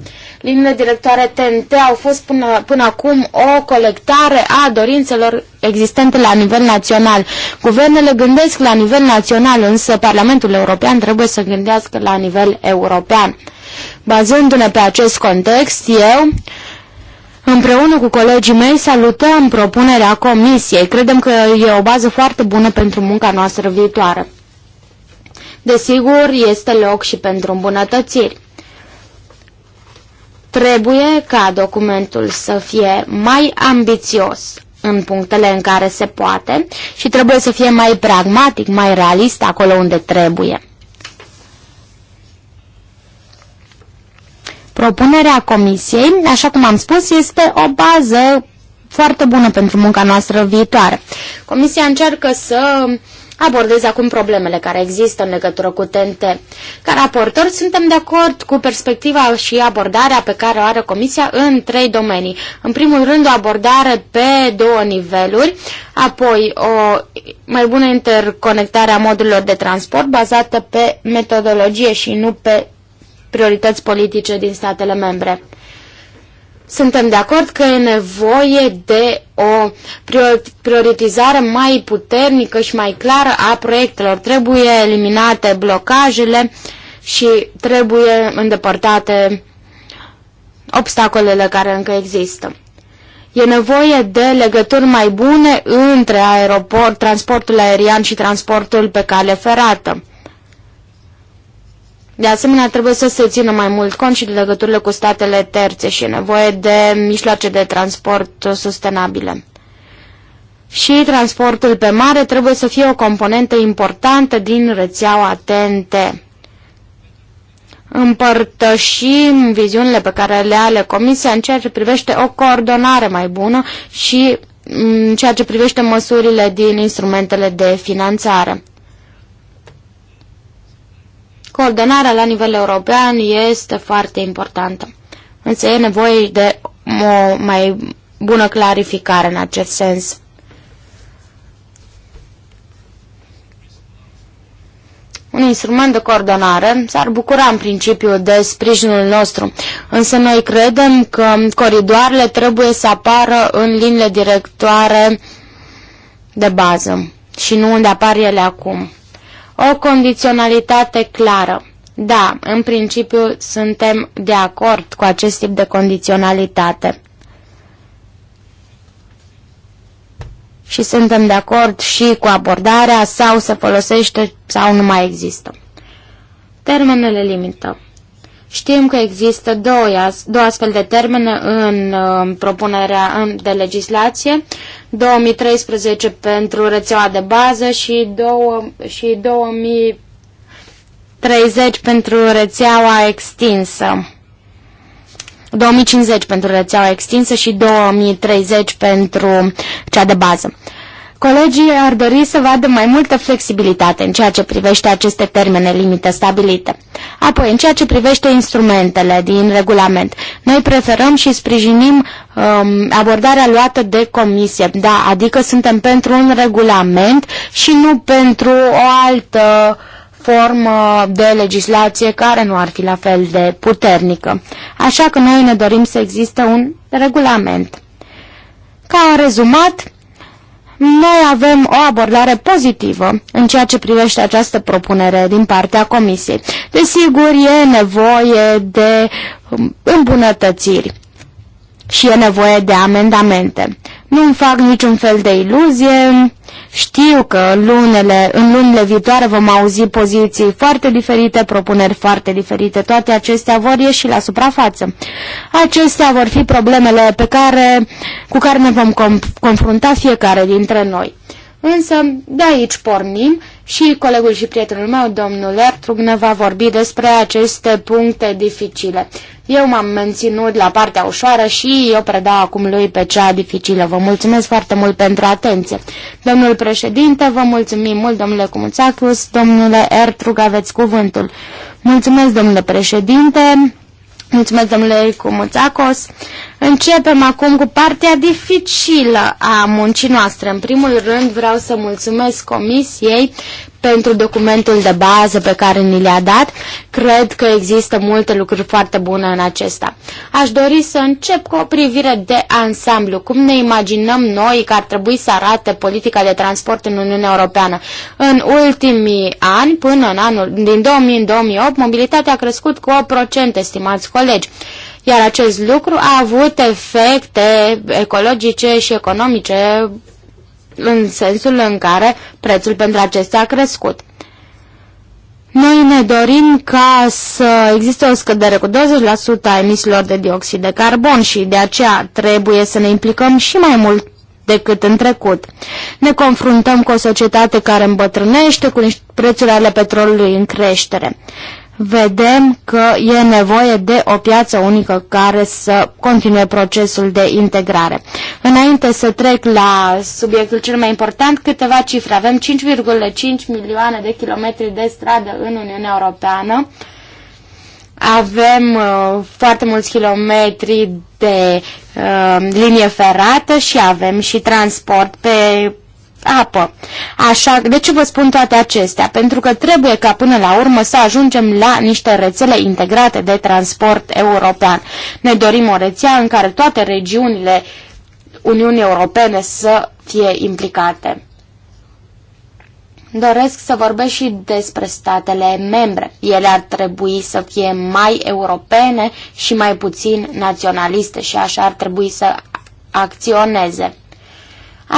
A: Liniile directoare TNT au fost până, până acum o colectare a dorințelor existente la nivel național. Guvernele gândesc la nivel național, însă Parlamentul European trebuie să gândească la nivel european. Bazându-ne pe acest context, eu Împreună cu colegii mei salutăm propunerea Comisiei. Credem că e o bază foarte bună pentru munca noastră viitoare. Desigur, este loc și pentru îmbunătățiri. Trebuie ca documentul să fie mai ambițios în punctele în care se poate și trebuie să fie mai pragmatic, mai realist acolo unde trebuie. Propunerea comisiei, așa cum am spus, este o bază foarte bună pentru munca noastră viitoare. Comisia încearcă să abordeze acum problemele care există în legătură cu TNT. Ca raportor suntem de acord cu perspectiva și abordarea pe care o are Comisia în trei domenii. În primul rând o abordare pe două niveluri, apoi o mai bună interconectare a modurilor de transport bazată pe metodologie și nu pe priorități politice din statele membre. Suntem de acord că e nevoie de o prioritizare mai puternică și mai clară a proiectelor. Trebuie eliminate blocajele și trebuie îndepărtate obstacolele care încă există. E nevoie de legături mai bune între aeroport, transportul aerian și transportul pe cale ferată. De asemenea, trebuie să se țină mai mult cont și de legăturile cu statele terțe și e nevoie de mijloace de transport sustenabile. Și transportul pe mare trebuie să fie o componentă importantă din rețeaua TNT. Împărtășim viziunile pe care le are Comisia în ceea ce privește o coordonare mai bună și în ceea ce privește măsurile din instrumentele de finanțare. Coordonarea la nivel european este foarte importantă, însă e nevoie de o mai bună clarificare în acest sens. un instrument de coordonare, s-ar bucura în principiu de sprijinul nostru. Însă noi credem că coridoarele trebuie să apară în liniile directoare de bază și nu unde apar ele acum. O condiționalitate clară. Da, în principiu suntem de acord cu acest tip de condiționalitate. Și suntem de acord și cu abordarea sau se folosește sau nu mai există. Termenele limită. Știm că există două, două astfel de termene în uh, propunerea de legislație, 2013 pentru rețeaua de bază și, două, și 2030 pentru rețeaua extinsă. 2050 pentru rețeaua extinsă și 2030 pentru cea de bază. Colegii ar dori să vadă mai multă flexibilitate în ceea ce privește aceste termene limite stabilite. Apoi, în ceea ce privește instrumentele din regulament, noi preferăm și sprijinim um, abordarea luată de comisie, da, adică suntem pentru un regulament și nu pentru o altă formă de legislație care nu ar fi la fel de puternică. Așa că noi ne dorim să existe un regulament. Ca rezumat, noi avem o abordare pozitivă în ceea ce privește această propunere din partea Comisiei. Desigur, e nevoie de um, îmbunătățiri și e nevoie de amendamente. Nu-mi fac niciun fel de iluzie, știu că lunele, în lunile viitoare vom auzi poziții foarte diferite, propuneri foarte diferite. Toate acestea vor ieși la suprafață. Acestea vor fi problemele pe care, cu care ne vom confrunta fiecare dintre noi. Însă, de aici pornim și colegul și prietenul meu, domnul Ertrug, ne va vorbi despre aceste puncte dificile. Eu m-am menținut la partea ușoară și eu predau acum lui pe cea dificilă. Vă mulțumesc foarte mult pentru atenție. Domnul președinte, vă mulțumim mult, domnule Cumuțacus, domnule Ertrug, aveți cuvântul. Mulțumesc, domnule președinte. Mulțumesc, domnule Cumuțacos. Începem acum cu partea dificilă a muncii noastre. În primul rând vreau să mulțumesc Comisiei pentru documentul de bază pe care ni le-a dat. Cred că există multe lucruri foarte bune în acesta. Aș dori să încep cu o privire de ansamblu, cum ne imaginăm noi că ar trebui să arate politica de transport în Uniunea Europeană. În ultimii ani, până în anul, din 2000 în 2008, mobilitatea a crescut cu 8%, estimați colegi colegi. Iar acest lucru a avut efecte ecologice și economice în sensul în care prețul pentru acestea a crescut. Noi ne dorim ca să existe o scădere cu 20% a emisiilor de dioxid de carbon și de aceea trebuie să ne implicăm și mai mult decât în trecut. Ne confruntăm cu o societate care îmbătrânește, cu prețurile ale petrolului în creștere vedem că e nevoie de o piață unică care să continue procesul de integrare. Înainte să trec la subiectul cel mai important, câteva cifre. Avem 5,5 milioane de kilometri de stradă în Uniunea Europeană. Avem uh, foarte mulți kilometri de uh, linie ferată și avem și transport pe apă. Așa, de ce vă spun toate acestea? Pentru că trebuie ca până la urmă să ajungem la niște rețele integrate de transport european. Ne dorim o rețea în care toate regiunile Uniunii Europene să fie implicate. Doresc să vorbesc și despre statele membre. Ele ar trebui să fie mai europene și mai puțin naționaliste și așa ar trebui să acționeze.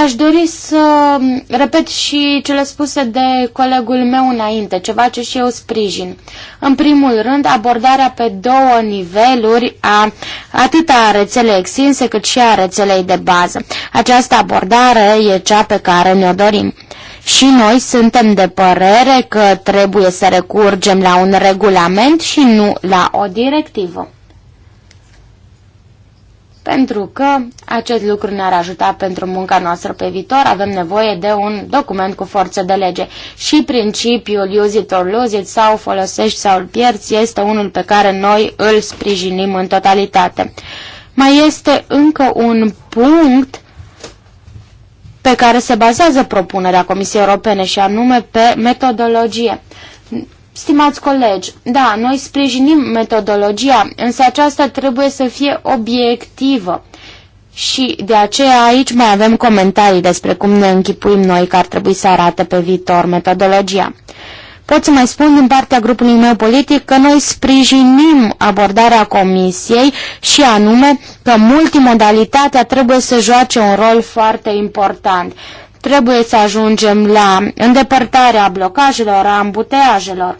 A: Aș dori să repet și cele spuse de colegul meu înainte, ceva ce și eu sprijin. În primul rând, abordarea pe două niveluri, a, atât a rețelei extinse cât și a rețelei de bază. Această abordare e cea pe care ne-o dorim. Și noi suntem de părere că trebuie să recurgem la un regulament și nu la o directivă pentru că acest lucru ne-ar ajuta pentru munca noastră pe viitor. Avem nevoie de un document cu forță de lege și principiul use it or lose it sau folosești sau îl pierzi este unul pe care noi îl sprijinim în totalitate. Mai este încă un punct pe care se bazează propunerea Comisiei Europene și anume pe metodologie. Stimați colegi, da, noi sprijinim metodologia, însă aceasta trebuie să fie obiectivă. Și de aceea aici mai avem comentarii despre cum ne închipuim noi că ar trebui să arate pe viitor metodologia. Pot să mai spun din partea grupului meu politic că noi sprijinim abordarea comisiei și anume că multimodalitatea trebuie să joace un rol foarte important. Trebuie să ajungem la îndepărtarea blocajelor, a ambuteajelor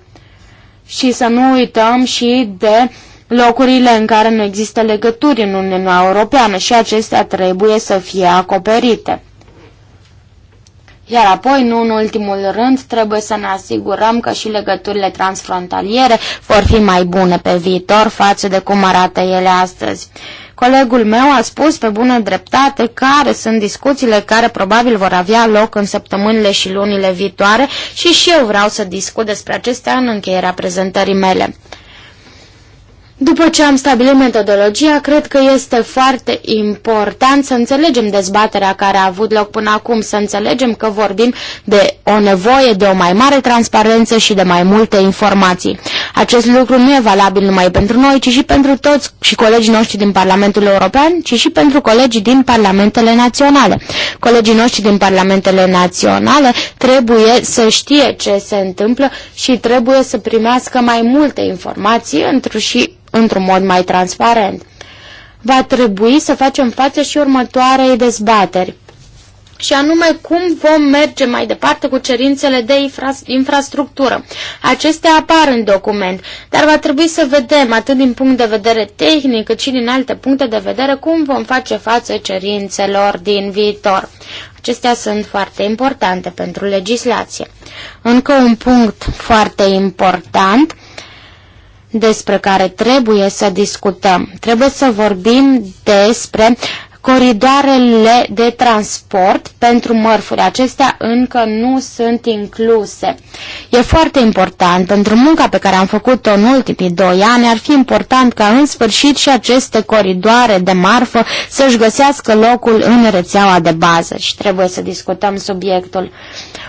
A: și să nu uităm și de locurile în care nu există legături în Uniunea Europeană și acestea trebuie să fie acoperite. Iar apoi, nu în ultimul rând, trebuie să ne asigurăm că și legăturile transfrontaliere vor fi mai bune pe viitor față de cum arată ele astăzi. Colegul meu a spus pe bună dreptate care sunt discuțiile care probabil vor avea loc în săptămânile și lunile viitoare și și eu vreau să discut despre acestea în încheierea prezentării mele. După ce am stabilit metodologia, cred că este foarte important să înțelegem dezbaterea care a avut loc până acum, să înțelegem că vorbim de o nevoie de o mai mare transparență și de mai multe informații. Acest lucru nu e valabil numai pentru noi, ci și pentru toți și colegii noștri din Parlamentul European, ci și pentru colegii din Parlamentele Naționale. Colegii noștri din Parlamentele Naționale trebuie să știe ce se întâmplă și trebuie să primească mai multe informații într și într-un mod mai transparent. Va trebui să facem față și următoarei dezbateri și anume cum vom merge mai departe cu cerințele de infra infrastructură. Acestea apar în document, dar va trebui să vedem, atât din punct de vedere tehnic, cât și din alte puncte de vedere, cum vom face față cerințelor din viitor. Acestea sunt foarte importante pentru legislație. Încă un punct foarte important despre care trebuie să discutăm. Trebuie să vorbim despre Coridoarele de transport pentru mărfuri acestea încă nu sunt incluse. E foarte important, pentru munca pe care am făcut-o în ultimii doi ani, ar fi important ca în sfârșit și aceste coridoare de marfă să-și găsească locul în rețeaua de bază și trebuie să discutăm subiectul.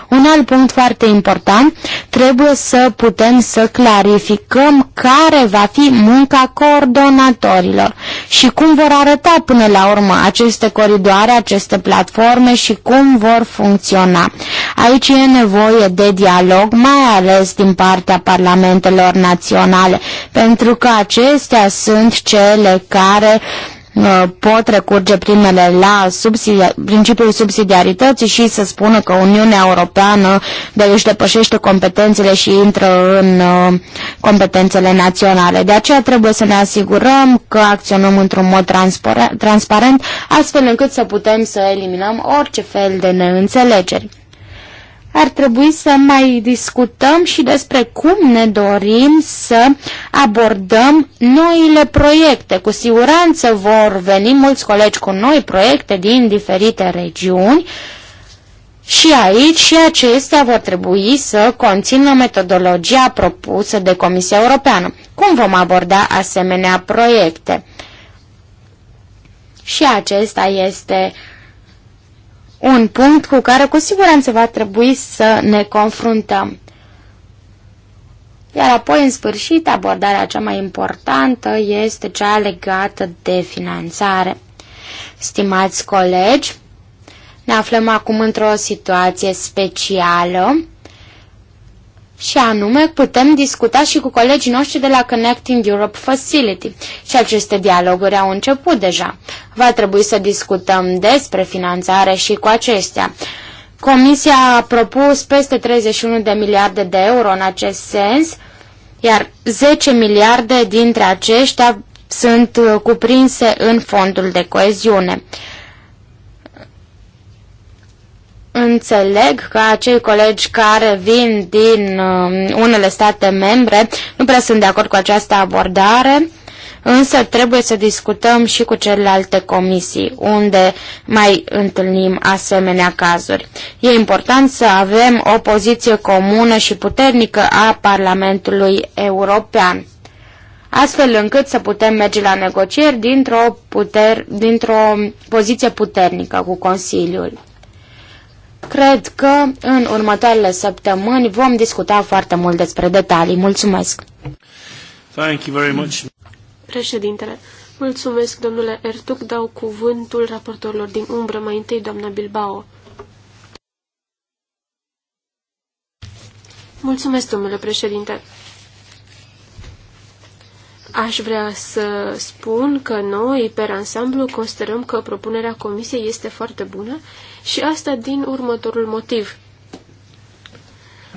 A: Un alt punct foarte important, trebuie să putem să clarificăm care va fi munca coordonatorilor și cum vor arăta până la urmă aceste coridoare, aceste platforme și cum vor funcționa. Aici e nevoie de dialog, mai ales din partea parlamentelor naționale, pentru că acestea sunt cele care uh, Uh, pot recurge primele la subsidia, principiul subsidiarității și să spună că Uniunea Europeană de își depășește competențele și intră în uh, competențele naționale. De aceea trebuie să ne asigurăm că acționăm într-un mod transparent, astfel încât să putem să eliminăm orice fel de neînțelegeri ar trebui să mai discutăm și despre cum ne dorim să abordăm noile proiecte. Cu siguranță vor veni mulți colegi cu noi proiecte din diferite regiuni și aici și acestea vor trebui să conțină metodologia propusă de Comisia Europeană. Cum vom aborda asemenea proiecte? Și acesta este uh, un punct cu care cu siguranță va trebui să ne confruntăm. Iar apoi, în sfârșit, abordarea cea mai importantă este cea legată de finanțare. Stimați colegi, ne aflăm acum într-o situație specială și anume, putem discuta și cu colegii noștri de la Connecting Europe Facility. Și aceste dialoguri au început deja. Va trebui să discutăm despre finanțare și cu acestea. Comisia a propus peste 31 de miliarde de euro în acest sens, iar 10 miliarde dintre aceștia sunt cuprinse în fondul de coeziune. Înțeleg că acei colegi care vin din uh, unele state membre nu prea sunt de acord cu această abordare, însă trebuie să discutăm și cu celelalte comisii unde mai întâlnim asemenea cazuri. E important să avem o poziție comună și puternică a Parlamentului European astfel încât să putem merge la negocieri dintr-o, puter, dintr-o poziție puternică cu Consiliul. Cred că în următoarele săptămâni vom discuta foarte mult despre detalii. Mulțumesc!
B: Thank you very much.
C: Președintele, mulțumesc, domnule Ertuc. Dau cuvântul raportorilor din umbră, mai întâi doamna Bilbao. Mulțumesc, domnule președinte. Aș vrea să spun că noi, pe ansamblu, considerăm că propunerea comisiei este foarte bună și asta din următorul motiv.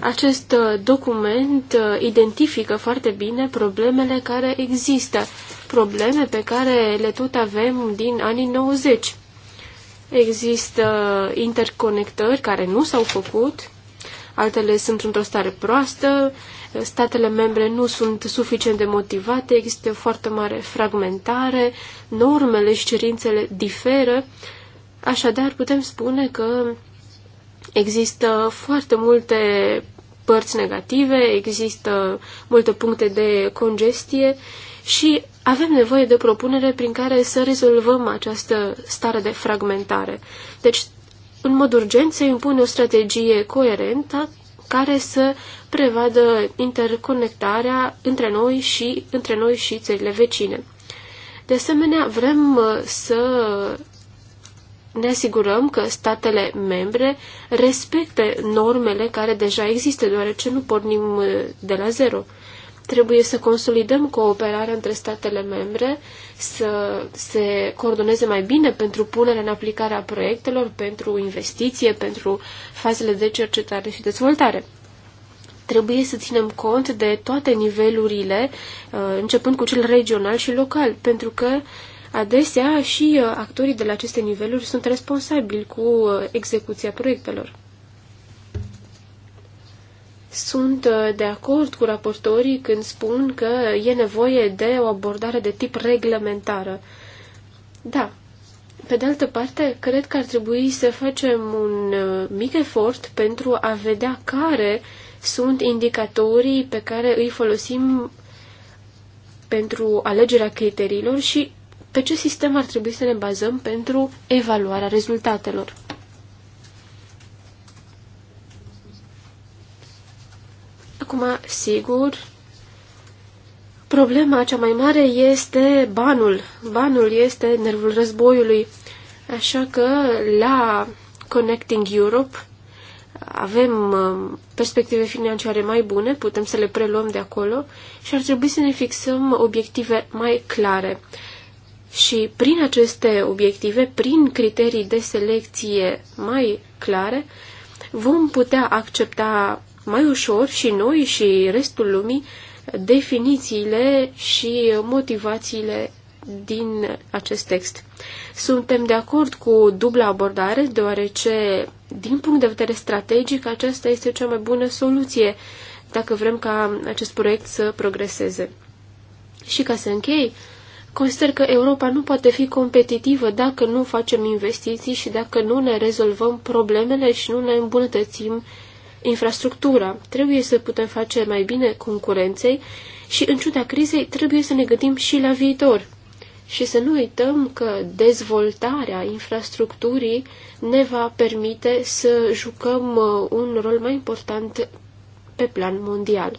C: Acest uh, document uh, identifică foarte bine problemele care există, probleme pe care le tot avem din anii 90. Există interconectări care nu s-au făcut, altele sunt într-o stare proastă, statele membre nu sunt suficient de motivate, există o foarte mare fragmentare, normele și cerințele diferă Așadar, putem spune că există foarte multe părți negative, există multe puncte de congestie și avem nevoie de o propunere prin care să rezolvăm această stare de fragmentare. Deci, în mod urgent, se impune o strategie coerentă care să prevadă interconectarea între noi și între noi și țările vecine. De asemenea, vrem uh, să ne asigurăm că statele membre respecte normele care deja există, deoarece nu pornim uh, de la zero. Trebuie să consolidăm cooperarea între statele membre, să se coordoneze mai bine pentru punerea în aplicare a proiectelor, pentru investiție, pentru fazele de cercetare și dezvoltare trebuie să ținem cont de toate nivelurile, uh, începând cu cel regional și local, pentru că Adesea și uh, actorii de la aceste niveluri sunt responsabili cu uh, execuția proiectelor. Sunt uh, de acord cu raportorii când spun că e nevoie de o abordare de tip reglementară. Da. Pe de altă parte, cred că ar trebui să facem un mic efort pentru a vedea care sunt indicatorii pe care îi folosim pentru alegerea criteriilor și pe ce sistem ar trebui să ne bazăm pentru evaluarea rezultatelor. Acum, sigur, problema cea mai mare este banul. Banul este nervul războiului. Așa că la Connecting Europe avem um, perspective financiare mai bune, putem să le preluăm de acolo și ar trebui să ne fixăm obiective mai clare. Și prin aceste obiective, prin criterii de selecție mai clare, vom putea accepta mai ușor și noi și restul lumii definițiile și motivațiile din acest text. Suntem de acord cu dubla abordare, deoarece, din punct de vedere strategic, aceasta este cea mai bună soluție dacă vrem ca acest proiect să progreseze. Și ca să închei, Consider că Europa nu poate fi competitivă dacă nu facem investiții și dacă nu ne rezolvăm problemele și nu ne îmbunătățim infrastructura. Trebuie să putem face mai bine concurenței și, în ciuda crizei, trebuie să ne gândim și la viitor. Și să nu uităm că dezvoltarea infrastructurii ne va permite să jucăm uh, un rol mai important pe plan mondial.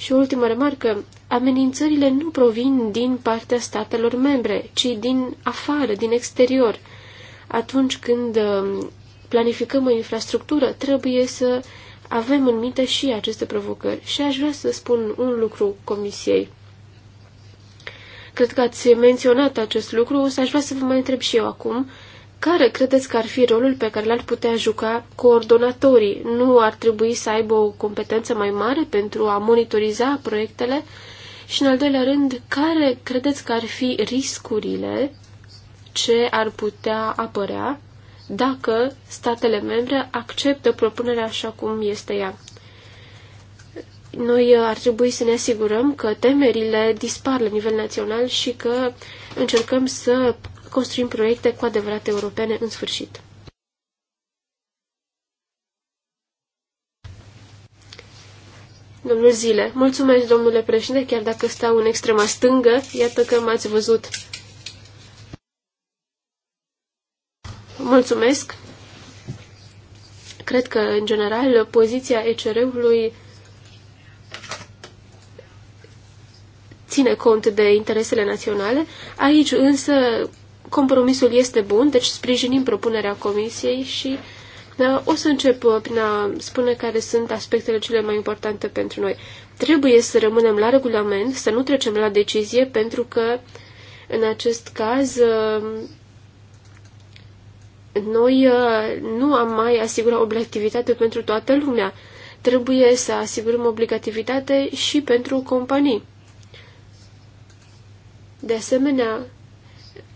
C: Și o ultimă remarcă, amenințările nu provin din partea statelor membre, ci din afară, din exterior. Atunci când um, planificăm o infrastructură, trebuie să avem în minte și aceste provocări. Și aș vrea să spun un lucru Comisiei. Cred că ați menționat acest lucru, însă aș vrea să vă mai întreb și eu acum. Uh, care credeți că ar fi rolul pe care l-ar putea juca coordonatorii? Nu ar trebui să aibă o competență mai mare pentru a monitoriza proiectele? Și, în al doilea rând, care credeți că ar fi riscurile ce ar putea apărea dacă statele membre acceptă propunerea așa cum este ea? Noi uh, ar trebui să ne asigurăm că temerile dispar la nivel național și că încercăm să construim proiecte cu adevărat europene în sfârșit. Domnul Zile, mulțumesc, domnule președinte, chiar dacă stau în extrema stângă, iată că m-ați văzut. Mulțumesc. Cred că, în general, poziția ECR-ului ține cont de interesele naționale. Aici, însă, compromisul este bun, deci sprijinim propunerea comisiei și da, o să încep uh, prin a spune care sunt aspectele cele mai importante pentru noi. Trebuie să rămânem la regulament, să nu trecem la decizie, pentru că în acest caz uh, noi uh, nu am mai asigurat obligativitate pentru toată lumea. Trebuie să asigurăm obligativitate și pentru companii. De asemenea,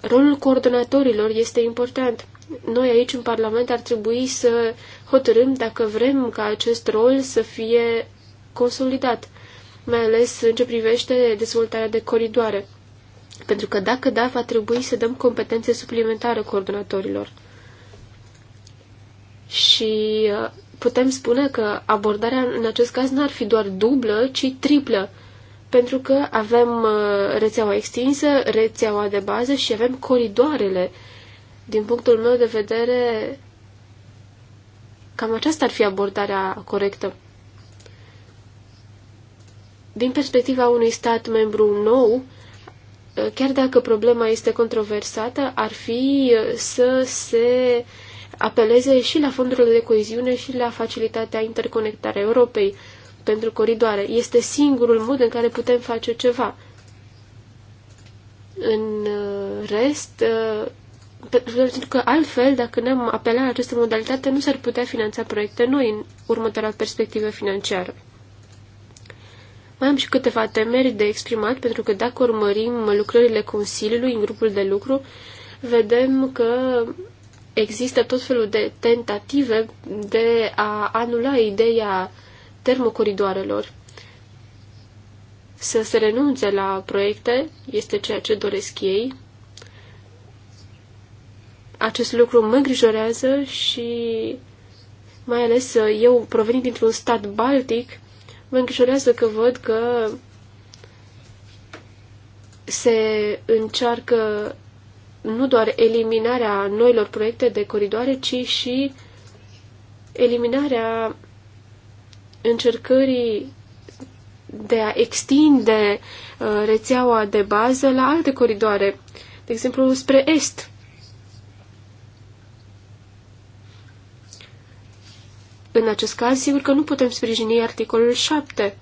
C: Rolul coordonatorilor este important. Noi aici în Parlament ar trebui să hotărâm dacă vrem ca acest rol să fie consolidat, mai ales în ce privește dezvoltarea de coridoare. Pentru că dacă da, va trebui să dăm competențe suplimentare coordonatorilor. Și uh, putem spune că abordarea în acest caz n-ar fi doar dublă, ci triplă pentru că avem uh, rețeaua extinsă, rețeaua de bază și avem coridoarele. Din punctul meu de vedere, cam aceasta ar fi abordarea corectă. Din perspectiva unui stat membru nou, uh, chiar dacă problema este controversată, ar fi uh, să se apeleze și la fondurile de coeziune și la facilitatea interconectarea Europei pentru coridoare. Este singurul mod în care putem face ceva. În uh, rest, uh, pentru că altfel, dacă ne-am apelat la această modalitate, nu s-ar putea finanța proiecte noi în următoarea perspectivă financiară. Mai am și câteva temeri de exprimat, pentru că dacă urmărim lucrările Consiliului în grupul de lucru, vedem că există tot felul de tentative de a anula ideea termocoridoarelor. Să se renunțe la proiecte este ceea ce doresc ei. Acest lucru mă îngrijorează și mai ales eu, provenind dintr-un stat baltic, mă îngrijorează că văd că se încearcă nu doar eliminarea noilor proiecte de coridoare, ci și eliminarea încercării de a extinde uh, rețeaua de bază la alte coridoare, de exemplu spre est. În acest caz, sigur că nu putem sprijini articolul 7.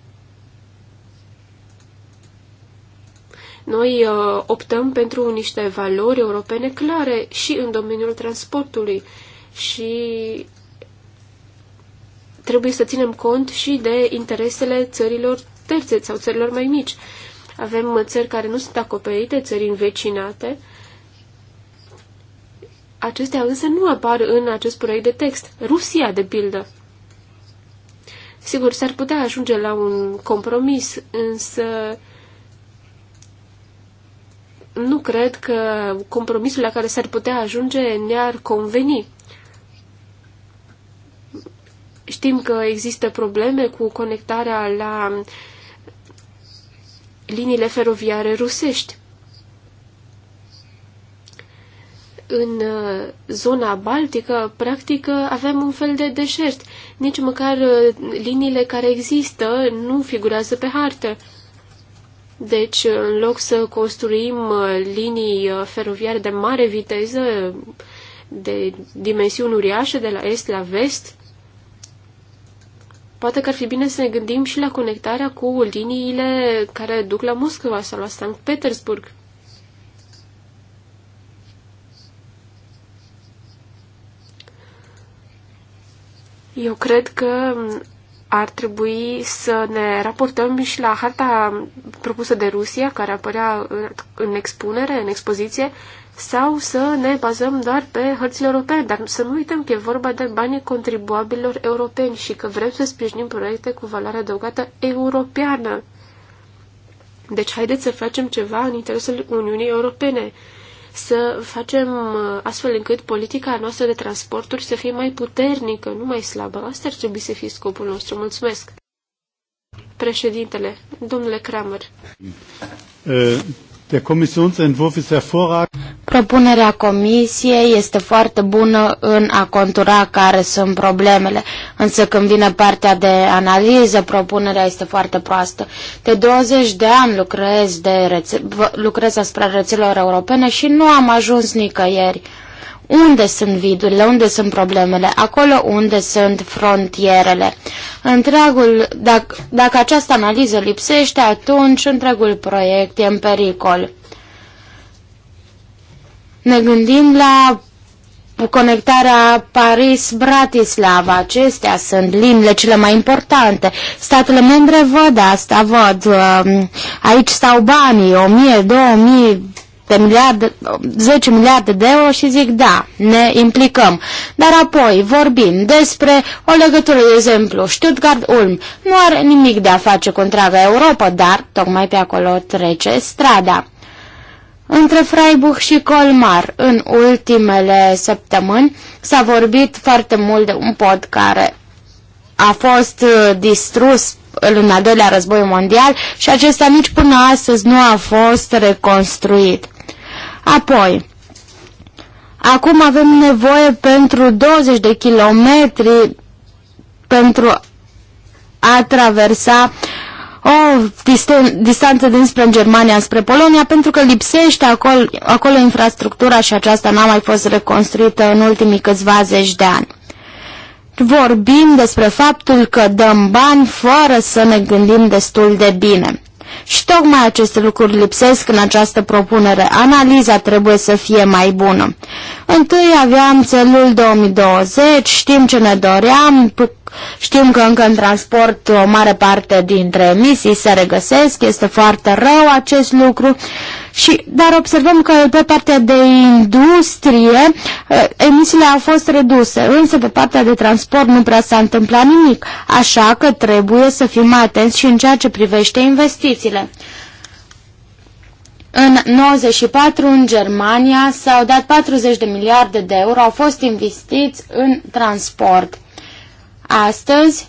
C: Noi uh, optăm pentru niște valori europene clare și în domeniul transportului și trebuie să ținem cont și de interesele țărilor terțe sau țărilor mai mici. Avem țări care nu sunt acoperite, țări învecinate. Acestea însă nu apar în acest proiect de text. Rusia, de pildă. Sigur, s-ar putea ajunge la un compromis, însă nu cred că compromisul la care s-ar putea ajunge ne-ar conveni. Știm că există probleme cu conectarea la liniile feroviare rusești. În uh, zona baltică, practic, uh, avem un fel de deșert. Nici măcar uh, liniile care există nu figurează pe hartă. Deci, în loc să construim linii feroviare de mare viteză, de dimensiuni uriașe, de la est la vest, Poate că ar fi bine să ne gândim și la conectarea cu liniile care duc la Moscova sau la Sankt Petersburg. Eu cred că ar trebui să ne raportăm și la harta propusă de Rusia, care apărea în expunere, în expoziție, sau să ne bazăm doar pe hărțile europene, dar să nu uităm că e vorba de banii contribuabililor europeni și că vrem să sprijinim proiecte cu valoare adăugată europeană. Deci haideți să facem ceva în interesul Uniunii Europene, să facem uh, astfel încât politica noastră de transporturi să fie mai puternică, nu mai slabă. Asta ar trebui să fie scopul nostru. Mulțumesc! Președintele, domnule Kramer.
B: Uh,
A: Propunerea comisiei este foarte bună în a contura care sunt problemele, însă când vine partea de analiză, propunerea este foarte proastă. De 20 de ani lucrez, de rețe- lucrez asupra rețelelor europene și nu am ajuns nicăieri unde sunt vidurile, unde sunt problemele, acolo unde sunt frontierele. Întregul, dacă, dacă această analiză lipsește, atunci întregul proiect e în pericol. Ne gândim la conectarea Paris-Bratislava. Acestea sunt limile cele mai importante. Statele membre văd asta, văd. Um, aici stau banii, 1000, 2000, de miliarde, 10 miliarde de euro și zic da, ne implicăm. Dar apoi vorbim despre o legătură, de exemplu, Stuttgart-Ulm. Nu are nimic de a face cu întreaga Europa, dar tocmai pe acolo trece strada. Între Freiburg și Colmar, în ultimele săptămâni, s-a vorbit foarte mult de un pod care a fost uh, distrus în al doilea război mondial și acesta nici până astăzi nu a fost reconstruit. Apoi, acum avem nevoie pentru 20 de kilometri pentru a traversa o distanță dinspre Germania spre Polonia, pentru că lipsește acolo, acolo infrastructura și aceasta n-a mai fost reconstruită în ultimii câțiva zeci de ani. Vorbim despre faptul că dăm bani fără să ne gândim destul de bine. Și tocmai aceste lucruri lipsesc în această propunere. Analiza trebuie să fie mai bună. Întâi aveam țelul 2020, știm ce ne doream, știm că încă în transport o mare parte dintre emisii se regăsesc, este foarte rău acest lucru, și, dar observăm că pe partea de industrie emisiile au fost reduse, însă pe partea de transport nu prea s-a întâmplat nimic, așa că trebuie să fim atenți și în ceea ce privește investițiile. În 94, în Germania, s-au dat 40 de miliarde de euro, au fost investiți în transport. Astăzi,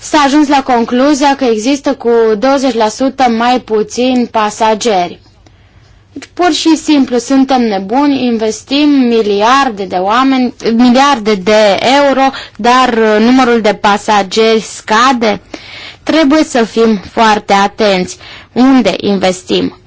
A: s-a ajuns la concluzia că există cu 20% mai puțin pasageri. Deci, pur și simplu suntem nebuni, investim miliarde de oameni, miliarde de euro, dar uh, numărul de pasageri scade. Trebuie să fim foarte atenți unde investim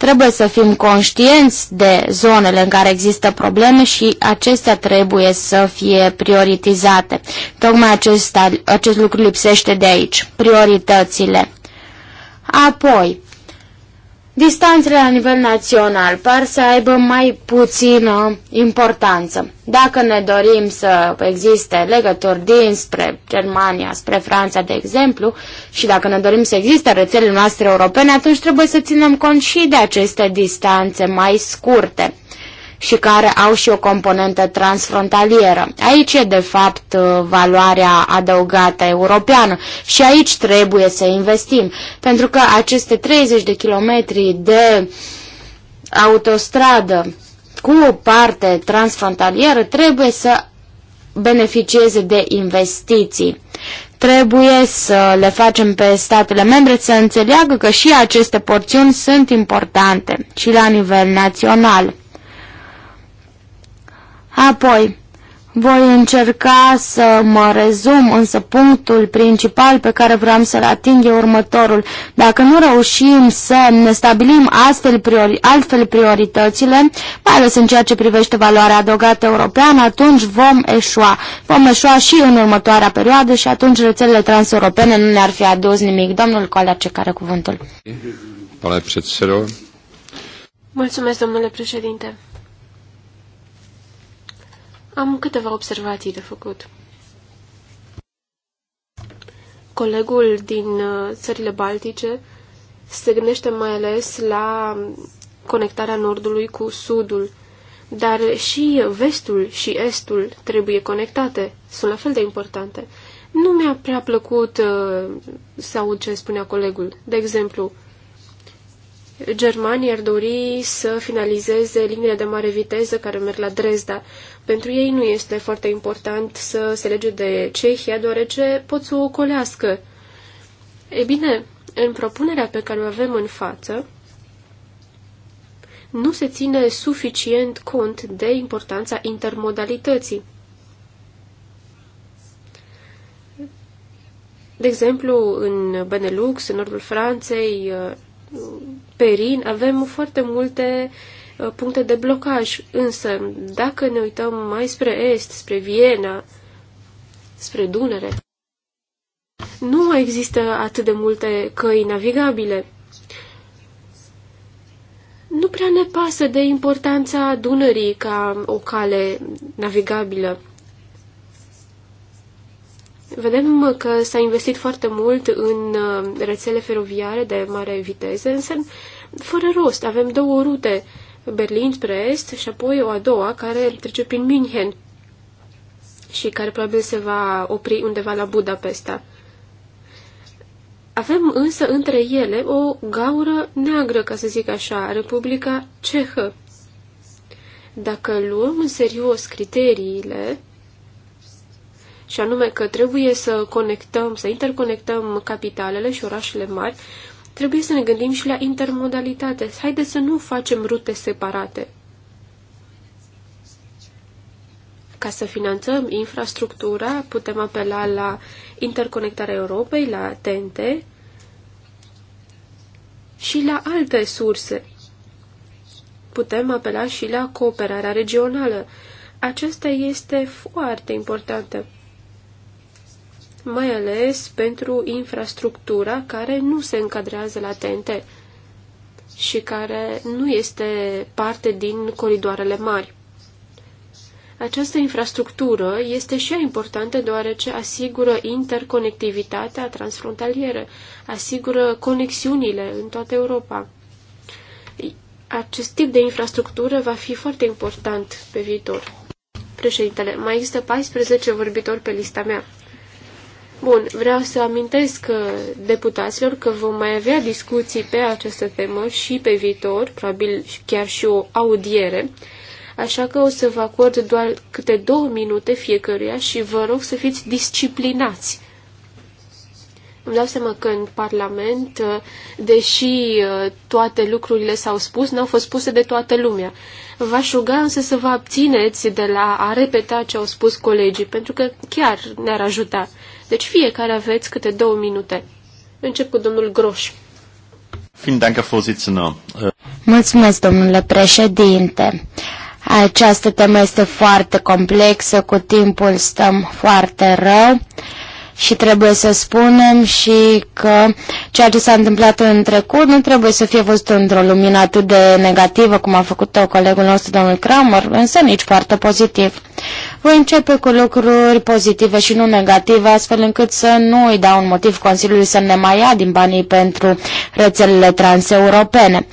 A: Trebuie să fim conștienți de zonele în care există probleme și acestea trebuie să fie prioritizate. Tocmai acesta, acest lucru lipsește de aici, prioritățile. Apoi, distanțele la nivel național par să aibă mai puțină importanță. Dacă ne dorim să existe legături dinspre Germania, spre Franța, de exemplu, și dacă ne dorim să existe rețelele noastre europene, atunci trebuie să ținem cont și de aceste distanțe mai scurte și care au și o componentă transfrontalieră. Aici e, de fapt, uh, valoarea adăugată europeană și aici trebuie să investim, pentru că aceste 30 de kilometri de autostradă cu o parte transfrontalieră trebuie să beneficieze de investiții trebuie să le facem pe statele membre să înțeleagă că și aceste porțiuni sunt importante și la nivel național. Apoi, voi încerca să mă rezum, însă punctul principal pe care vreau să-l ating e următorul. Dacă nu reușim să ne stabilim astfel priori, altfel prioritățile, mai ales în ceea ce privește valoarea adăugată europeană, atunci vom eșua. Vom eșua și în următoarea perioadă și atunci rețelele transeuropene nu ne-ar fi adus nimic. Domnul Colea, ce care cuvântul?
C: Mulțumesc, domnule președinte. Am câteva observații de făcut. Colegul din uh, țările baltice se gândește mai ales la conectarea nordului cu sudul, dar și vestul și estul trebuie conectate, sunt la fel de importante. Nu mi-a prea plăcut uh, să aud ce spunea colegul. De exemplu, Germanii ar dori să finalizeze liniile de mare viteză care merg la Dresda. Pentru ei nu este foarte important să se lege de Cehia, deoarece pot să o ocolească. E bine, în propunerea pe care o avem în față, nu se ține suficient cont de importanța intermodalității. De exemplu, în Benelux, în nordul Franței, Perin avem foarte multe uh, puncte de blocaj, însă dacă ne uităm mai spre est, spre Viena, spre Dunăre, nu mai există atât de multe căi navigabile. Nu prea ne pasă de importanța Dunării ca o cale navigabilă. Vedem că s-a investit foarte mult în uh, rețele feroviare de mare viteză, însă fără rost. Avem două rute, Berlin spre est și apoi o a doua care trece prin München și care probabil se va opri undeva la Budapesta. Avem însă între ele o gaură neagră, ca să zic așa, Republica Cehă. Dacă luăm în serios criteriile și anume că trebuie să conectăm, să interconectăm capitalele și orașele mari, trebuie să ne gândim și la intermodalitate. Haideți să nu facem rute separate. Ca să finanțăm infrastructura, putem apela la interconectarea Europei, la TNT și la alte surse. Putem apela și la cooperarea regională. Aceasta este foarte importantă mai ales pentru infrastructura care nu se încadrează la TNT și care nu este parte din coridoarele mari. Această infrastructură este și ea importantă deoarece asigură interconectivitatea transfrontalieră, asigură conexiunile în toată Europa. Acest tip de infrastructură va fi foarte important pe viitor. Președintele, mai există 14 vorbitori pe lista mea. Bun, vreau să amintesc uh, deputaților că vom mai avea discuții pe această temă și pe viitor, probabil chiar și o audiere, așa că o să vă acord doar câte două minute fiecăruia și vă rog să fiți disciplinați. Îmi dau seama că în Parlament, uh, deși uh, toate lucrurile s-au spus, n-au fost spuse de toată lumea. V-aș ruga însă să vă abțineți de la a repeta ce au spus colegii, pentru că chiar ne-ar ajuta. Deci fiecare aveți câte două minute. Încep cu domnul Groș.
A: Mulțumesc, domnule președinte. Această temă este foarte complexă, cu timpul stăm foarte rău și trebuie să spunem și că ceea ce s-a întâmplat în trecut nu trebuie să fie văzut într-o lumină atât de negativă cum a făcut-o colegul nostru, domnul Kramer, însă nici foarte pozitiv. Voi începe cu lucruri pozitive și nu negative, astfel încât să nu îi dau un motiv Consiliului să ne mai ia din banii pentru rețelele transeuropene.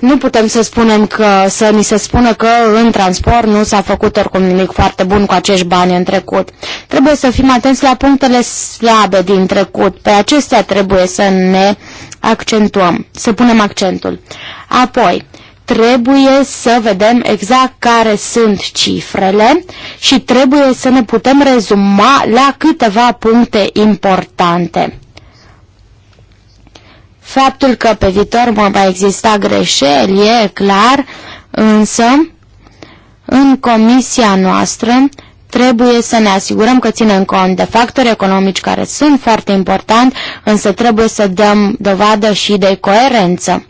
A: Nu putem să spunem că, să ni se spună că în transport nu s-a făcut oricum nimic foarte bun cu acești bani în trecut. Trebuie să fim atenți la punctele slabe din trecut. Pe acestea trebuie să ne accentuăm, să punem accentul. Apoi, trebuie să vedem exact care sunt cifrele și trebuie să ne putem rezuma la câteva puncte importante. Faptul că pe viitor va mai exista greșeli e clar, însă în comisia noastră trebuie să ne asigurăm că ținem cont de factori economici care sunt foarte important, însă trebuie să dăm dovadă și de coerență.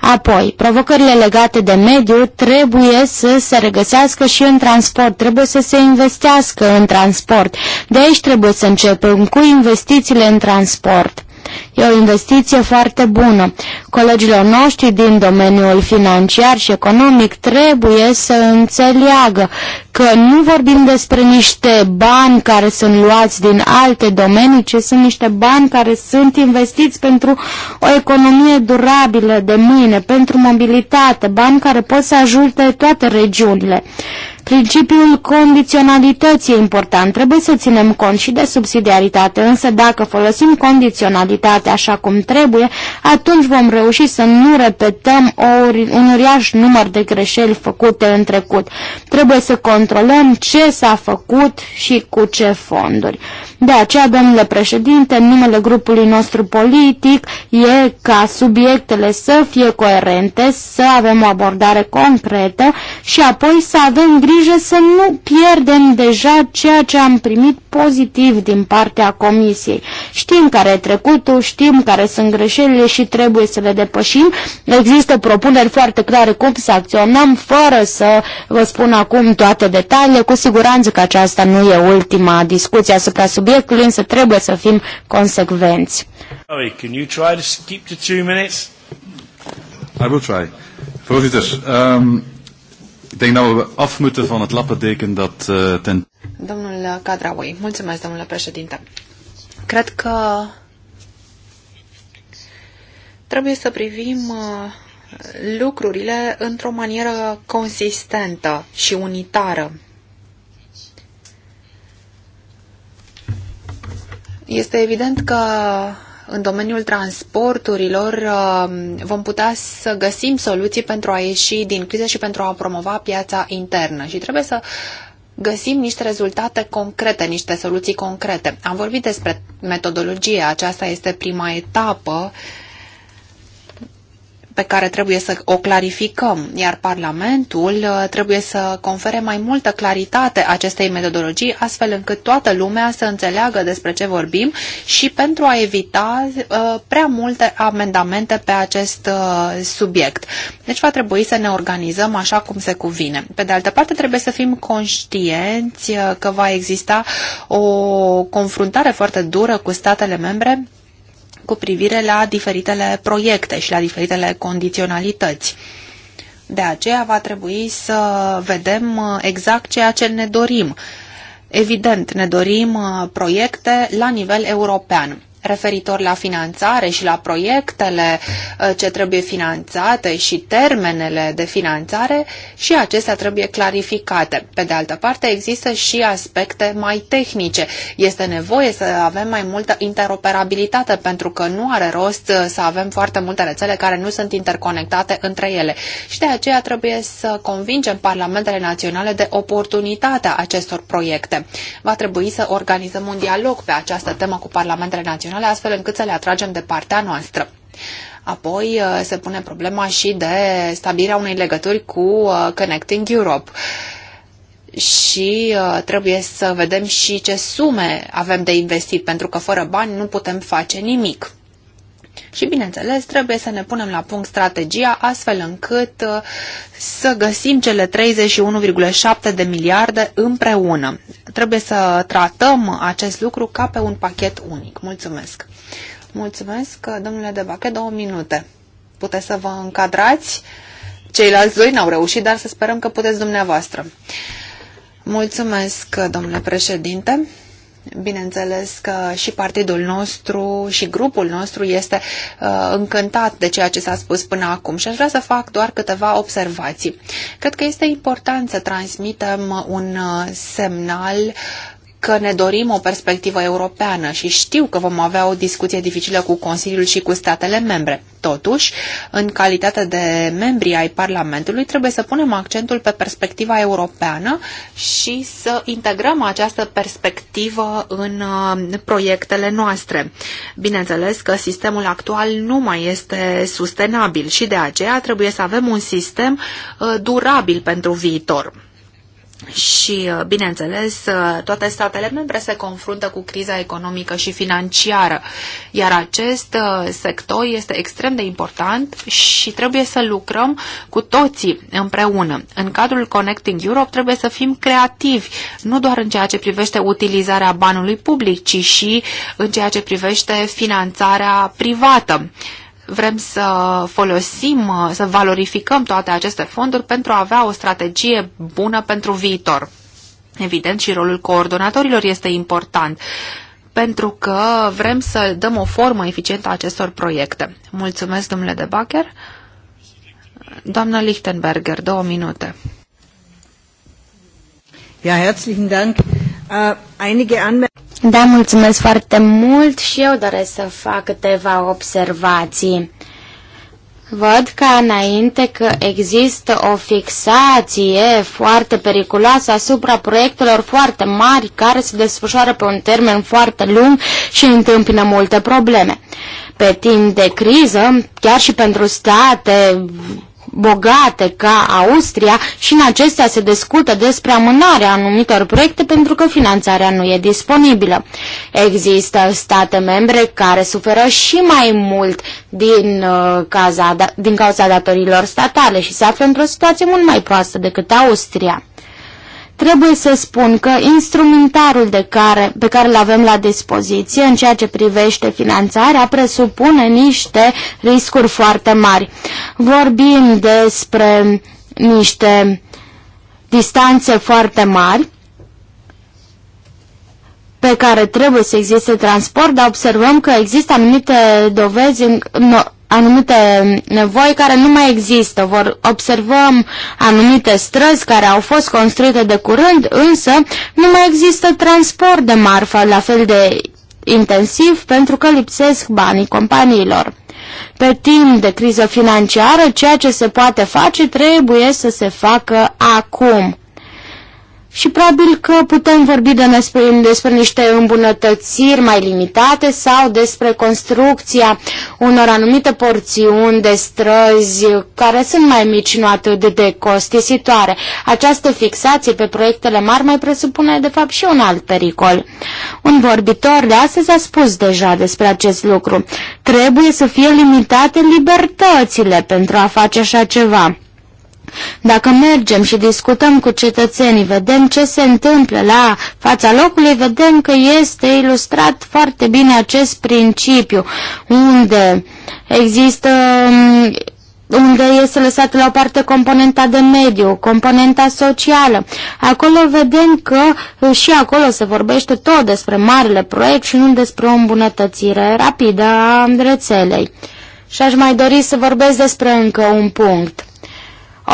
A: Apoi, provocările legate de mediu trebuie să se regăsească și în transport, trebuie să se investească în transport. De aici trebuie să începem cu investițiile în transport. E o investiție foarte bună. Colegilor noștri din domeniul financiar și economic trebuie să înțeleagă că nu vorbim despre niște bani care sunt luați din alte domenii, ci sunt niște bani care sunt investiți pentru o economie durabilă de mâine, pentru mobilitate, bani care pot să ajute toate regiunile. Principiul condiționalității e important. Trebuie să ținem cont și de subsidiaritate, însă dacă folosim condiționalitatea toate așa cum trebuie, atunci vom reuși să nu repetăm o, un uriaș număr de greșeli făcute în trecut. Trebuie să controlăm ce s-a făcut și cu ce fonduri. De aceea, domnule președinte, în numele grupului nostru politic e ca subiectele să fie coerente, să avem o abordare concretă și apoi să avem grijă să nu pierdem deja ceea ce am primit pozitiv din partea Comisiei. Știm care e trecutul, știm știm care sunt greșelile și trebuie să le depășim. Există propuneri foarte clare cum să acționăm, fără să vă spun acum toate detaliile. Cu siguranță că aceasta nu e ultima discuție asupra subiectului, însă trebuie să fim consecvenți. can you try to keep to two minutes?
B: I will try. Voorzitter, um, ik denk dat we af moeten
D: van het lappendeken dat uh, ten... Domnul Cadraui, mulțumesc, domnule președinte. Cred că trebuie să privim uh, lucrurile într-o manieră consistentă și unitară. Este evident că în domeniul transporturilor uh, vom putea să găsim soluții pentru a ieși din criză și pentru a promova piața internă și trebuie să găsim niște rezultate concrete, niște soluții concrete. Am vorbit despre metodologie, aceasta este prima etapă uh, pe care trebuie să o clarificăm, iar Parlamentul uh, trebuie să confere mai multă claritate acestei metodologii, astfel încât toată lumea să înțeleagă despre ce vorbim și pentru a evita uh, prea multe amendamente pe acest uh, subiect. Deci va trebui să ne organizăm așa cum se cuvine. Pe de altă parte, trebuie să fim conștienți uh, că va exista o confruntare foarte dură cu statele membre cu privire la diferitele proiecte și la diferitele condiționalități. De aceea va trebui să vedem uh, exact ceea ce ne dorim. Evident, ne dorim uh, proiecte la nivel european referitor la finanțare și la proiectele uh, ce trebuie finanțate și termenele de finanțare și acestea trebuie clarificate. Pe de altă parte, există și aspecte mai tehnice. Este nevoie să avem mai multă interoperabilitate pentru că nu are rost uh, să avem foarte multe rețele care nu sunt interconectate între ele. Și de aceea trebuie să convingem parlamentele naționale de oportunitatea acestor proiecte. Va trebui să organizăm un dialog pe această temă cu parlamentele naționale internaționale, astfel încât să le atragem de partea noastră. Apoi uh, se pune problema și de stabilirea unei legături cu uh, Connecting Europe și uh, trebuie să vedem și ce sume avem de investit, pentru că fără bani nu putem face nimic. Și, bineînțeles, trebuie să ne punem la punct strategia astfel încât uh, să găsim cele 31,7 de miliarde împreună. Trebuie să tratăm acest lucru ca pe un pachet unic. Mulțumesc! Mulțumesc, uh, domnule de Bache, două minute. Puteți să vă încadrați? Ceilalți doi n-au reușit, dar să sperăm că puteți dumneavoastră. Mulțumesc, uh, domnule președinte. Bineînțeles că și partidul nostru și grupul nostru este uh, încântat de ceea ce s-a spus până acum și aș vrea să fac doar câteva observații. Cred că este important să transmitem un uh, semnal uh, că ne dorim o perspectivă europeană și știu că vom avea o discuție dificilă cu Consiliul și cu statele membre. Totuși, în calitate de membri ai Parlamentului, trebuie să punem accentul pe perspectiva europeană și să integrăm această perspectivă în uh, proiectele noastre. Bineînțeles că sistemul actual nu mai este sustenabil și de aceea trebuie să avem un sistem uh, durabil pentru viitor. Și, uh, bineînțeles, uh, toate statele membre se confruntă cu criza economică și financiară, iar acest uh, sector este extrem de important și trebuie să lucrăm cu toții împreună. În cadrul Connecting Europe trebuie să fim creativi, nu doar în ceea ce privește utilizarea banului public, ci și în ceea ce privește finanțarea privată vrem să folosim, să valorificăm toate aceste fonduri pentru a avea o strategie bună pentru viitor. Evident, și rolul coordonatorilor este important pentru că vrem să dăm o formă eficientă a acestor proiecte. Mulțumesc, domnule de Bacher. Doamna Lichtenberger, două minute.
A: Ja, herzlichen Dank. Uh, einige Anmerkungen. Da, mulțumesc foarte mult și eu doresc să fac câteva observații. Văd ca înainte că există o fixație foarte periculoasă asupra proiectelor foarte mari care se desfășoară pe un termen foarte lung și întâmpină multe probleme. Pe timp de criză, chiar și pentru state bogate ca Austria și în acestea se discută despre amânarea anumitor proiecte pentru că finanțarea nu e disponibilă. Există state membre care suferă și mai mult din, uh, caza, da, din cauza datorilor statale și se află într-o situație mult mai proastă decât Austria. Trebuie să spun că instrumentarul de care, pe care îl avem la dispoziție în ceea ce privește finanțarea presupune niște riscuri foarte mari. Vorbim despre niște distanțe foarte mari pe care trebuie să existe transport, dar observăm că există anumite dovezi în, anumite nevoi care nu mai există. Vor observăm anumite străzi care au fost construite de curând, însă nu mai există transport de marfă la fel de intensiv pentru că lipsesc banii companiilor. Pe timp de criză financiară, ceea ce se poate face trebuie să se facă acum și probabil că putem vorbi de despre, despre niște îmbunătățiri mai limitate sau despre construcția unor anumite porțiuni de străzi care sunt mai mici, nu atât de costisitoare. Această fixație pe proiectele mari mai presupune de fapt și un alt pericol. Un vorbitor de astăzi a spus deja despre acest lucru. Trebuie să fie limitate libertățile pentru a face așa ceva. Dacă mergem și discutăm cu cetățenii, vedem ce se întâmplă la fața locului, vedem că este ilustrat foarte bine acest principiu, unde există um, unde este lăsată la o parte componenta de mediu, componenta socială. Acolo vedem că uh, și acolo se vorbește tot despre marele proiect și nu despre o îmbunătățire rapidă a rețelei. Și aș mai dori să vorbesc despre încă un punct.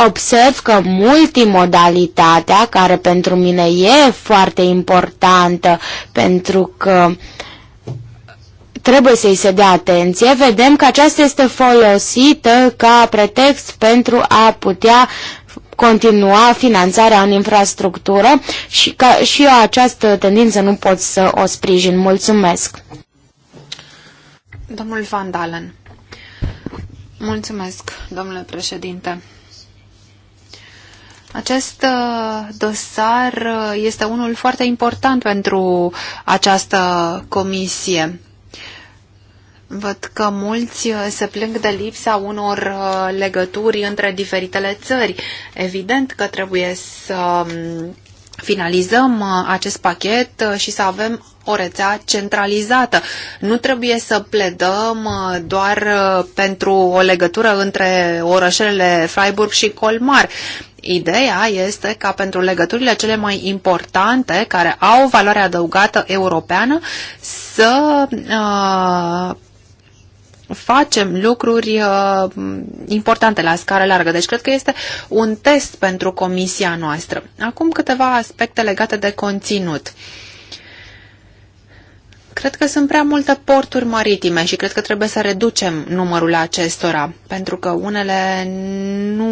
A: Observ că multimodalitatea, care pentru mine e foarte importantă, pentru că trebuie să-i se dea atenție, vedem că aceasta este folosită ca pretext pentru a putea continua finanțarea în infrastructură și, ca, și eu această tendință nu pot să o sprijin. Mulțumesc!
D: Domnul Van Dalen. Mulțumesc, domnule președinte. Acest uh, dosar uh, este unul foarte important pentru această comisie. Văd că mulți uh, se plâng de lipsa unor legături între diferitele țări. Evident că trebuie să um, finalizăm acest pachet și să avem o rețea centralizată. Nu trebuie să pledăm doar pentru o legătură între orășelele Freiburg și Colmar. Ideea este ca pentru legăturile cele mai importante, care au o valoare adăugată europeană, să uh, facem lucruri uh, importante la scară largă. Deci cred că este un test pentru comisia noastră. Acum câteva aspecte legate de conținut. Cred că sunt prea multe porturi maritime și cred că trebuie să reducem numărul acestora, pentru că unele nu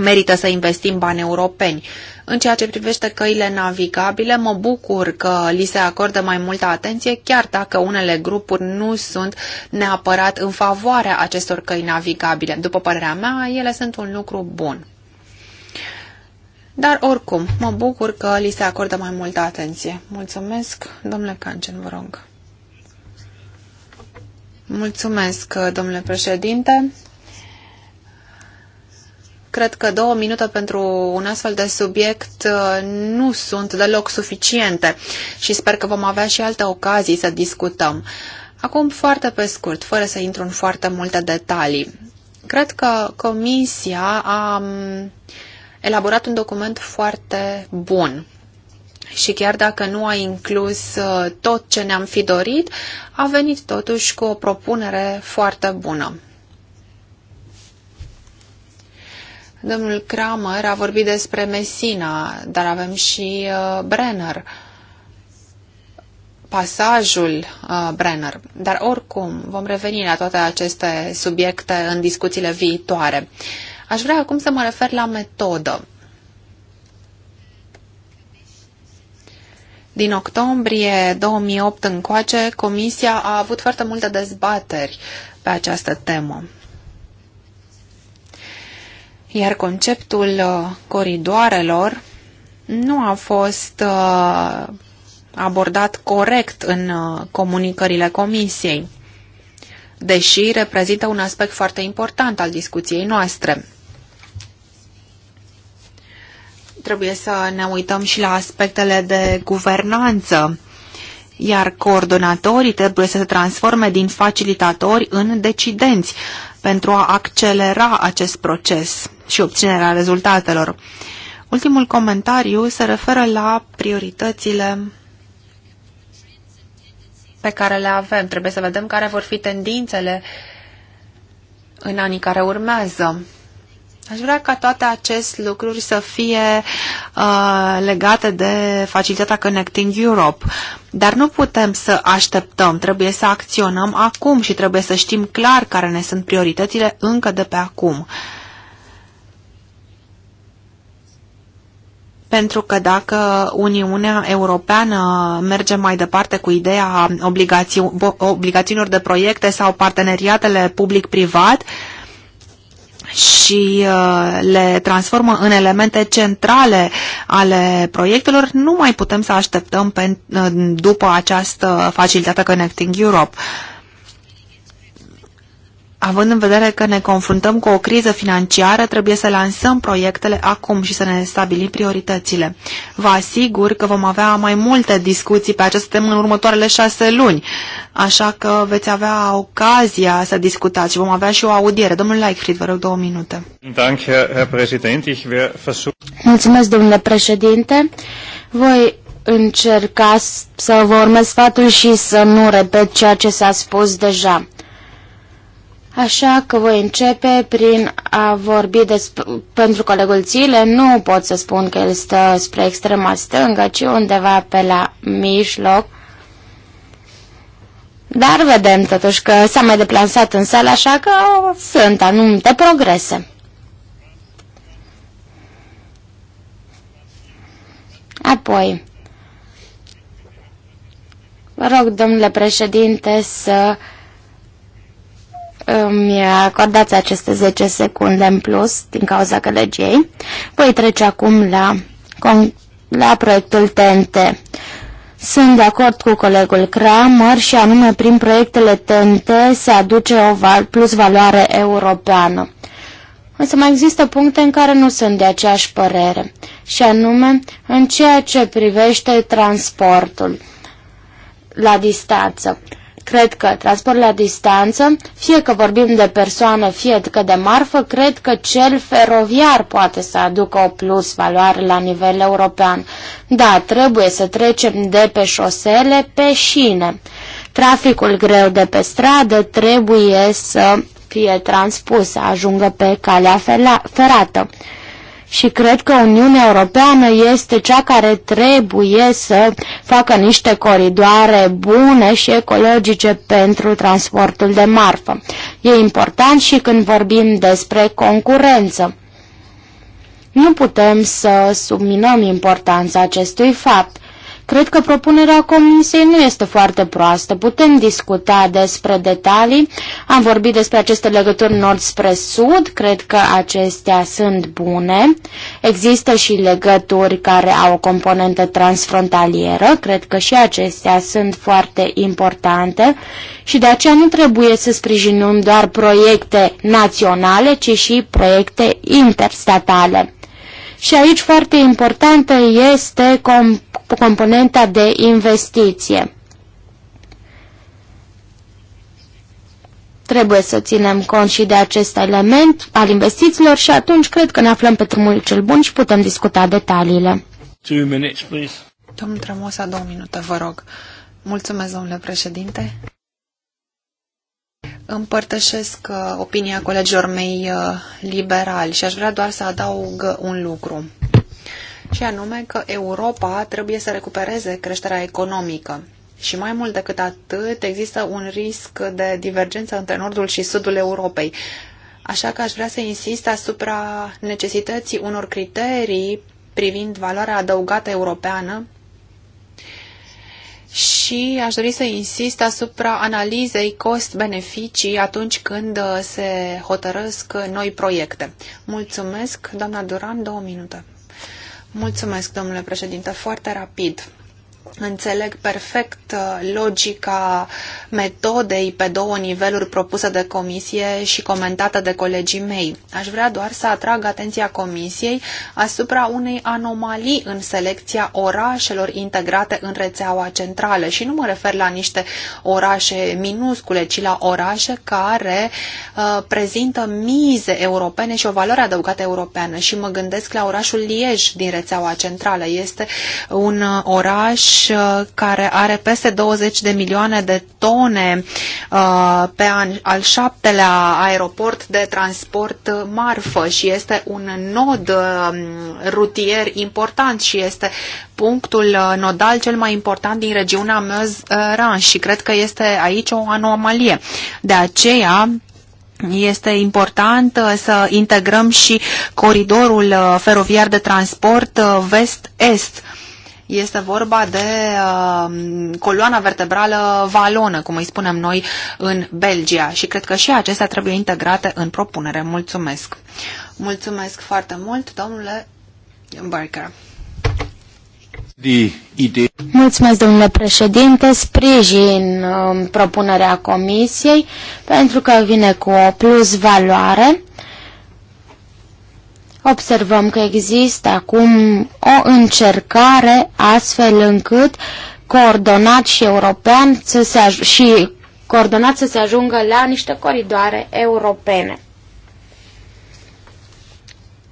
D: merită să investim bani europeni. În ceea ce privește căile navigabile, mă bucur că li se acordă mai multă atenție, chiar dacă unele grupuri nu sunt neapărat în favoarea acestor căi navigabile. După părerea mea, ele sunt un lucru bun. Dar oricum, mă bucur că li se acordă mai multă atenție. Mulțumesc, domnule Cancen, vă rog. Mulțumesc, domnule președinte cred că două minute pentru un astfel de subiect uh, nu sunt deloc suficiente și sper că vom avea și alte ocazii să discutăm. Acum, foarte pe scurt, fără să intru în foarte multe detalii, cred că Comisia a um, elaborat un document foarte bun și chiar dacă nu a inclus uh, tot ce ne-am fi dorit, a venit totuși cu o propunere foarte bună. Domnul Kramer a vorbit despre Messina, dar avem și uh, Brenner, pasajul uh, Brenner. Dar oricum, vom reveni la toate aceste subiecte în discuțiile viitoare. Aș vrea acum să mă refer la metodă. Din octombrie 2008 încoace, Comisia a avut foarte multe dezbateri pe această temă. Iar conceptul uh, coridoarelor nu a fost uh, abordat corect în uh, comunicările comisiei, deși reprezintă un aspect foarte important al discuției noastre. Trebuie să ne uităm și la aspectele de guvernanță, iar coordonatorii trebuie să se transforme din facilitatori în decidenți pentru a accelera acest proces și obținerea rezultatelor. Ultimul comentariu se referă la prioritățile pe care le avem. Trebuie să vedem care vor fi tendințele în anii care urmează. Aș vrea ca toate aceste lucruri să fie uh, legate de facilitatea Connecting Europe, dar nu putem să așteptăm, trebuie să acționăm acum și trebuie să știm clar care ne sunt prioritățile încă de pe acum. Uh, pentru că dacă Uniunea Europeană merge mai departe cu ideea obligațiun- obligațiunilor de proiecte sau parteneriatele public-privat și uh, le transformă în elemente centrale ale proiectelor, nu mai putem să așteptăm pe, uh, după această facilitate Connecting Europe. Având în vedere că ne confruntăm cu o criză financiară, trebuie să lansăm proiectele acum și să ne stabilim prioritățile. Vă asigur că vom avea mai multe discuții pe acest temă în următoarele șase luni, așa că veți avea ocazia să discutați și vom avea și o audiere. Domnul
A: Leichfried, vă rog două minute. Mulțumesc, domnule președinte. Voi încerca să vă urmez sfatul și să nu repet ceea ce s-a spus deja. Așa că voi începe prin a vorbi despre, pentru colegul Țile, nu pot să spun că el stă spre extrema stângă, ci undeva pe la mijloc. Dar vedem totuși că s-a mai deplansat în sală, așa că sunt anumite progrese. Apoi, vă rog, domnule președinte, să uh, îmi acordați aceste 10 secunde în plus din cauza călăgiei. Voi trece acum la, la proiectul TNT. Sunt de acord cu colegul Kramer și anume prin proiectele TNT se aduce o val plus valoare europeană. Însă mai există puncte în care nu sunt de aceeași părere, și anume în ceea ce privește transportul la distanță. Cred că transport la distanță, fie că vorbim de persoană, fie că de marfă, cred că cel feroviar poate să aducă o plus valoare la nivel european. Da, trebuie să trecem de pe șosele pe șine. Traficul greu de pe stradă trebuie să fie transpus, să ajungă pe calea ferată și cred că Uniunea Europeană este cea care trebuie să facă niște coridoare bune și ecologice pentru transportul de marfă. E important și când vorbim despre concurență. Nu putem să subminăm importanța acestui fapt. Cred că propunerea comisiei nu este foarte proastă. Putem discuta despre detalii. Am vorbit despre aceste legături nord spre sud. Cred că acestea sunt bune. Există și legături care au o componentă transfrontalieră. Cred că și acestea sunt foarte importante și de aceea nu trebuie să sprijinim doar proiecte naționale, ci și proiecte interstatale. Și aici foarte importantă este componența componenta de investiție. Trebuie să ținem cont și de acest element al investițiilor și atunci cred că ne aflăm pe drumul cel bun și putem discuta detaliile.
B: Two minutes, please.
D: Domnul Tramosa, două minute, vă rog. Mulțumesc, domnule președinte. Împărtășesc uh, opinia colegilor mei uh, liberali și aș vrea doar să adaug uh, un lucru și anume că Europa trebuie să recupereze creșterea economică. Și mai mult decât atât, există un risc de divergență între nordul și sudul Europei. Așa că aș vrea să insist asupra necesității unor criterii privind valoarea adăugată europeană și aș dori să insist asupra analizei cost-beneficii atunci când se hotărăsc noi proiecte. Mulțumesc, doamna Duran, două minute. Mulțumesc, domnule președinte, foarte rapid. Înțeleg perfect uh, logica metodei pe două niveluri propusă de comisie și comentată de colegii mei. Aș vrea doar să atrag atenția comisiei asupra unei anomalii în selecția orașelor integrate în rețeaua centrală și nu mă refer la niște orașe minuscule, ci la orașe care uh, prezintă mize europene și o valoare adăugată europeană și mă gândesc la orașul Liege din rețeaua centrală. Este un uh, oraș Uh, care are peste 20 de milioane de tone uh, pe an, al șaptelea aeroport de transport marfă și este un nod uh, rutier important și este punctul nodal cel mai important din regiunea meuse ran și cred că este aici o anomalie. De aceea, este important să integrăm și coridorul feroviar de transport vest-est este vorba de uh, coloana vertebrală valonă, cum îi spunem noi în Belgia și cred că și acestea trebuie integrate în propunere. Mulțumesc! Mulțumesc foarte mult, domnule Barker!
A: Mulțumesc, domnule președinte. Sprijin um, propunerea comisiei pentru că vine cu o plus valoare observăm că există acum o încercare astfel încât coordonat și european să se și coordonat să se ajungă la niște coridoare europene.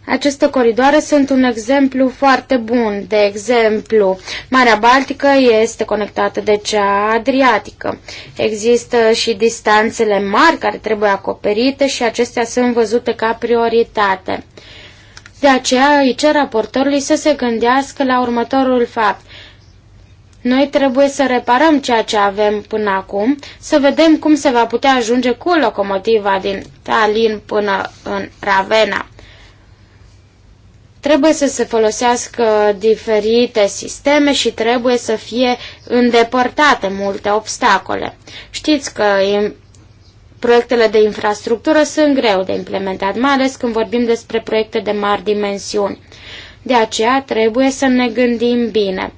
A: Aceste coridoare sunt un exemplu foarte bun. De exemplu, Marea Baltică este conectată de cea Adriatică. Există și distanțele mari care trebuie acoperite și acestea sunt văzute ca prioritate. De aceea îi cer raportorului să se gândească la următorul fapt. Noi trebuie să reparăm ceea ce avem până acum, să vedem cum se va putea ajunge cu locomotiva din Tallinn până în Ravenna. Trebuie să se folosească diferite sisteme și trebuie să fie îndepărtate multe obstacole. Știți că Proiectele de infrastructură sunt greu de implementat, mai ales când vorbim despre proiecte de mari dimensiuni. De aceea trebuie să ne gândim bine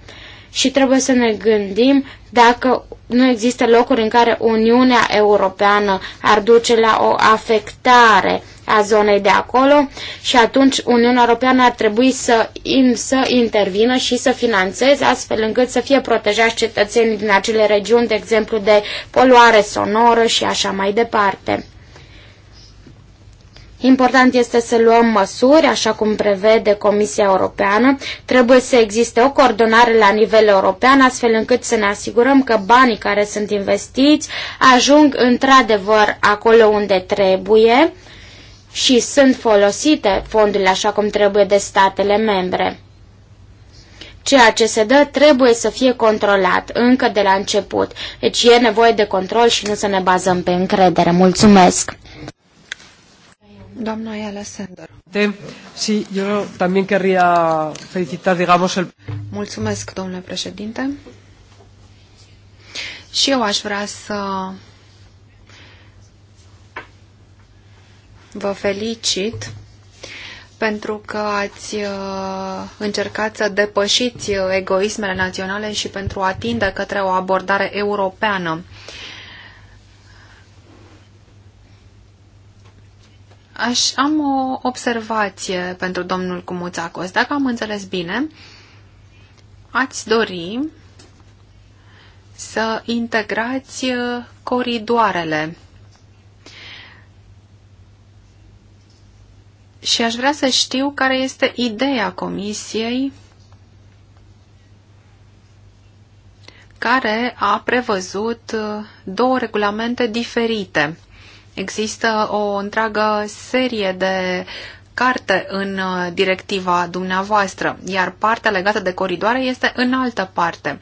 A: și trebuie să ne gândim dacă nu există locuri în care Uniunea Europeană ar duce la o afectare a zonei de acolo și atunci Uniunea Europeană ar trebui să, in, să intervină și să financeze astfel încât să fie protejați cetățenii din acele regiuni, de exemplu de poluare sonoră și așa mai departe. Important este să luăm măsuri, așa cum prevede Comisia Europeană. Trebuie să existe o coordonare la nivel european, astfel încât să ne asigurăm că banii care sunt investiți ajung într-adevăr acolo unde trebuie și sunt folosite fondurile așa cum trebuie de statele membre. Ceea ce se dă trebuie să fie controlat încă de la început, deci e nevoie de control și nu să ne bazăm pe încredere. Mulțumesc!
D: Doamna Ayala Sender.
B: Sí, yo también querría felicitar,
D: digamos, el... Mulțumesc, domnule președinte. Și eu aș vrea să Vă felicit pentru că ați uh, încercat să depășiți uh, egoismele naționale și pentru a tinde către o abordare europeană. Aș, am o observație pentru domnul Cumuțacos. Dacă am înțeles bine, ați dori să integrați uh, coridoarele Și aș vrea să știu care este ideea comisiei care a prevăzut uh, două regulamente diferite. Există o întreagă serie de carte în uh, directiva dumneavoastră, iar partea legată de coridoare este în altă parte.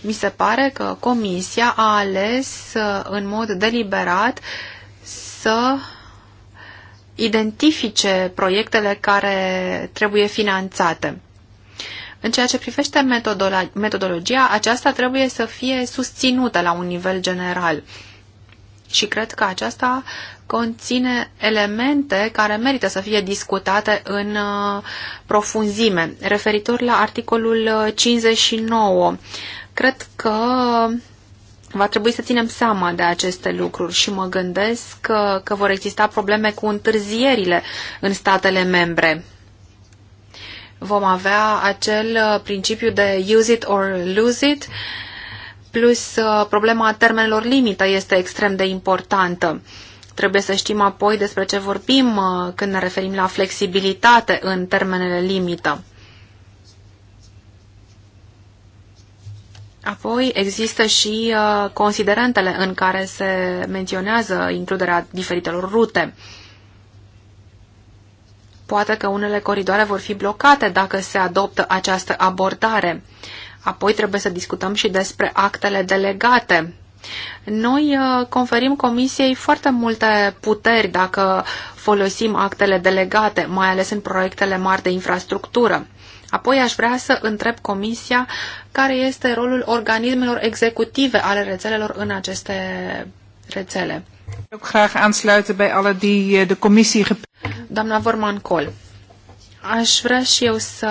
D: Mi se pare că Comisia a ales uh, în mod deliberat să identifice proiectele care trebuie finanțate. În ceea ce privește metodolo metodologia, aceasta trebuie să fie susținută la un nivel general. Și cred că aceasta conține elemente care merită să fie discutate în uh, profunzime. Referitor la articolul 59, uh, cred că Va trebui să ținem seama de aceste lucruri și mă gândesc că, că vor exista probleme cu întârzierile în statele membre. Vom avea acel uh, principiu de use it or lose it, plus uh, problema termenelor limită este extrem de importantă. Trebuie să știm apoi despre ce vorbim uh, când ne referim la flexibilitate în termenele limită. Apoi există și uh, considerentele în care se menționează includerea diferitelor rute. Poate că unele coridoare vor fi blocate dacă se adoptă această abordare. Apoi trebuie să discutăm și despre actele delegate. Noi uh, conferim comisiei foarte multe puteri dacă folosim actele delegate, mai ales în proiectele mari de infrastructură. Apoi aș vrea să întreb Comisia care este rolul organismelor executive ale rețelelor în aceste rețele. Eh, Doamna Vorman Col. Aș vrea și eu să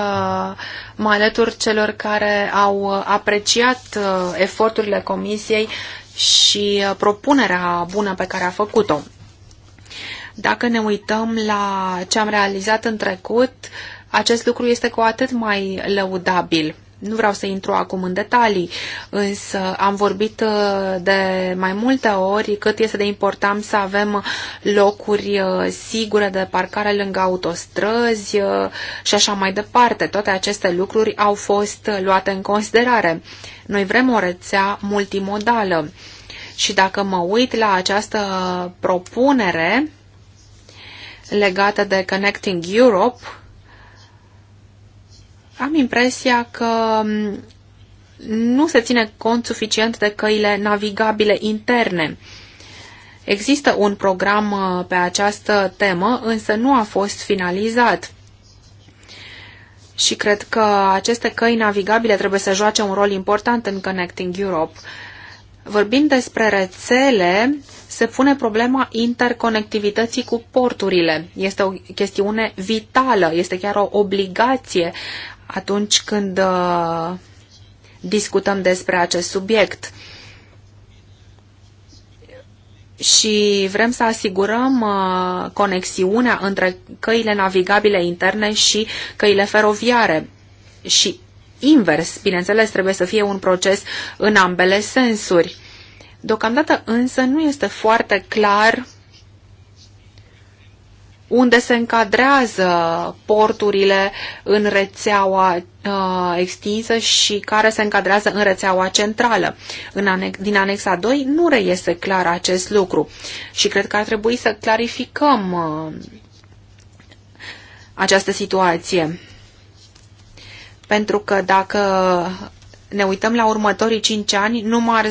D: mă alătur celor care au apreciat eh, eforturile comisiei și eh, propunerea bună pe care a făcut-o. Dacă ne uităm la ce am realizat în trecut, uh, acest lucru este cu atât mai lăudabil. Nu vreau să intru acum în detalii, însă am vorbit uh, de mai multe ori cât este de important să avem locuri uh, sigure de parcare lângă autostrăzi uh, și așa mai departe. Toate aceste lucruri au fost luate în considerare. Noi vrem o rețea multimodală și dacă mă uit la această propunere legată de Connecting Europe, am impresia că mm, nu se ține cont suficient de căile navigabile interne. Există un program uh, pe această temă, însă nu a fost finalizat. Și cred că aceste căi navigabile trebuie să joace un rol important în Connecting Europe. Vorbind despre rețele, se pune problema interconectivității cu porturile. Este o chestiune vitală, este chiar o obligație atunci când uh, discutăm despre acest subiect. Și vrem să asigurăm uh, conexiunea între căile navigabile interne și căile feroviare. Și invers, bineînțeles, trebuie să fie un proces în ambele sensuri. Deocamdată însă nu este foarte clar unde se încadrează porturile în rețeaua uh, extinsă și care se încadrează în rețeaua centrală. În anex, din anexa 2 nu reiese clar acest lucru și cred că ar trebui să clarificăm uh, această situație. Pentru că dacă ne uităm la următorii 5 ani, numai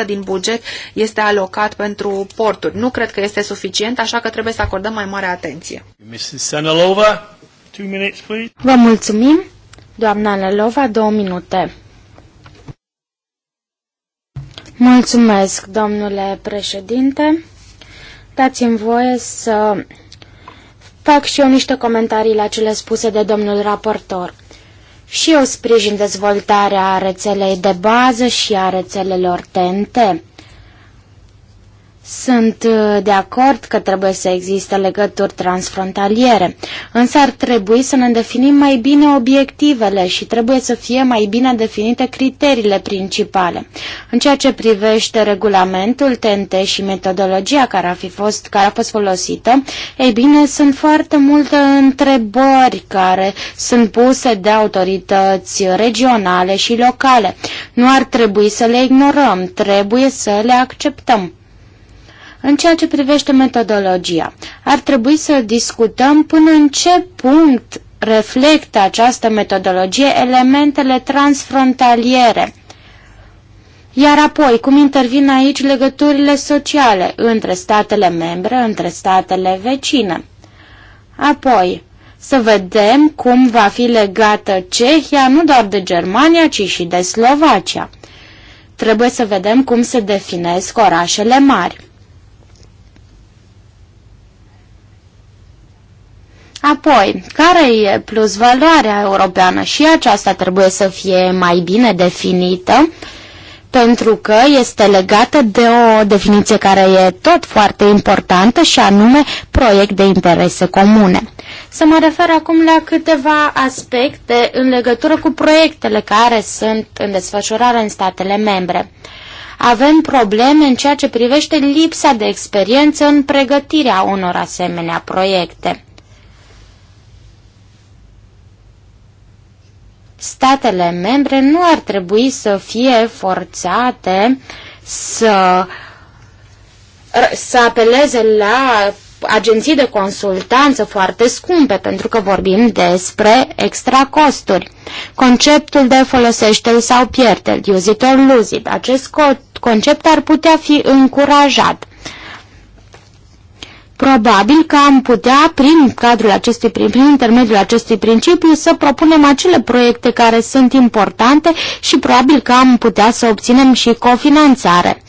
D: 0,2% din buget este alocat pentru porturi. Nu cred că este suficient, așa că
A: trebuie să acordăm mai mare atenție.
B: Vă mulțumim.
A: Doamna Lelova, două minute. Mulțumesc, domnule președinte. Dați-mi voie să fac și eu niște comentarii la cele spuse de domnul raportor și eu sprijin dezvoltarea rețelei de bază și a rețelelor TNT. Sunt uh, de acord că trebuie să existe legături transfrontaliere, însă ar trebui să ne definim mai bine obiectivele și trebuie să fie mai bine definite criteriile principale. În ceea ce privește regulamentul TNT și metodologia care a, fi fost, care a fost folosită, ei bine, sunt foarte multe întrebări care sunt puse de autorități regionale și locale. Nu ar trebui să le ignorăm, trebuie să le acceptăm. În ceea ce privește metodologia, ar trebui să discutăm până în ce punct reflectă această metodologie elementele transfrontaliere. Iar apoi, cum intervin aici legăturile sociale între statele membre, între statele vecine. Apoi, să vedem cum va fi legată Cehia nu doar de Germania, ci și de Slovacia. Trebuie să vedem cum se definesc orașele mari. Apoi, care e plus valoarea europeană? Și aceasta trebuie să fie mai bine definită, pentru că este legată de o definiție care e tot foarte importantă și anume proiect de interese comune. Să mă refer acum la câteva aspecte în legătură cu proiectele care sunt în desfășurare în statele membre avem probleme în ceea ce privește lipsa de experiență în pregătirea unor asemenea proiecte. statele membre nu ar trebui să fie forțate să, să apeleze la agenții de consultanță foarte scumpe, pentru că vorbim despre extra costuri. Conceptul de folosește-l sau pierde-l, use it or lose it, acest concept ar putea fi încurajat. Probabil că am putea, prin, cadrul acestui, prin, prin intermediul acestui principiu, să propunem acele proiecte care sunt importante și probabil că am putea să obținem și cofinanțare.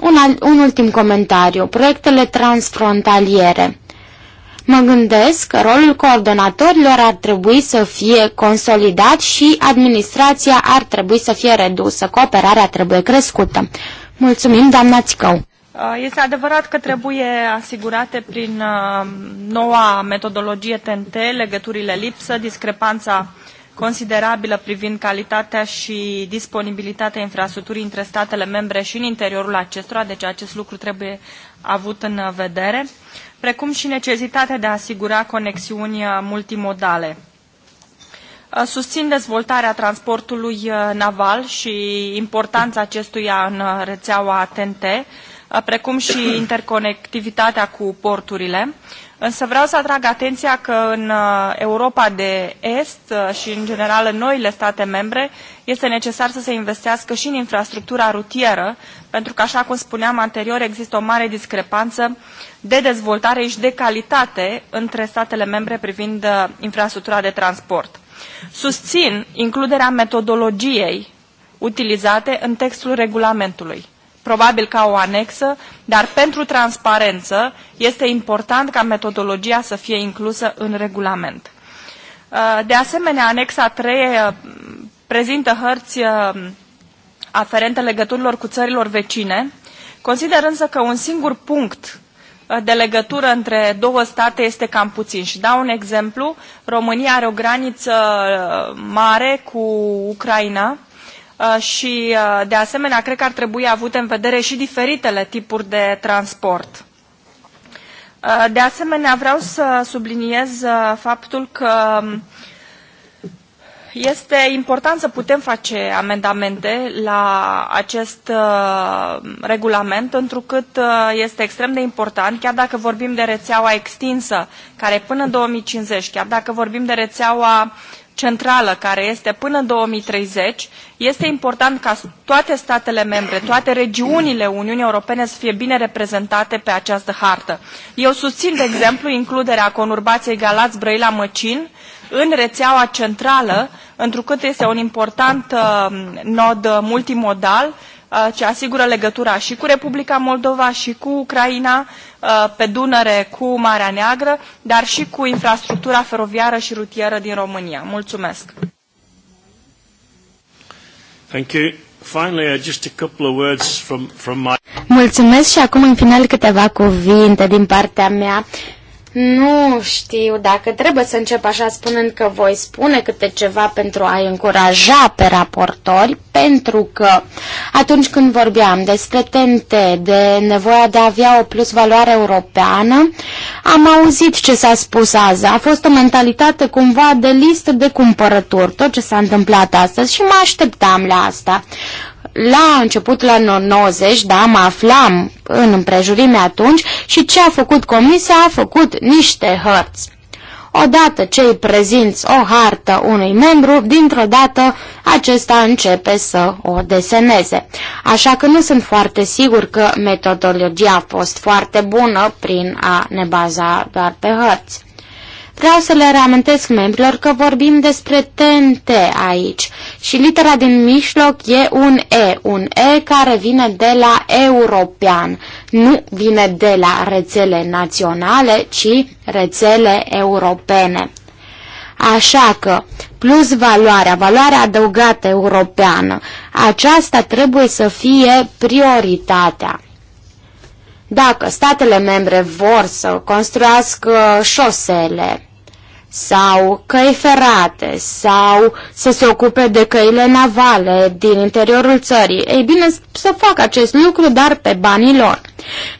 A: Un, al, un ultim comentariu. Proiectele transfrontaliere. Mă gândesc că rolul coordonatorilor ar trebui să fie consolidat și administrația ar trebui să fie redusă. Cooperarea trebuie crescută. Mulțumim, doamna Țicău!
B: Uh, este adevărat că trebuie asigurate prin uh, noua metodologie TNT legăturile lipsă, discrepanța considerabilă privind calitatea și disponibilitatea infrastructurii între statele membre și în interiorul acestora, deci acest lucru trebuie avut în vedere, precum și necesitatea de a asigura conexiuni uh, multimodale. Susțin dezvoltarea transportului naval și importanța acestuia în rețeaua TNT, precum și interconectivitatea cu porturile. Însă vreau să atrag atenția că în Europa de Est și în general în noile state membre este necesar să se investească și în infrastructura rutieră, pentru că, așa cum spuneam anterior, există o mare discrepanță de dezvoltare și de calitate între statele membre privind infrastructura de transport. Susțin includerea metodologiei utilizate în textul regulamentului probabil ca o anexă, dar pentru transparență este important ca metodologia să fie inclusă în regulament. Uh, de asemenea, anexa 3 uh, prezintă hărți uh, aferente legăturilor cu țărilor vecine. Consider însă că un singur punct de legătură între două state este cam puțin. Și dau un exemplu, România are o graniță mare cu Ucraina, Uh, și, uh, de asemenea, cred că ar trebui avute în vedere și diferitele tipuri de transport. Uh, de asemenea, vreau să subliniez faptul că um, este important să putem face amendamente la acest regulament, întrucât este extrem de important, chiar dacă vorbim de rețeaua extinsă, care până în 2050, chiar dacă vorbim de rețeaua uh, centrală care este până în 2030, este important ca toate statele membre, toate regiunile Uniunii Europene să fie bine reprezentate pe această hartă. Eu susțin, de exemplu, includerea conurbației Galați-Brăila-Măcin în rețeaua centrală, întrucât este un important uh, nod multimodal Uh, ce asigură legătura și cu Republica Moldova și cu Ucraina, uh, pe Dunăre cu Marea Neagră, dar și cu infrastructura feroviară și rutieră din România. Mulțumesc! Thank you. Finally, uh, just a couple of words from, from my...
A: Mulțumesc și acum în final câteva cuvinte din partea mea. Nu știu dacă trebuie să încep așa spunând că voi spune câte ceva pentru a-i încuraja pe raportori, pentru că atunci când vorbeam despre TNT, de nevoia de a avea o plus valoare europeană, am auzit ce s-a spus azi. A fost o mentalitate cumva de listă de cumpărături, tot ce s-a întâmplat astăzi și mă așteptam la asta la început, la 90, da, mă aflam în împrejurime atunci și ce a făcut comisia? A făcut niște hărți. Odată ce îi prezinți o hartă unui membru, dintr-o dată acesta începe să o deseneze. Așa că nu sunt foarte sigur că metodologia a fost foarte bună prin a ne baza doar pe hărți. Vreau să le reamintesc membrilor că vorbim despre TNT aici și litera din mijloc e un E, un E care vine de la european. Nu vine de la rețele naționale, ci rețele europene. Așa că, plus valoarea, valoarea adăugată europeană, aceasta trebuie să fie prioritatea. Dacă statele membre vor să construiască șosele sau căi ferate sau să se ocupe de căile navale din interiorul țării, ei bine să facă acest lucru, dar pe banii lor.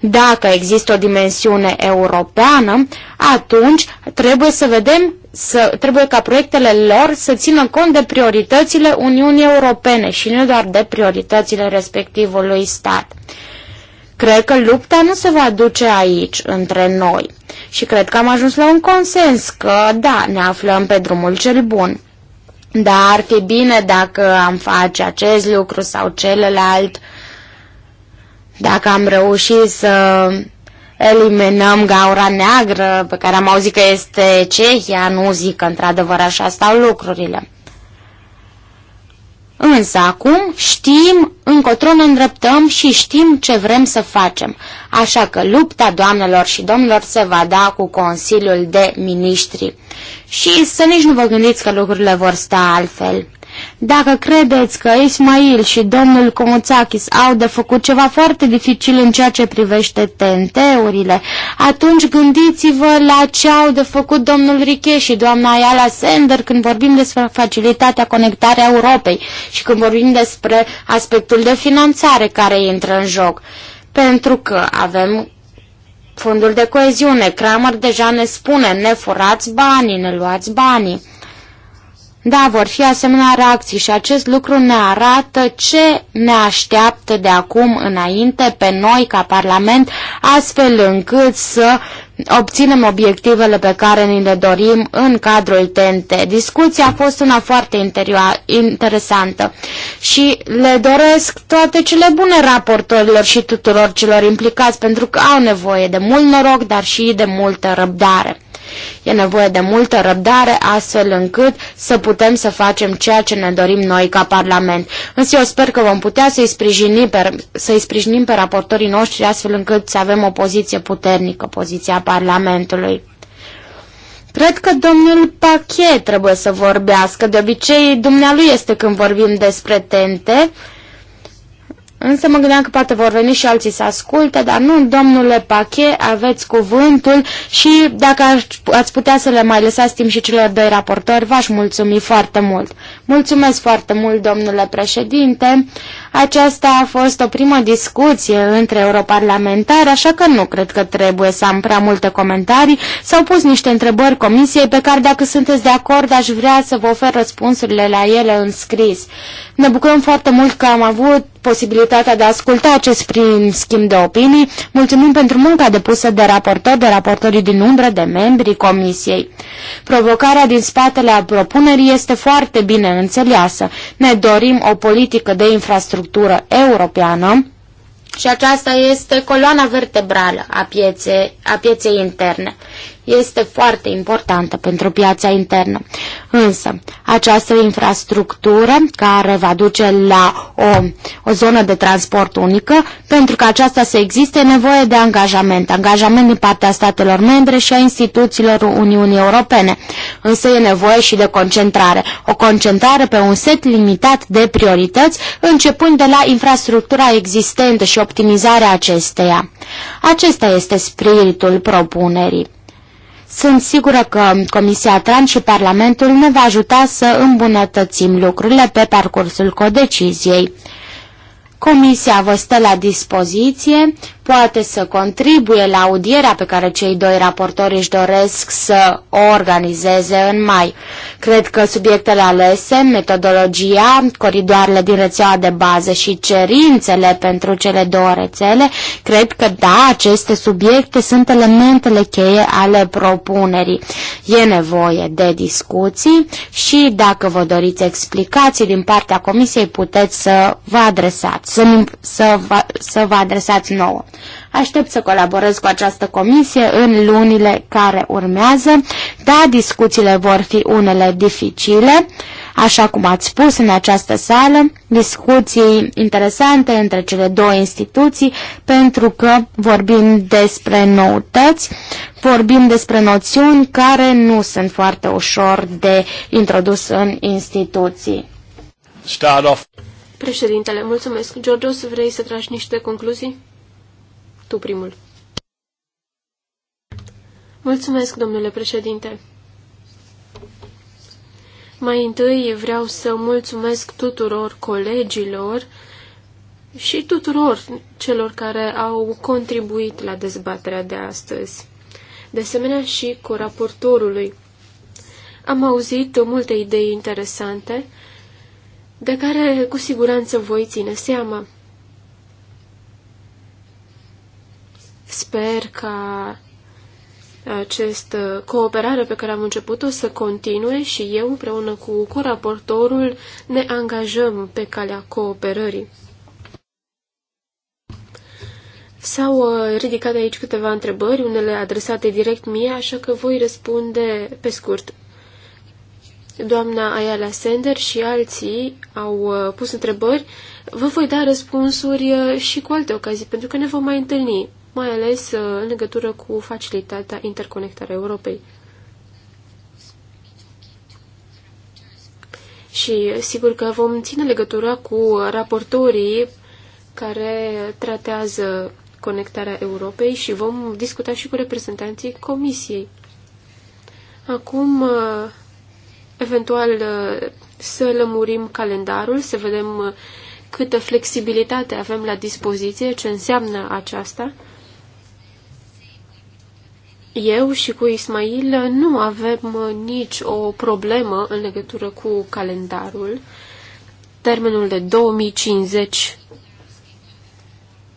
A: Dacă există o dimensiune europeană, atunci trebuie să vedem să, trebuie ca proiectele lor să țină cont de prioritățile Uniunii Europene și nu doar de prioritățile respectivului stat. Cred că lupta nu se va duce aici, între noi. Și cred că am ajuns la un consens că, da, ne aflăm pe drumul cel bun. Dar ar fi bine dacă am face acest lucru sau celălalt, dacă am reușit să eliminăm gaura neagră, pe care am auzit că este Cehia, nu zic că într-adevăr așa stau lucrurile. Însă acum știm încotro ne îndreptăm și știm ce vrem să facem. Așa că lupta doamnelor și domnilor se va da cu Consiliul de Ministri. Și să nici nu vă gândiți că lucrurile vor sta altfel. Dacă credeți că Ismail și domnul Comuțachis au de făcut ceva foarte dificil în ceea ce privește tenteurile, atunci gândiți-vă la ce au de făcut domnul Riche și doamna Ayala Sender când vorbim despre facilitatea conectarea Europei și când vorbim despre aspectul de finanțare care intră în joc. Pentru că avem fondul de coeziune, Kramer deja ne spune, ne furați banii, ne luați banii. Da, vor fi asemenea reacții și acest lucru ne arată ce ne așteaptă de acum înainte pe noi ca Parlament, astfel încât să obținem obiectivele pe care ni le dorim în cadrul TNT. Discuția a fost una foarte interesantă și le doresc toate cele bune raportorilor și tuturor celor implicați pentru că au nevoie de mult noroc, dar și de multă răbdare. E nevoie de multă răbdare astfel încât să putem să facem ceea ce ne dorim noi ca Parlament. Însă eu sper că vom putea să-i sprijinim pe, să sprijinim pe raportorii noștri astfel încât să avem o poziție puternică, poziția Parlamentului. Cred că domnul Pachet trebuie să vorbească. De obicei, dumnealui este când vorbim despre tente. Uh, Însă mă gândeam că poate vor veni și alții să asculte, dar nu, domnule Pache, aveți cuvântul și dacă ați putea să le mai lăsați timp și celor doi raportori, v-aș mulțumi foarte mult. Mulțumesc foarte mult, domnule președinte. Aceasta a fost o primă discuție între europarlamentari, așa că nu cred că trebuie să am prea multe comentarii. S-au pus niște întrebări comisiei pe care, dacă sunteți de acord, aș vrea să vă ofer răspunsurile la ele în scris. Ne bucurăm foarte mult că am avut posibilitatea de a asculta acest prim schimb de opinii. Mulțumim pentru munca depusă de raportori, de raportorii din umbră, de membrii comisiei. Provocarea din spatele a propunerii este foarte bine înțeleasă. Ne dorim o politică de infrastructură structură europeană și aceasta este coloana vertebrală a, piețe, a pieței interne este foarte importantă pentru piața internă. Însă, această infrastructură care va duce la o, o zonă de transport unică, pentru că aceasta să existe, e nevoie de angajament. Angajament din partea statelor membre și a instituțiilor Uniunii Europene. Însă e nevoie și de concentrare. O concentrare pe un set limitat de priorități, începând de la infrastructura existentă și optimizarea acesteia. Acesta este spiritul propunerii. Sunt sigură că Comisia Tran și Parlamentul ne va ajuta să îmbunătățim lucrurile pe parcursul codeciziei. Comisia vă stă la dispoziție poate să contribuie la audierea pe care cei doi raportori își doresc să o organizeze în mai. Cred că subiectele alese, metodologia, coridoarele din rețeaua de bază și cerințele pentru cele două rețele, cred că da, aceste subiecte sunt elementele cheie ale propunerii. E nevoie de discuții și dacă vă doriți explicații din partea comisiei puteți să vă adresați, să, să, vă, să vă adresați nouă. Aștept să colaborez cu această comisie în lunile care urmează. Da, discuțiile vor fi unele dificile, așa cum ați spus în această sală, discuții interesante între cele două instituții, pentru că vorbim despre noutăți, vorbim despre noțiuni care nu sunt foarte ușor de introdus în instituții. Start off.
C: Președintele, mulțumesc. George, o să vrei să tragi niște concluzii? tu primul. Mulțumesc, domnule președinte. Mai întâi vreau să mulțumesc tuturor colegilor și tuturor celor care au contribuit la dezbaterea de astăzi. De asemenea și cu raportorului. Am auzit multe idei interesante, de care cu siguranță voi ține seama. Sper ca această uh, cooperare pe care am început-o să continue și eu, împreună cu coraportorul, ne angajăm pe calea cooperării. S-au uh, ridicat aici câteva întrebări, unele adresate direct mie, așa că voi răspunde pe scurt. Doamna Ayala Sender și alții au uh, pus întrebări. Vă voi da răspunsuri și cu alte ocazii, pentru că ne vom mai întâlni mai ales uh, în legătură cu facilitatea interconectarea Europei. Și uh, sigur că vom ține legătura cu raportorii care tratează conectarea Europei și vom discuta și cu reprezentanții Comisiei. Acum, uh, eventual, să lămurim calendarul, să vedem câtă flexibilitate avem la dispoziție, ce înseamnă aceasta. Eu și cu Ismail nu avem nici o problemă în legătură cu calendarul. Termenul de 2050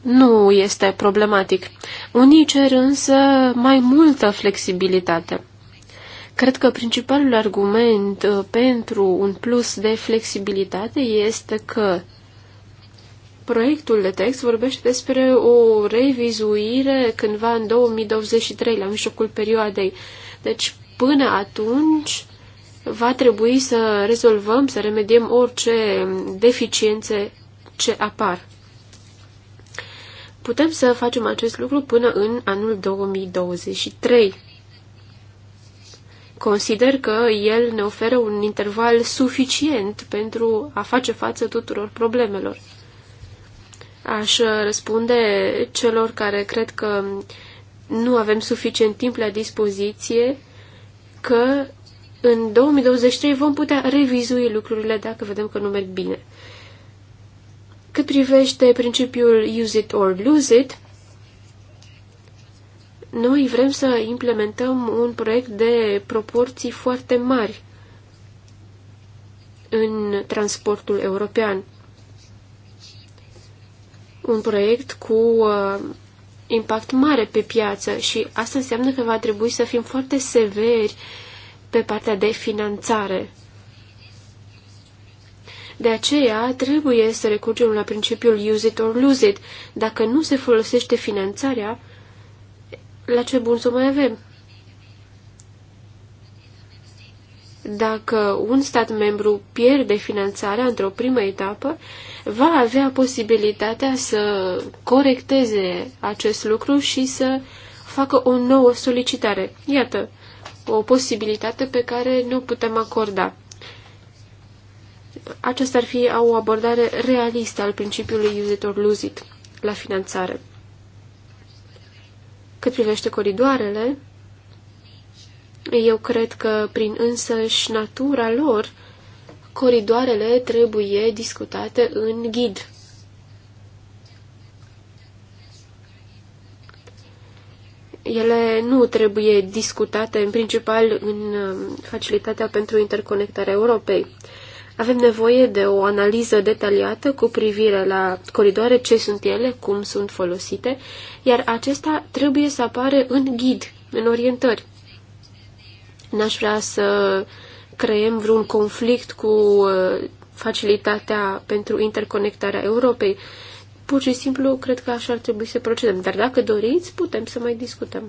C: nu este problematic. Unii cer însă mai multă flexibilitate. Cred că principalul argument uh, pentru un plus de flexibilitate este că Proiectul de text vorbește despre o revizuire cândva în 2023, la mijlocul perioadei. Deci, până atunci, va trebui să rezolvăm, să remediem orice deficiențe ce apar. Putem să facem acest lucru până în anul 2023. Consider că el ne oferă un interval suficient pentru a face față tuturor problemelor. Aș uh, răspunde celor care cred că nu avem suficient timp la dispoziție că în 2023 vom putea revizui lucrurile dacă vedem că nu merg bine. Cât privește principiul use it or lose it, noi vrem să implementăm un proiect de proporții foarte mari în transportul european un proiect cu uh, impact mare pe piață și asta înseamnă că va trebui să fim foarte severi pe partea de finanțare. De aceea, trebuie să recurgem la principiul use it or lose it. Dacă nu se folosește finanțarea, la ce bun să mai avem? Dacă un stat membru pierde finanțarea într-o primă etapă, va avea posibilitatea să corecteze acest lucru și să facă o nouă solicitare. Iată, o posibilitate pe care nu putem acorda. Aceasta ar fi o abordare realistă al principiului use it or lose it la finanțare. Cât privește coridoarele, eu cred că, prin însăși natura lor, coridoarele trebuie discutate în ghid. Ele nu trebuie discutate în principal în um, facilitatea pentru interconectarea Europei. Avem nevoie de o analiză detaliată cu privire la coridoare, ce sunt ele, cum sunt folosite, iar acesta trebuie să apare în ghid, în orientări. N-aș vrea să creăm vreun conflict cu uh, facilitatea pentru interconectarea Europei. Pur și simplu, cred că așa ar trebui să procedăm. Dar dacă doriți, putem să mai discutăm.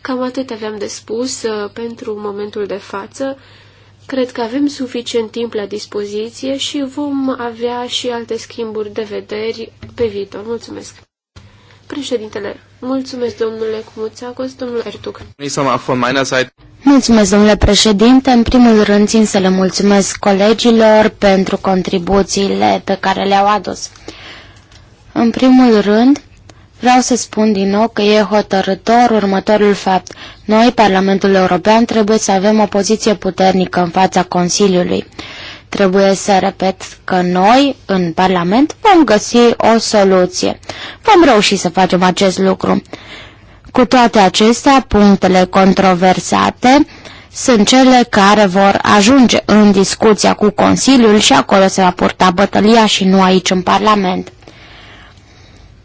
C: Cam atât aveam de spus uh, pentru momentul de față. Cred că avem suficient timp la dispoziție și vom avea și alte schimburi de vederi pe viitor. Mulțumesc! Președintele, Mulțumesc, domnule Cumuțacos, domnule Ertug.
A: Mulțumesc, domnule președinte. În primul rând, țin să le mulțumesc colegilor pentru contribuțiile pe care le-au adus. În primul rând, vreau să spun din nou că e hotărător următorul fapt. Noi, Parlamentul European, trebuie să avem o poziție puternică în fața Consiliului. Trebuie să repet că noi, în Parlament, vom găsi o soluție. Vom reuși să facem acest lucru. Cu toate acestea, punctele controversate sunt cele care vor ajunge în discuția cu Consiliul și acolo se va purta bătălia și nu aici în Parlament.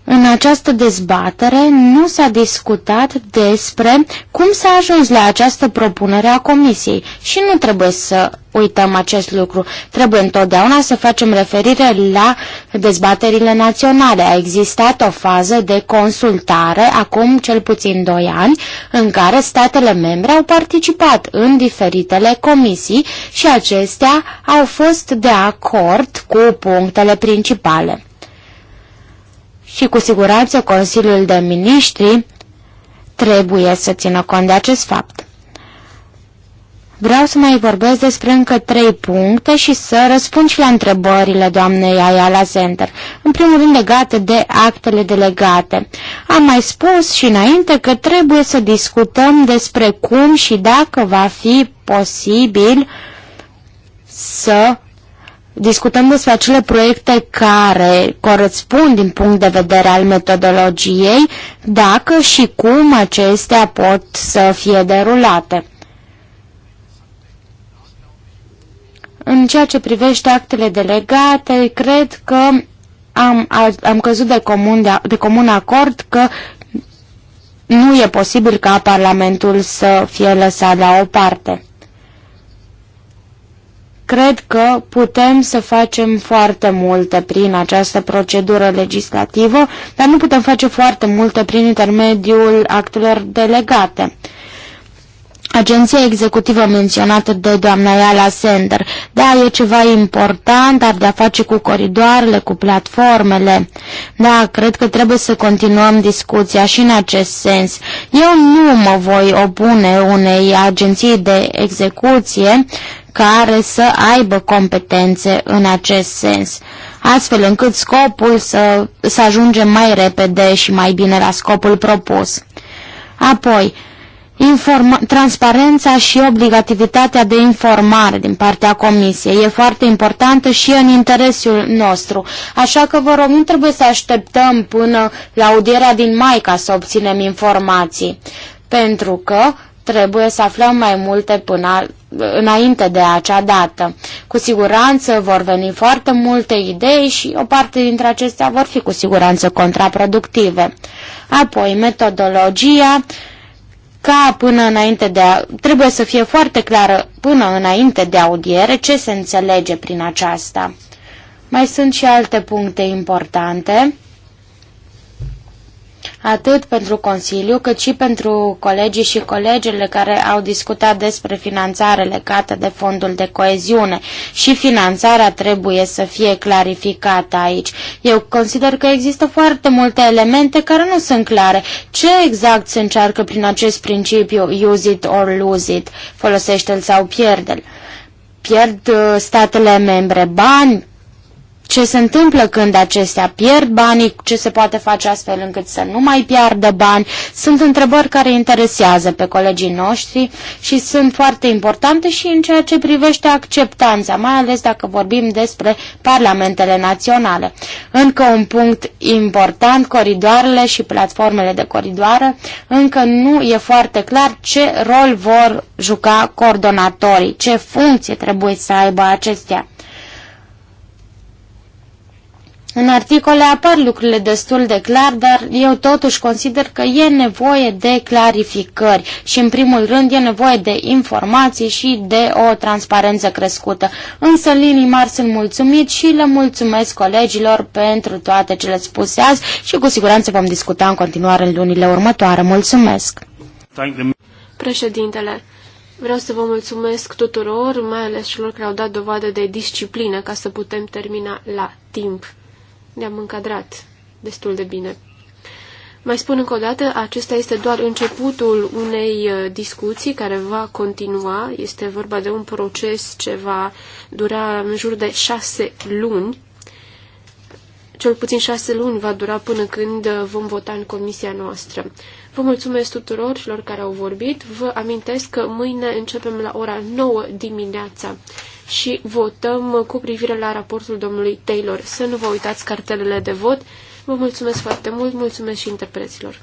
A: În această dezbatere nu s-a discutat despre cum s-a ajuns la această propunere a Comisiei și nu trebuie să uităm acest lucru. Trebuie întotdeauna să facem referire la dezbaterile naționale. A existat o fază de consultare, acum cel puțin doi ani, în care statele membre au participat în diferitele comisii și acestea au fost de acord cu punctele principale și cu siguranță Consiliul de Ministri trebuie să țină cont de acest fapt. Vreau să mai vorbesc despre încă trei puncte și să răspund și la întrebările doamnei Ayala Center. În primul rând legate de actele delegate. Am mai spus și înainte că trebuie să discutăm despre cum și dacă va fi posibil să discutăm despre acele proiecte care corespund din punct de vedere al metodologiei, dacă și cum acestea pot să fie derulate. În ceea ce privește actele delegate, cred că am, am căzut de comun, de, de comun acord că nu e posibil ca Parlamentul să fie lăsat la o parte. Cred că putem să facem foarte multe prin această procedură legislativă, dar nu putem face foarte multe prin intermediul actelor delegate. Agenția executivă menționată de doamna Iala Sender. Da, e ceva important, dar de-a face cu coridoarele, cu platformele. Da, cred că trebuie să continuăm discuția și în acest sens. Eu nu mă voi opune unei agenții de execuție care să aibă competențe în acest sens, astfel încât scopul să, să ajungem mai repede și mai bine la scopul propus. Apoi, transparența și obligativitatea de informare din partea Comisiei e foarte importantă și în interesul nostru. Așa că vă rog, nu trebuie să așteptăm până la audierea din mai ca să obținem informații. Pentru că Trebuie să aflăm mai multe până înainte de acea dată. Cu siguranță vor veni foarte multe idei și o parte dintre acestea vor fi cu siguranță contraproductive. Apoi, metodologia ca până înainte de a, trebuie să fie foarte clară până înainte de audiere ce se înțelege prin aceasta. Mai sunt și alte puncte importante atât pentru Consiliu, cât și pentru colegii și colegele care au discutat despre finanțare legată de fondul de coeziune și finanțarea trebuie să fie clarificată aici. Eu consider că există foarte multe elemente care nu sunt clare. Ce exact se încearcă prin acest principiu use it or lose it, folosește-l sau pierde-l? Pierd uh, statele membre bani ce se întâmplă când acestea pierd banii, ce se poate face astfel încât să nu mai piardă bani, sunt întrebări care interesează pe colegii noștri și sunt foarte importante și în ceea ce privește acceptanța, mai ales dacă vorbim despre parlamentele naționale. Încă un punct important, coridoarele și platformele de coridoare, încă nu e foarte clar ce rol vor juca coordonatorii, ce funcție trebuie să aibă acestea. În articole apar lucrurile destul de clar, dar eu totuși consider că e nevoie de clarificări și în primul rând e nevoie de informații și de o transparență crescută. Însă în linii mari sunt mulțumit și le mulțumesc colegilor pentru toate cele spuse azi și cu siguranță vom discuta în continuare în lunile următoare. Mulțumesc!
C: Președintele, vreau să vă mulțumesc tuturor, mai ales celor care au dat dovadă de disciplină ca să putem termina la timp ne-am încadrat destul de bine. Mai spun încă o dată, acesta este doar începutul unei uh, discuții care va continua. Este vorba de un proces ce va dura în jur de șase luni. Cel puțin șase luni va dura până când uh, vom vota în comisia noastră. Vă mulțumesc tuturor celor care au vorbit. Vă amintesc că mâine începem la ora 9 dimineața și votăm cu privire la raportul domnului Taylor. Să nu vă uitați cartelele de vot. Vă mulțumesc foarte mult, mulțumesc și interpreților.